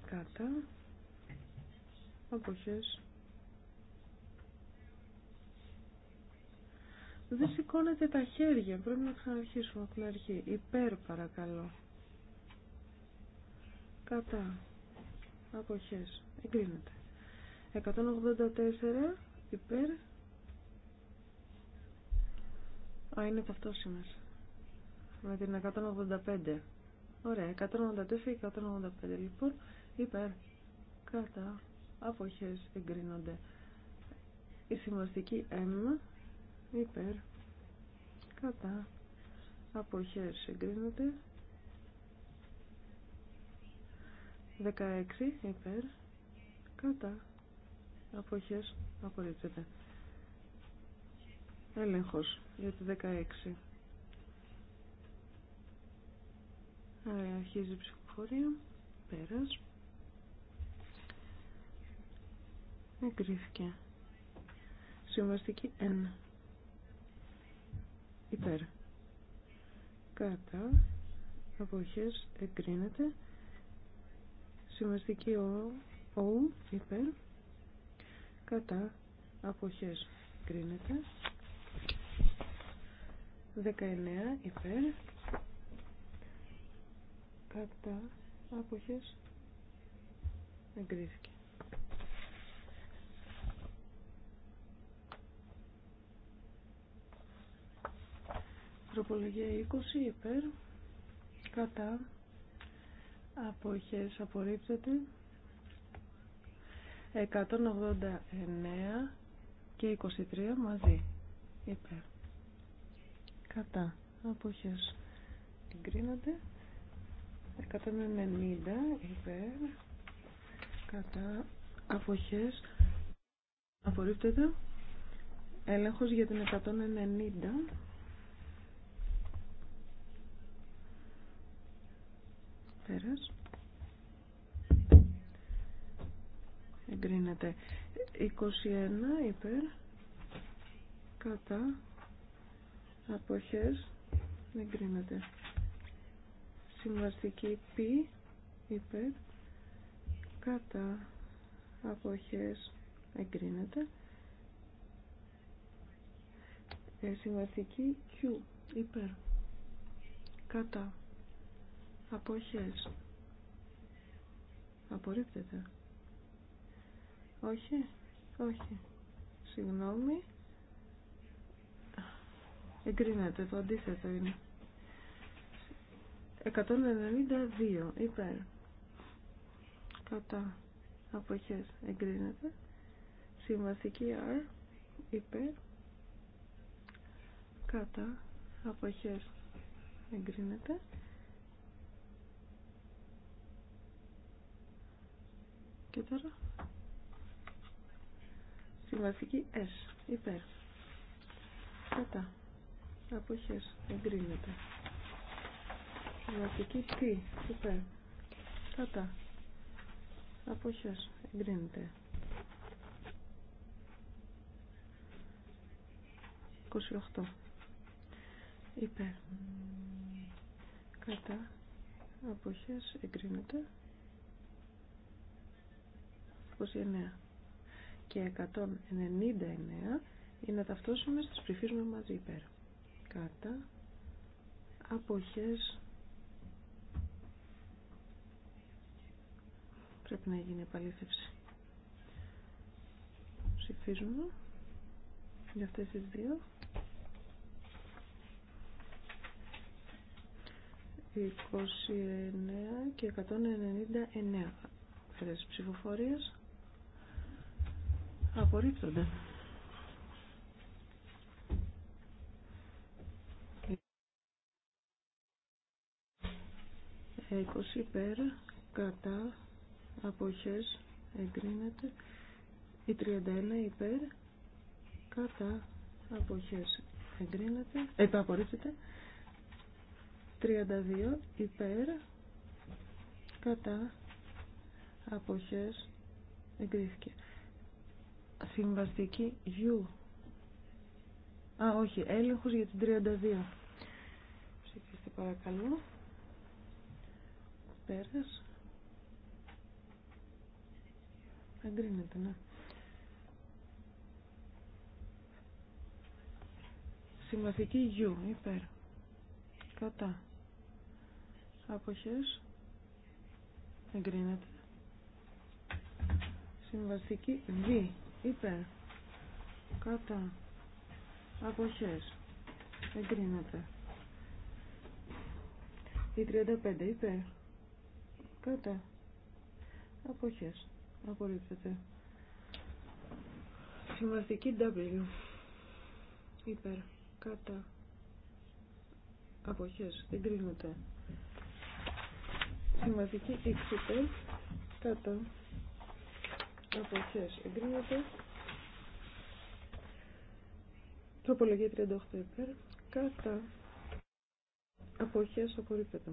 Κατά. Αποχές. Δεν σηκώνετε τα χέρια. Πρέπει να ξαναρχίσουμε από την αρχή. Υπέρ παρακαλώ. Κατά. Αποχές. Εγκρίνεται. 184 υπέρ. Α, είναι ταυτόσιμες. Με την 185. Ωραία. 184 και 185 λοιπόν. Υπέρ. Κατά. Αποχές εγκρίνονται. Η συμβαστική M υπέρ κατά αποχές συγκρίνεται, 16 υπέρ κατά απόχέ απορρίπτεται έλεγχος για τη 16 Άρα ε, αρχίζει η ψηφοφορία πέρας εγκρίθηκε συμβαστική 1 υπέρ κατά αποχές εγκρίνεται συμβαστική ο, ο υπέρ κατά αποχές εγκρίνεται 19 υπέρ κατά αποχές εγκρίθηκε Ανθρωπολογία 20 υπέρ. Κατά. Αποχές απορρίπτεται. 189 και 23 μαζί. Υπέρ. Κατά. Αποχές. Εγκρίνονται. 190 υπέρ. Κατά. Αποχές. Απορρίπτεται. Έλεγχος για την 190. Πέρας. Εγκρίνεται. 21 υπέρ. Κατά. Αποχές. Εγκρίνεται. Συμβαστική π υπέρ. Κατά. Αποχές. Εγκρίνεται. Ε, συμβαστική Q υπέρ. Κατά Αποχές. Απορρίπτεται. Όχι. Όχι. Συγγνώμη. Εγκρίνεται. Το αντίθετο είναι. 192. Υπέρ. Κατά. Αποχές. Εγκρίνεται. Σημαντική R. Υπέρ. Κατά. Αποχές. Εγκρίνεται. Και τώρα συμβαστική S υπέρ κατά Αποχέ. εγκρίνεται συμβαστική T υπέρ κατά αποχές εγκρίνεται 28 υπέρ κατά αποχές εγκρίνεται 29 και 199 είναι ταυτόσιμες, τις ψηφίζουμε μαζί υπέρ. Κατά αποχές πρέπει να γίνει επαλήθευση. Ψηφίζουμε για αυτές τις δύο. 29 και 199 αυτές ψηφοφορίες Απορρίπτονται. 20 πέρα κατά, αποχές, εγκρίνεται. Η 31 υπέρ, κατά, αποχές, εγκρίνεται. Ε, 32 υπέρ, κατά, αποχές, εγκρίθηκε. Συμβαστική U. Α, όχι, έλεγχος για την 32. Ψηφίστε παρακαλώ. Πέρας. Εγκρίνεται, ναι. Συμβαστική U, υπέρ. Κατά. Αποχές. Εγκρίνεται. Συμβαστική V υπέρ κατά αποχές εγκρίνεται η 35 υπέρ κατά αποχές απορρίπτεται Σημαντική W υπέρ κατά αποχές εγκρίνεται Σημαντική X υπέρ κατά Αποχές εγκρίνεται. Τροπολογία 38 υπέρ. Κατά. Αποχές απορρίπτεται.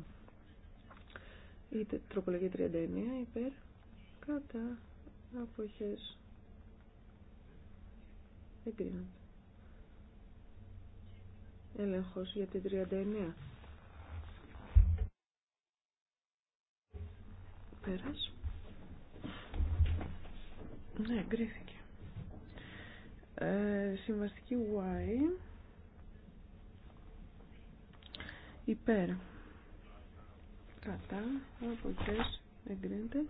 Είτε τροπολογία 39 υπέρ. Κατά. Αποχές εγκρίνεται. Έλεγχος για τη 39. Πέρας. Ναι, εγκρίθηκε. Ε, συμβαστική Y. Υπέρ. Κατά. Αποχές. Εγκρίνεται.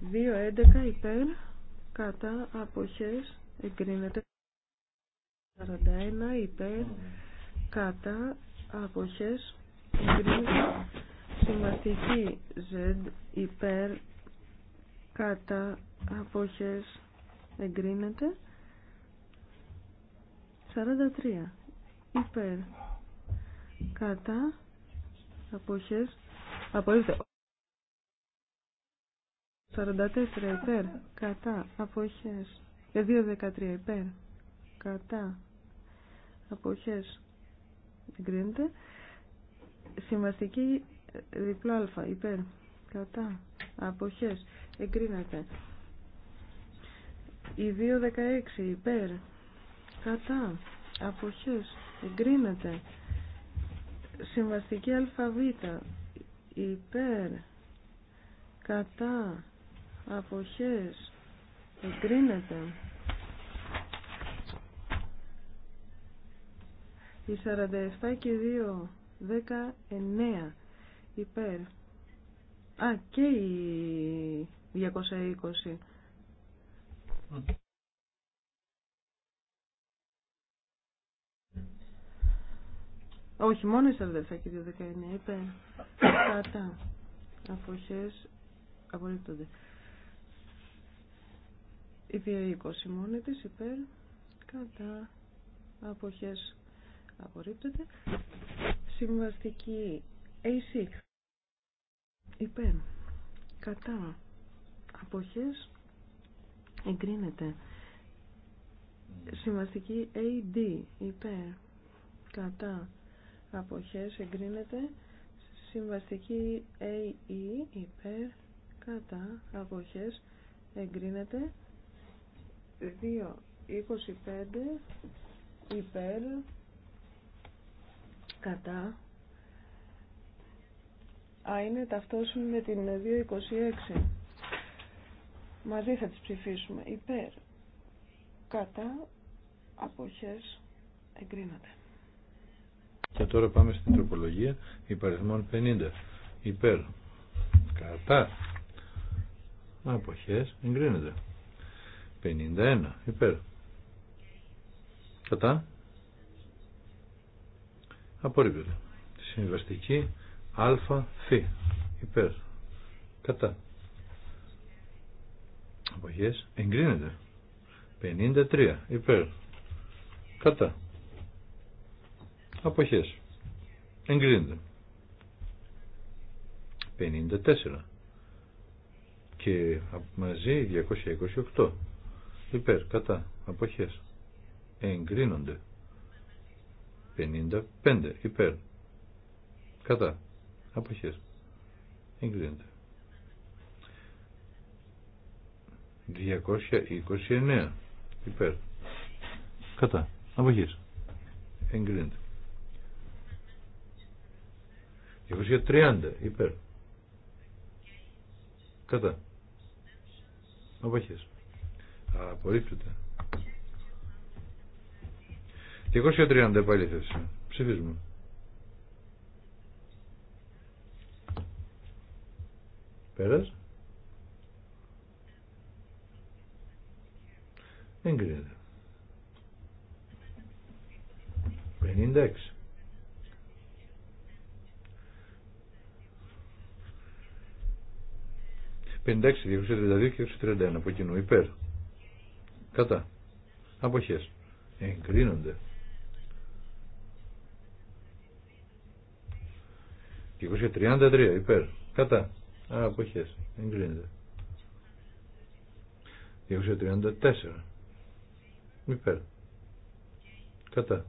Δύο έντεκα υπέρ. Κατά. Αποχές. Εγκρίνεται. 41 υπέρ. Κατά. Αποχές Συμβαστική Z υπέρ κατά αποχές εγκρίνεται. 43 υπέρ κατά αποχές απορρίπτε 44 υπέρ κατά αποχές 2.13 ε, υπέρ κατά αποχές εγκρίνεται Συμβαστική ε, διπλά αλφα υπέρ, κατά, αποχές, εγκρίνεται. Η 2.16 υπέρ, κατά, αποχές, εγκρίνεται. Συμβαστική αλφαβήτα υπέρ, κατά, αποχές, εγκρίνεται. Η 47 και 2 19 υπέρ. Α, και η 220. Όχι, μόνο η Σαρδελφάκη 219 υπέρ. Κατά. αφοχές απορρίπτονται. Η 220 μόνη της υπέρ. Κατά. αφοχές απορρίπτονται. Συμβαστική A6 Υπέρ. Κατά. Αποχές. Εγκρίνεται. Συμβαστική AD. Υπέρ. Κατά. Αποχές. Εγκρίνεται. Συμβαστική AE. Υπέρ. Κατά. Αποχές. Εγκρίνεται. 2. 25. Υπέρ κατά α είναι ταυτόσιμη με την 226 μαζί θα τις ψηφίσουμε υπέρ κατά αποχές εγκρίνεται και τώρα πάμε στην τροπολογία υπαριθμών 50 υπέρ κατά αποχές εγκρίνεται 51 υπέρ κατά απορρίπτεται. Συμβαστική α θ. Υπέρ. Κατά. Αποχές εγκρίνεται. 53. Υπέρ. Κατά. Αποχές. Εγκρίνεται. 54. Και μαζί 228. Υπέρ. Κατά. Αποχές. Εγκρίνονται. 55 υπέρ κατά αποχές εγκρίνεται 229 υπέρ κατά αποχές εγκρίνεται 230 υπέρ κατά αποχές απορρίπτεται 230 επαλήθευση. Ψηφίζουμε. Πέρας. Εγκρίνεται. 56. 56, 232 και 231 από κοινού. Υπέρ. Κατά. Αποχές. Εγκρίνονται. 233 υπέρ. Κατά. Α, αποχές. Εγκρίνεται. 234 υπέρ. Κατά.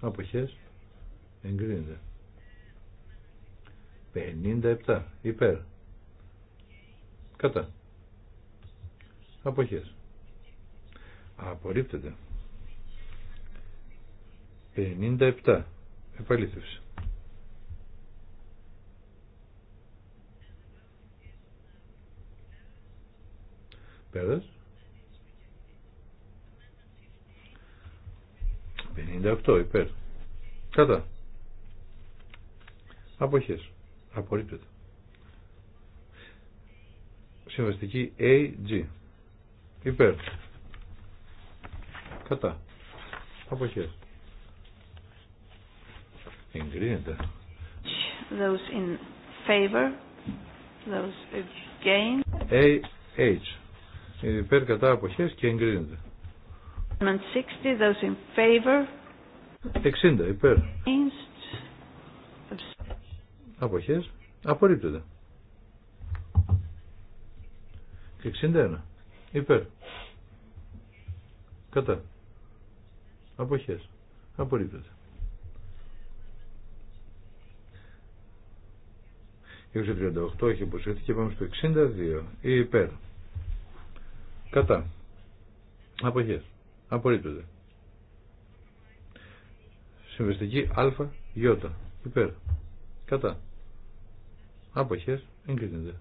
Αποχές. Εγκρίνεται. 57 υπέρ. Κατά. Αποχές. Απορρίπτεται. 57. Επαλήθευση. Πέρας. 58 υπέρ. Κατά. Αποχές. Απορρίπτεται. Συμβαστική AG. Υπέρ. Κατά. Αποχές. Εγκρίνεται. Those in favor, those against. AH υπέρ κατά αποχές και εγκρίνεται. 60, those in favor. 60 υπέρ. Αποχές απορρίπτεται. 61 υπέρ. Κατά. Αποχές. Απορρίπτεται. 38 έχει υποσχεθεί και πάμε στο 62 ή υπέρ. Κατά. Αποχές. Απορρίπτεται. Συμβεστική α, ι, υπέρ. Κατά. Αποχές. Εγκρίνεται.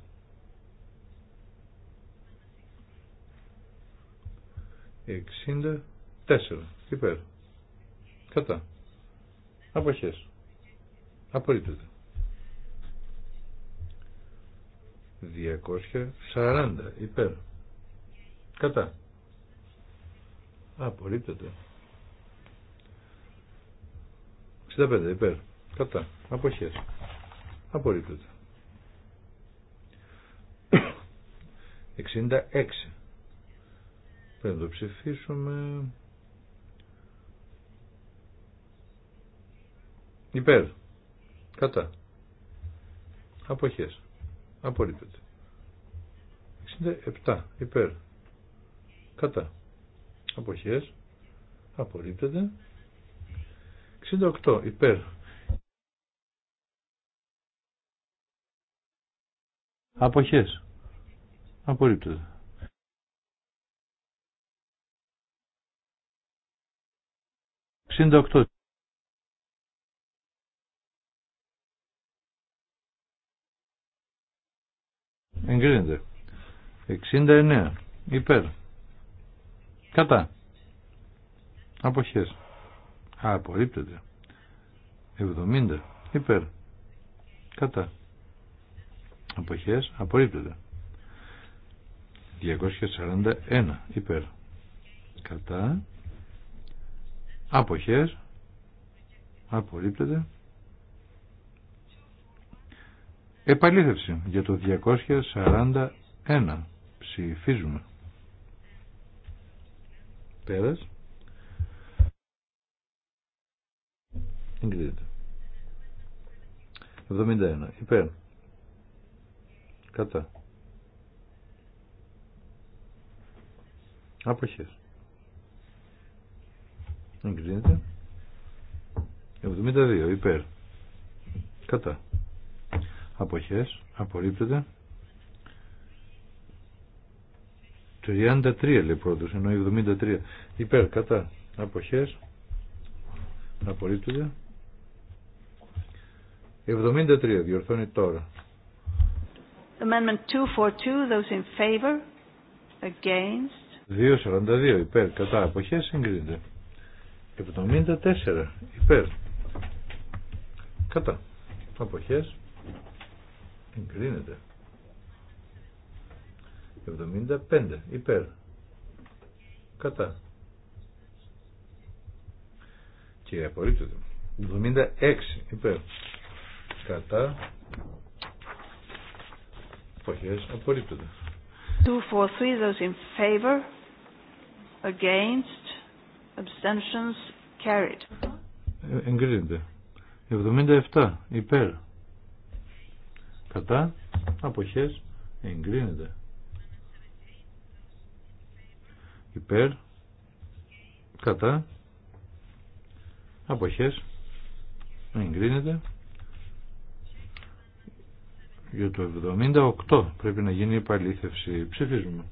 Εξήντα τέσσερα. Υπέρ. Κατά. Αποχές. Απορρίπτεται. 240 υπέρ Κατά. Απορρίπτεται. 65 υπέρ. Κατά. Αποχές. Απορρίπτεται. 66. Πρέπει να το ψηφίσουμε. Υπέρ. Κατά. Αποχές. Απορρίπτεται. 67. Υπέρ κατά αποχές απορρίπτεται 68 υπέρ αποχές απορρίπτεται 68 Εγκρίνεται. 69. Υπέρ. Κατά. Αποχές. Α, απορρίπτεται. 70. Υπέρ. Κατά. Αποχές. Απορρίπτεται. 241. Υπέρ. Κατά. Αποχές. Απορρίπτεται. Επαλήθευση για το 241. Ψηφίζουμε. Πέρας. Εγκρίνεται. 71. Υπέρ. Κατά. Αποχές. Εγκρίνεται. 72. Υπέρ. Κατά. Αποχές. Απορρίπτεται. 33 λέει πρώτο, ενώ 73. Υπέρ, κατά, Αποχέ. απορρίπτονται. 73, διορθώνει τώρα. Amendment 242, those in favor, against. 242, υπέρ, κατά, Αποχέ, συγκρίνεται. 74, υπέρ, κατά, Αποχέ. συγκρίνεται. 75 υπέρ κατά και απορρίπτεται 76 υπέρ κατά εποχές απορρίπτεται 243 those in favor against abstentions carried ε, εγκρίνεται 77 υπέρ κατά αποχές εγκρίνεται υπέρ κατά αποχές εγκρίνεται για το 78 πρέπει να γίνει επαλήθευση ψηφίζουμε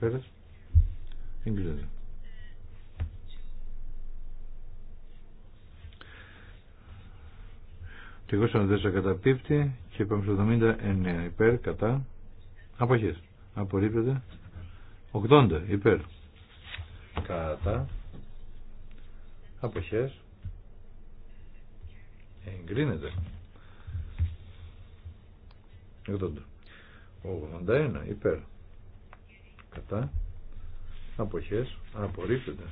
πέρας εγκρίνεται Το 240 καταπίπτει και πάμε στο 79 υπέρ κατά αποχές απορρίπτεται 80 υπέρ κατά αποχές εγκρίνεται 80 81 υπέρ κατά αποχές απορρίπτεται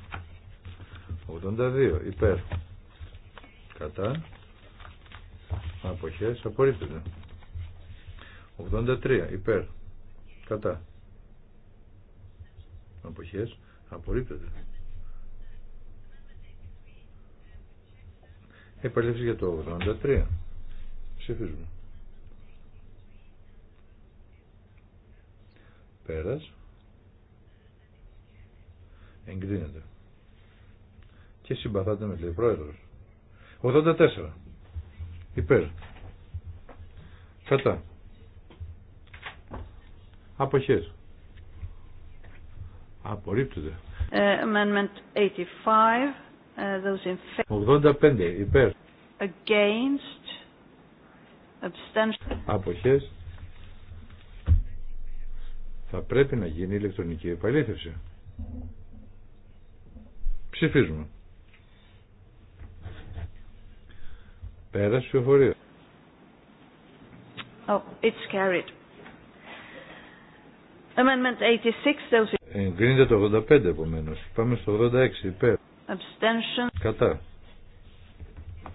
82 υπέρ κατά αποχές απορρίπτεται 83 υπέρ κατά αποχές απορρίπτεται επαλήθευση για το 83 ψηφίζουμε πέρας εγκρίνεται και συμπαθάτε με λέει πρόεδρος 84 Υπέρ. Κατά. Αποχές. Απορρίπτεται. Ε, amendment 85. Ε, those in 85. Υπέρ. Against. Abstention. Αποχές. Θα πρέπει να γίνει ηλεκτρονική επαλήθευση. Ψηφίζουμε. Πέρας ψηφοφορία. Oh, it's carried. Amendment 86, those... Εγκρίνεται το 85 επομένω. Πάμε στο 86 υπέρ. Abstention. Κατά.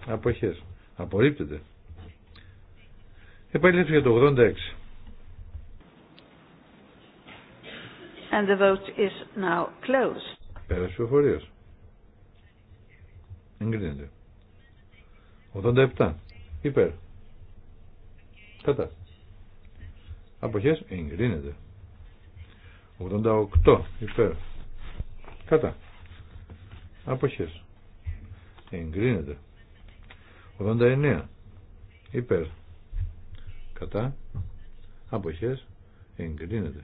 Αποχές. Απορρίπτεται. Επαλήθω για το 86. And the vote is now closed. Πέρασε ο φορείος. Εγκρίνεται. 87 υπέρ κατά αποχές εγκρίνεται 88 υπέρ κατά αποχές εγκρίνεται 89 υπέρ κατά αποχές εγκρίνεται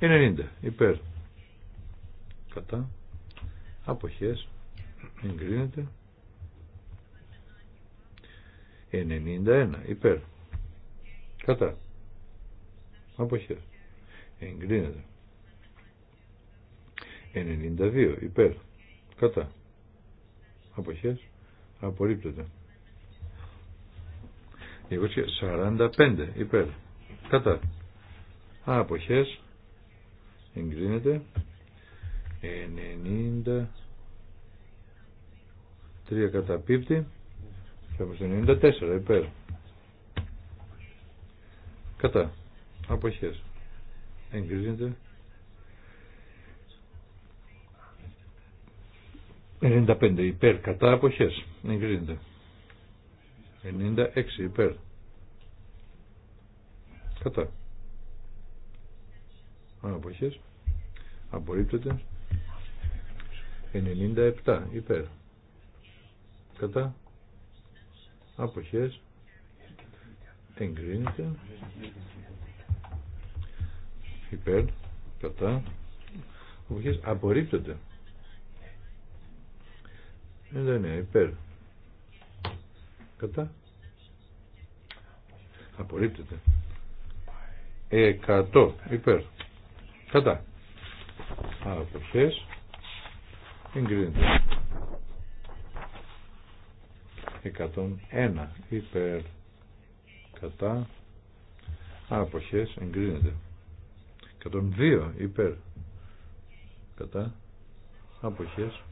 90 υπέρ κατά αποχές εγκρίνεται 91 υπέρ κατά αποχε εγκρίνεται 92 υπέρ κατά αποχές απορρίπτεται 245 υπέρ κατά αποχε εγκρίνεται 90 3 καταπίπτει 94 υπέρ. Κατά. Αποχές. Εγκρίνεται. 95 υπέρ. Κατά αποχές. Εγκρίνεται. 96 υπέρ. Κατά. Αποχές. Απορρίπτεται. 97 υπέρ. Κατά αποχές εγκρίνεται υπέρ κατά αποχές απορρίπτεται Εντάξει, υπέρ κατά απορρίπτεται εκατό, υπέρ κατά αποχές εγκρίνεται 101 υπέρ κατά αποχές εγκρίνεται 102 υπέρ κατά αποχές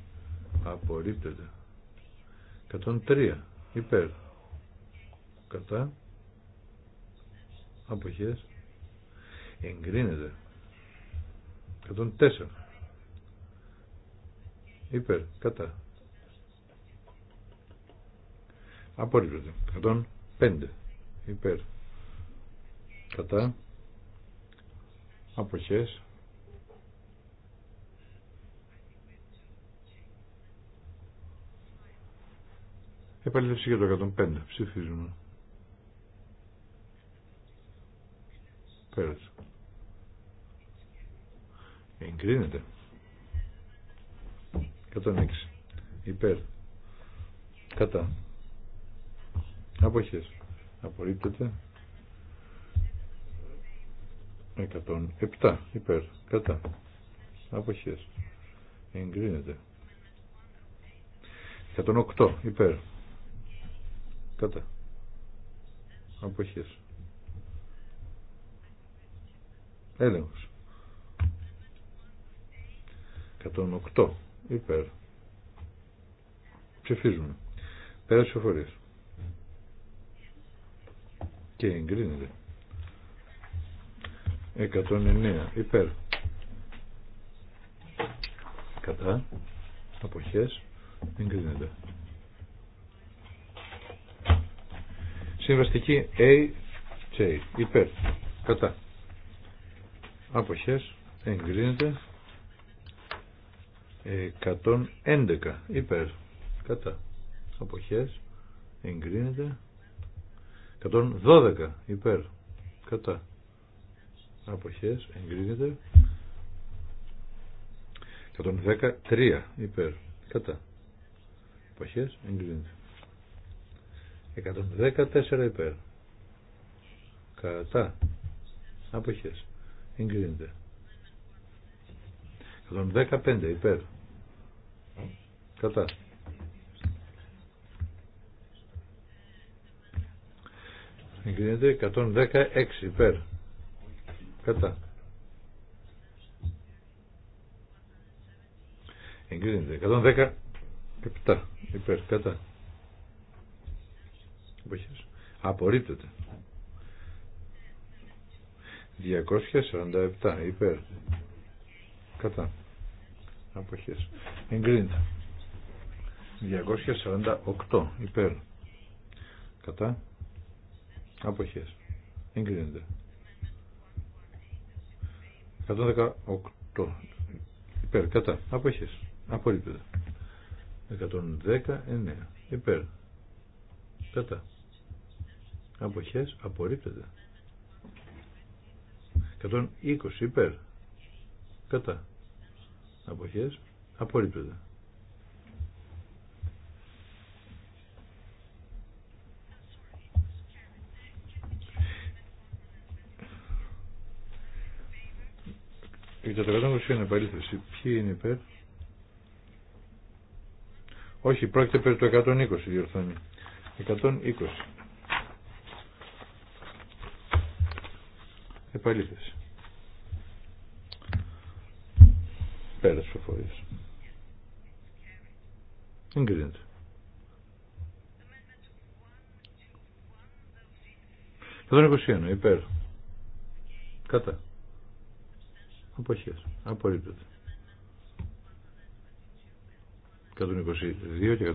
απορρίπτεται 103 υπέρ κατά αποχές εγκρίνεται 104 υπέρ κατά Απορρίπτεται. 105 υπέρ. Κατά. Αποχές. Επαλήθευση για το 105. Ψηφίζουμε. Πέρασε. Εγκρίνεται. 106. Υπέρ. Κατά. Αποχές. Απορρίπτεται. 107 υπέρ. Κατά. Αποχές. Εγκρίνεται. 108 υπέρ. Κατά. Αποχές. Έλεγχος. 108 υπέρ. Ψηφίζουμε. Πέρασε ο φορείς και εγκρίνεται 109 υπέρ κατά αποχές εγκρίνεται συμβαστική AJ υπέρ κατά αποχές εγκρίνεται 111 υπέρ κατά αποχές εγκρίνεται 112 υπέρ κατά αποχές εγκρίνεται 113 υπέρ κατά αποχές εγκρίνεται 114 υπέρ κατά αποχές εγκρίνεται 115 υπέρ κατά Εγκρίνεται 116 υπέρ. Κατά. Εγκρίνεται 117 υπέρ. Κατά. Απορρίπτεται. 247 υπέρ. Κατά. Αποχές. Εγκρίνεται. 248 υπέρ. Κατά. Αποχές. Εγκρίνεται. 118. Υπέρ. Κατά. Αποχές. Απορρίπτεται. 119. Υπέρ. Κατά. Αποχές. Απορρίπτεται. 120. Υπέρ. Κατά. Αποχές. Απορρίπτεται. Για το είναι επαλήθευση. Ποιοι είναι υπέρ. Όχι, πρόκειται περί το 120 διορθώνει. 120. Επαλήθευση. Ε, Πέρα στις προφορίες. Εγκρίνεται. Εδώ 21, υπέρ. Κατά. Αποχέ, Απορρίπτεται. 122 και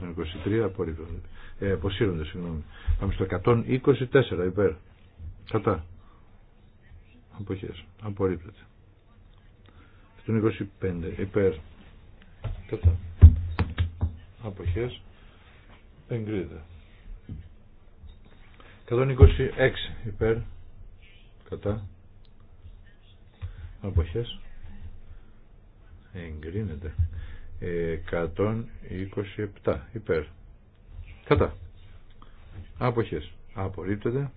123 απορρίπτονται. Ε, αποσύρονται, συγγνώμη. Πάμε στο 124 υπέρ. Κατά. Αποχές. Απορρίπτεται. 125 υπέρ. Κατά. Αποχές. Εγκρίδε. 126 υπέρ. Κατά αποχές εγκρίνεται 127 υπέρ κατά αποχές απορρίπτεται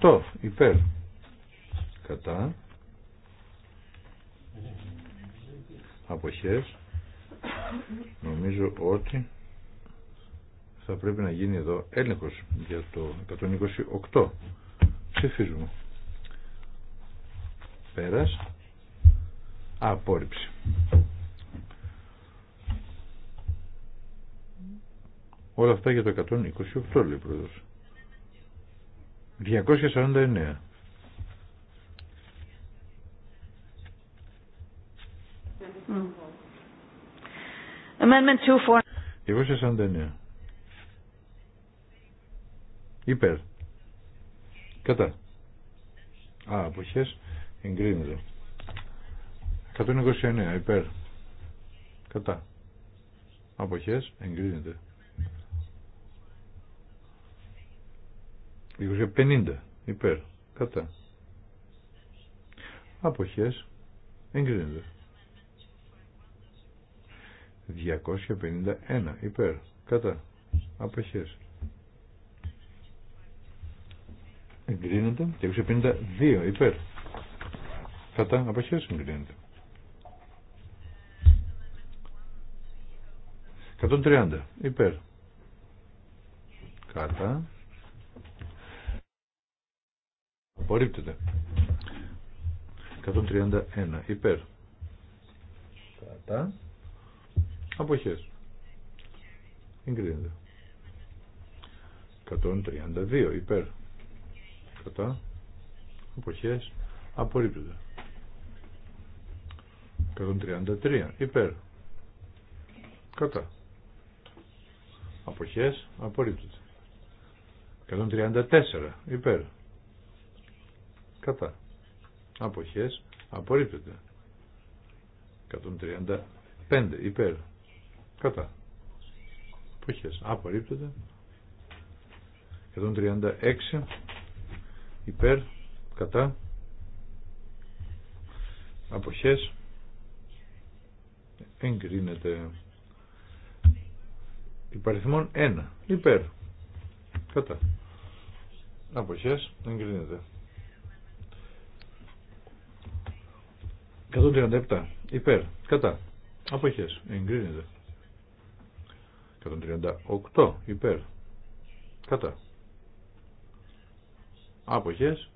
128 υπέρ κατά αποχές νομίζω ότι θα πρέπει να γίνει εδώ έλεγχος για το 128 ψηφίζουμε πέρας απόρριψη όλα αυτά για το 128 λέει πρόεδρος 249 Amendment 249. Υπέρ. Κατά. Α, αποχές εγκρίνεται 129 υπέρ κατά αποχές εγκρίνεται 250 υπέρ κατά αποχές εγκρίνεται 251 υπέρ κατά αποχές εγκρίνεται 252 υπέρ Κατά αποχές εγκρίνεται. 130 υπέρ. Κατά. Απορρίπτεται. 131 υπέρ. Κατά. Αποχές. Εγκρίνεται. 132 υπέρ. Κατά. Αποχές. Απορρίπτεται. 133 υπέρ κατά αποχές απορρίπτεται 134 υπέρ κατά αποχές απορρίπτεται 135 υπέρ κατά αποχές απορρίπτεται 136 υπέρ κατά αποχές εγκρίνεται υπαριθμόν 1 υπέρ κατά αποχές εγκρίνεται 137 υπέρ κατά αποχές εγκρίνεται 138 υπέρ κατά αποχές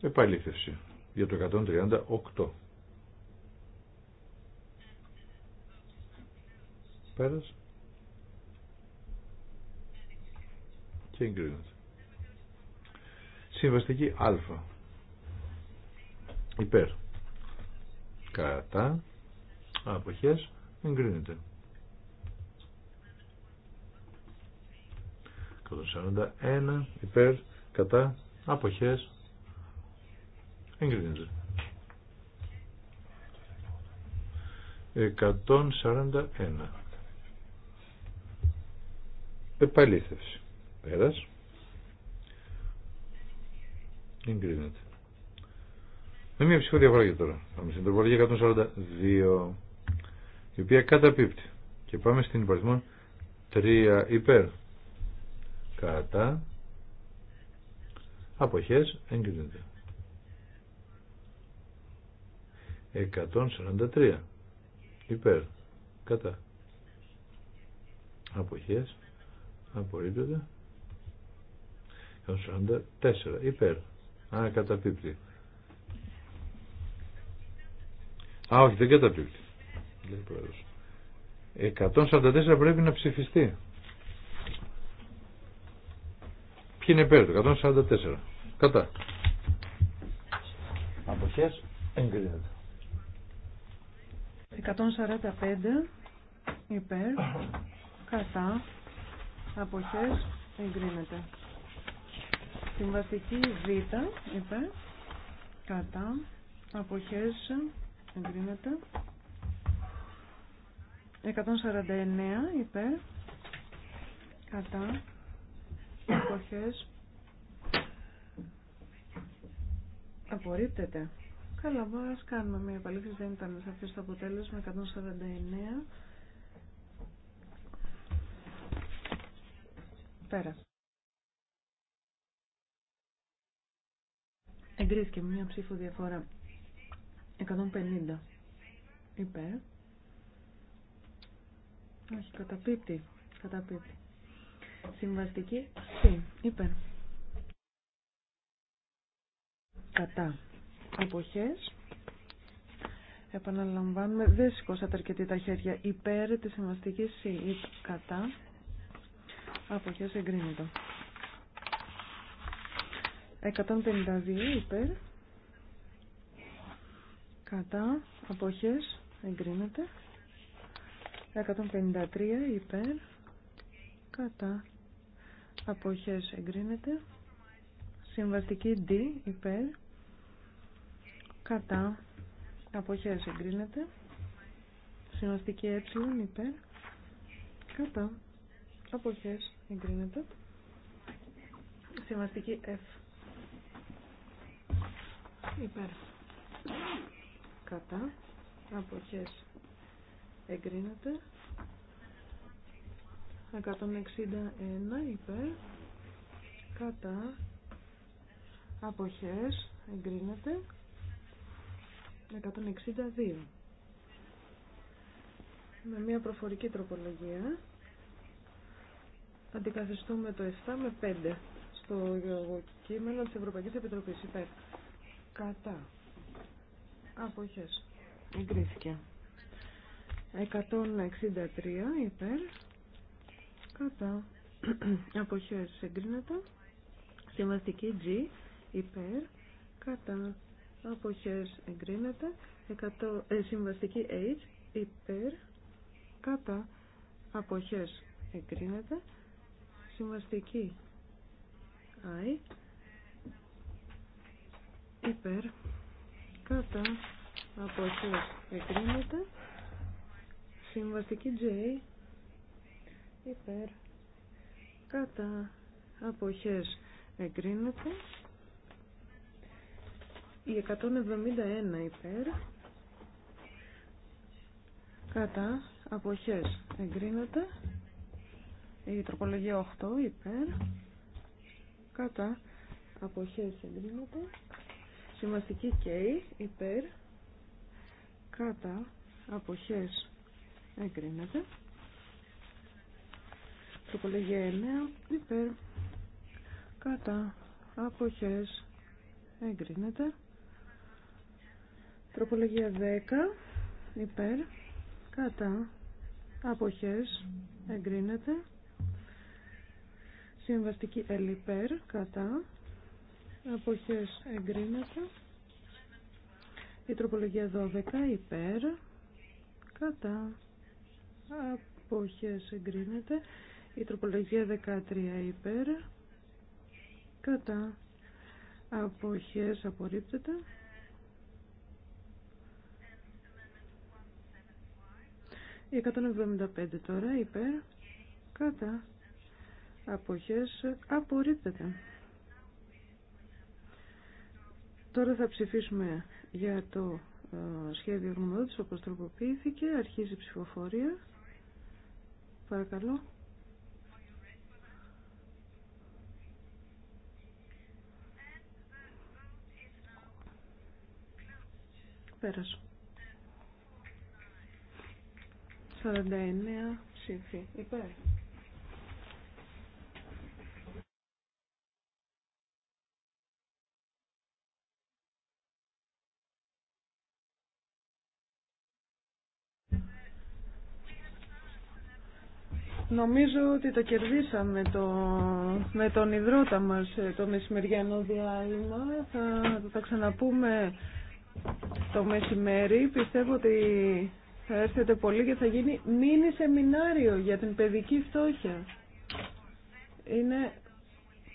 επαλήθευση για το 138 Πέρας. Και εγκρίνετε; Συμβαστική α. Υπέρ. Κατά. Αποχές. Εγκρίνεται. 141. Υπέρ. Κατά. Αποχές. Εγκρίνεται. 141 επαλήθευση. Πέρας. Εγκρίνεται. Με μια ψηφό για τώρα. Πάμε στην τροπολογία 142, η οποία καταπίπτει. Και πάμε στην υπαριθμό 3 υπέρ. Κατά. Αποχές εγκρίνεται. 143 υπέρ. Κατά. Αποχές απορρίπτεται 144 υπέρ α καταπίπτει α όχι δεν καταπίπτει Δεν 144 πρέπει να ψηφιστεί ποιοι είναι υπέρ του 144 κατά αποχές εγκρίνεται 145 υπέρ κατά αποχές εγκρίνεται. βασική Β είπε. κατά αποχές εγκρίνεται. 149 είπε. κατά αποχές απορρίπτεται. Καλά, ας κάνουμε μια επαλήφθηση, δεν ήταν σαφές το αποτέλεσμα, 149. Πέρα. Εγκρίθηκε μια ψήφο διαφορά. 150. Υπέρ. Όχι, καταπίπτει. Καταπίπτει. Συμβαστική C. Υπέρ. Κατά. Αποχές. Επαναλαμβάνουμε, δεν σηκώσατε αρκετή τα χέρια υπέρ της συμβαστικής C. Κατά. Αποχές εγκρίνεται. 152 υπέρ. Κατά. Αποχές εγκρίνεται. 153 υπέρ. Κατά. Αποχές εγκρίνεται. Συμβαστική D υπέρ. Κατά. Αποχές εγκρίνεται. Συμβαστική ε υπέρ. Κατά. Αποχές εγκρίνεται. Συμβαστική F. Υπέρ. Κατά. Αποχές εγκρίνεται. 161 υπέρ. Κατά. Αποχές εγκρίνεται. 162. Με μια προφορική τροπολογία Αντικαθιστούμε το 7 με 5 στο κείμενο της Ευρωπαϊκής Επιτροπής. Υπέρ. Κατά. Αποχές. Εγκρίθηκε. 163 υπέρ. Κατά. Αποχές εγκρίνεται. Συμβαστική G υπέρ. Κατά. Αποχές εγκρίνεται. Εκατο... ε, συμβαστική H υπέρ. Κατά. Αποχές εγκρίνεται. Συμβαστική. Άι. Υπέρ. Κατά. Αποχές. Εγκρίνεται. Συμβαστική J. Υπέρ. Κατά. Αποχές. Εγκρίνεται. Η 171 υπέρ. Κατά. Αποχές. Εγκρίνεται. Η τροπολογία 8 υπέρ. Κατά. Αποχές εγκρίνεται. σημαστική K υπέρ. Κατά. Αποχές εγκρίνεται. Τροπολογία 9 υπέρ. Κατά. Αποχές εγκρίνεται. Τροπολογία 10 υπέρ. Κατά. Αποχές εγκρίνεται. Συμβαστική ελιπέρ κατά αποχές εγκρίνεται. Η τροπολογία 12 υπέρ κατά αποχές εγκρίνεται. Η τροπολογία 13 υπέρ κατά αποχές απορρίπτεται. Η 175 τώρα υπέρ κατά αποχές απορρίπτεται. Τώρα θα ψηφίσουμε για το ε, σχέδιο γνωμοδότης όπως τροποποιήθηκε. Αρχίζει η ψηφοφορία. Παρακαλώ. Πέρασε. 49 ψήφοι υπέρ. Νομίζω ότι το κερδίσαμε το, με τον ιδρώτα μας ε, το μεσημεριανό διάλειμμα. Θα, θα ξαναπούμε το μεσημέρι. Πιστεύω ότι θα έρθετε πολύ και θα γίνει μίνι σεμινάριο για την παιδική φτώχεια. Είναι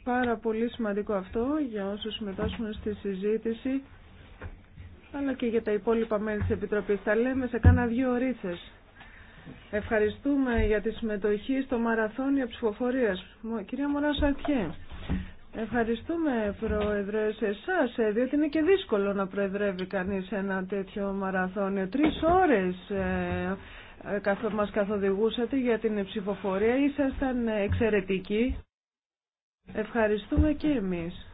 πάρα πολύ σημαντικό αυτό για όσους συμμετάσχουν στη συζήτηση αλλά και για τα υπόλοιπα μέλη της Επιτροπής. Τα λέμε σε κάνα δύο ωρίτσες. Ευχαριστούμε για τη συμμετοχή στο μαραθώνιο ψηφοφορίας. Κυρία Μωρά Σαρτιέ, ευχαριστούμε Πρόεδρε σε εσά, ε, διότι είναι και δύσκολο να προεδρεύει κανείς ένα τέτοιο μαραθώνιο. Τρεις ώρες ε, ε, μας καθοδηγούσατε για την ψηφοφορία, ήσασταν εξαιρετικοί. Ευχαριστούμε και εμείς.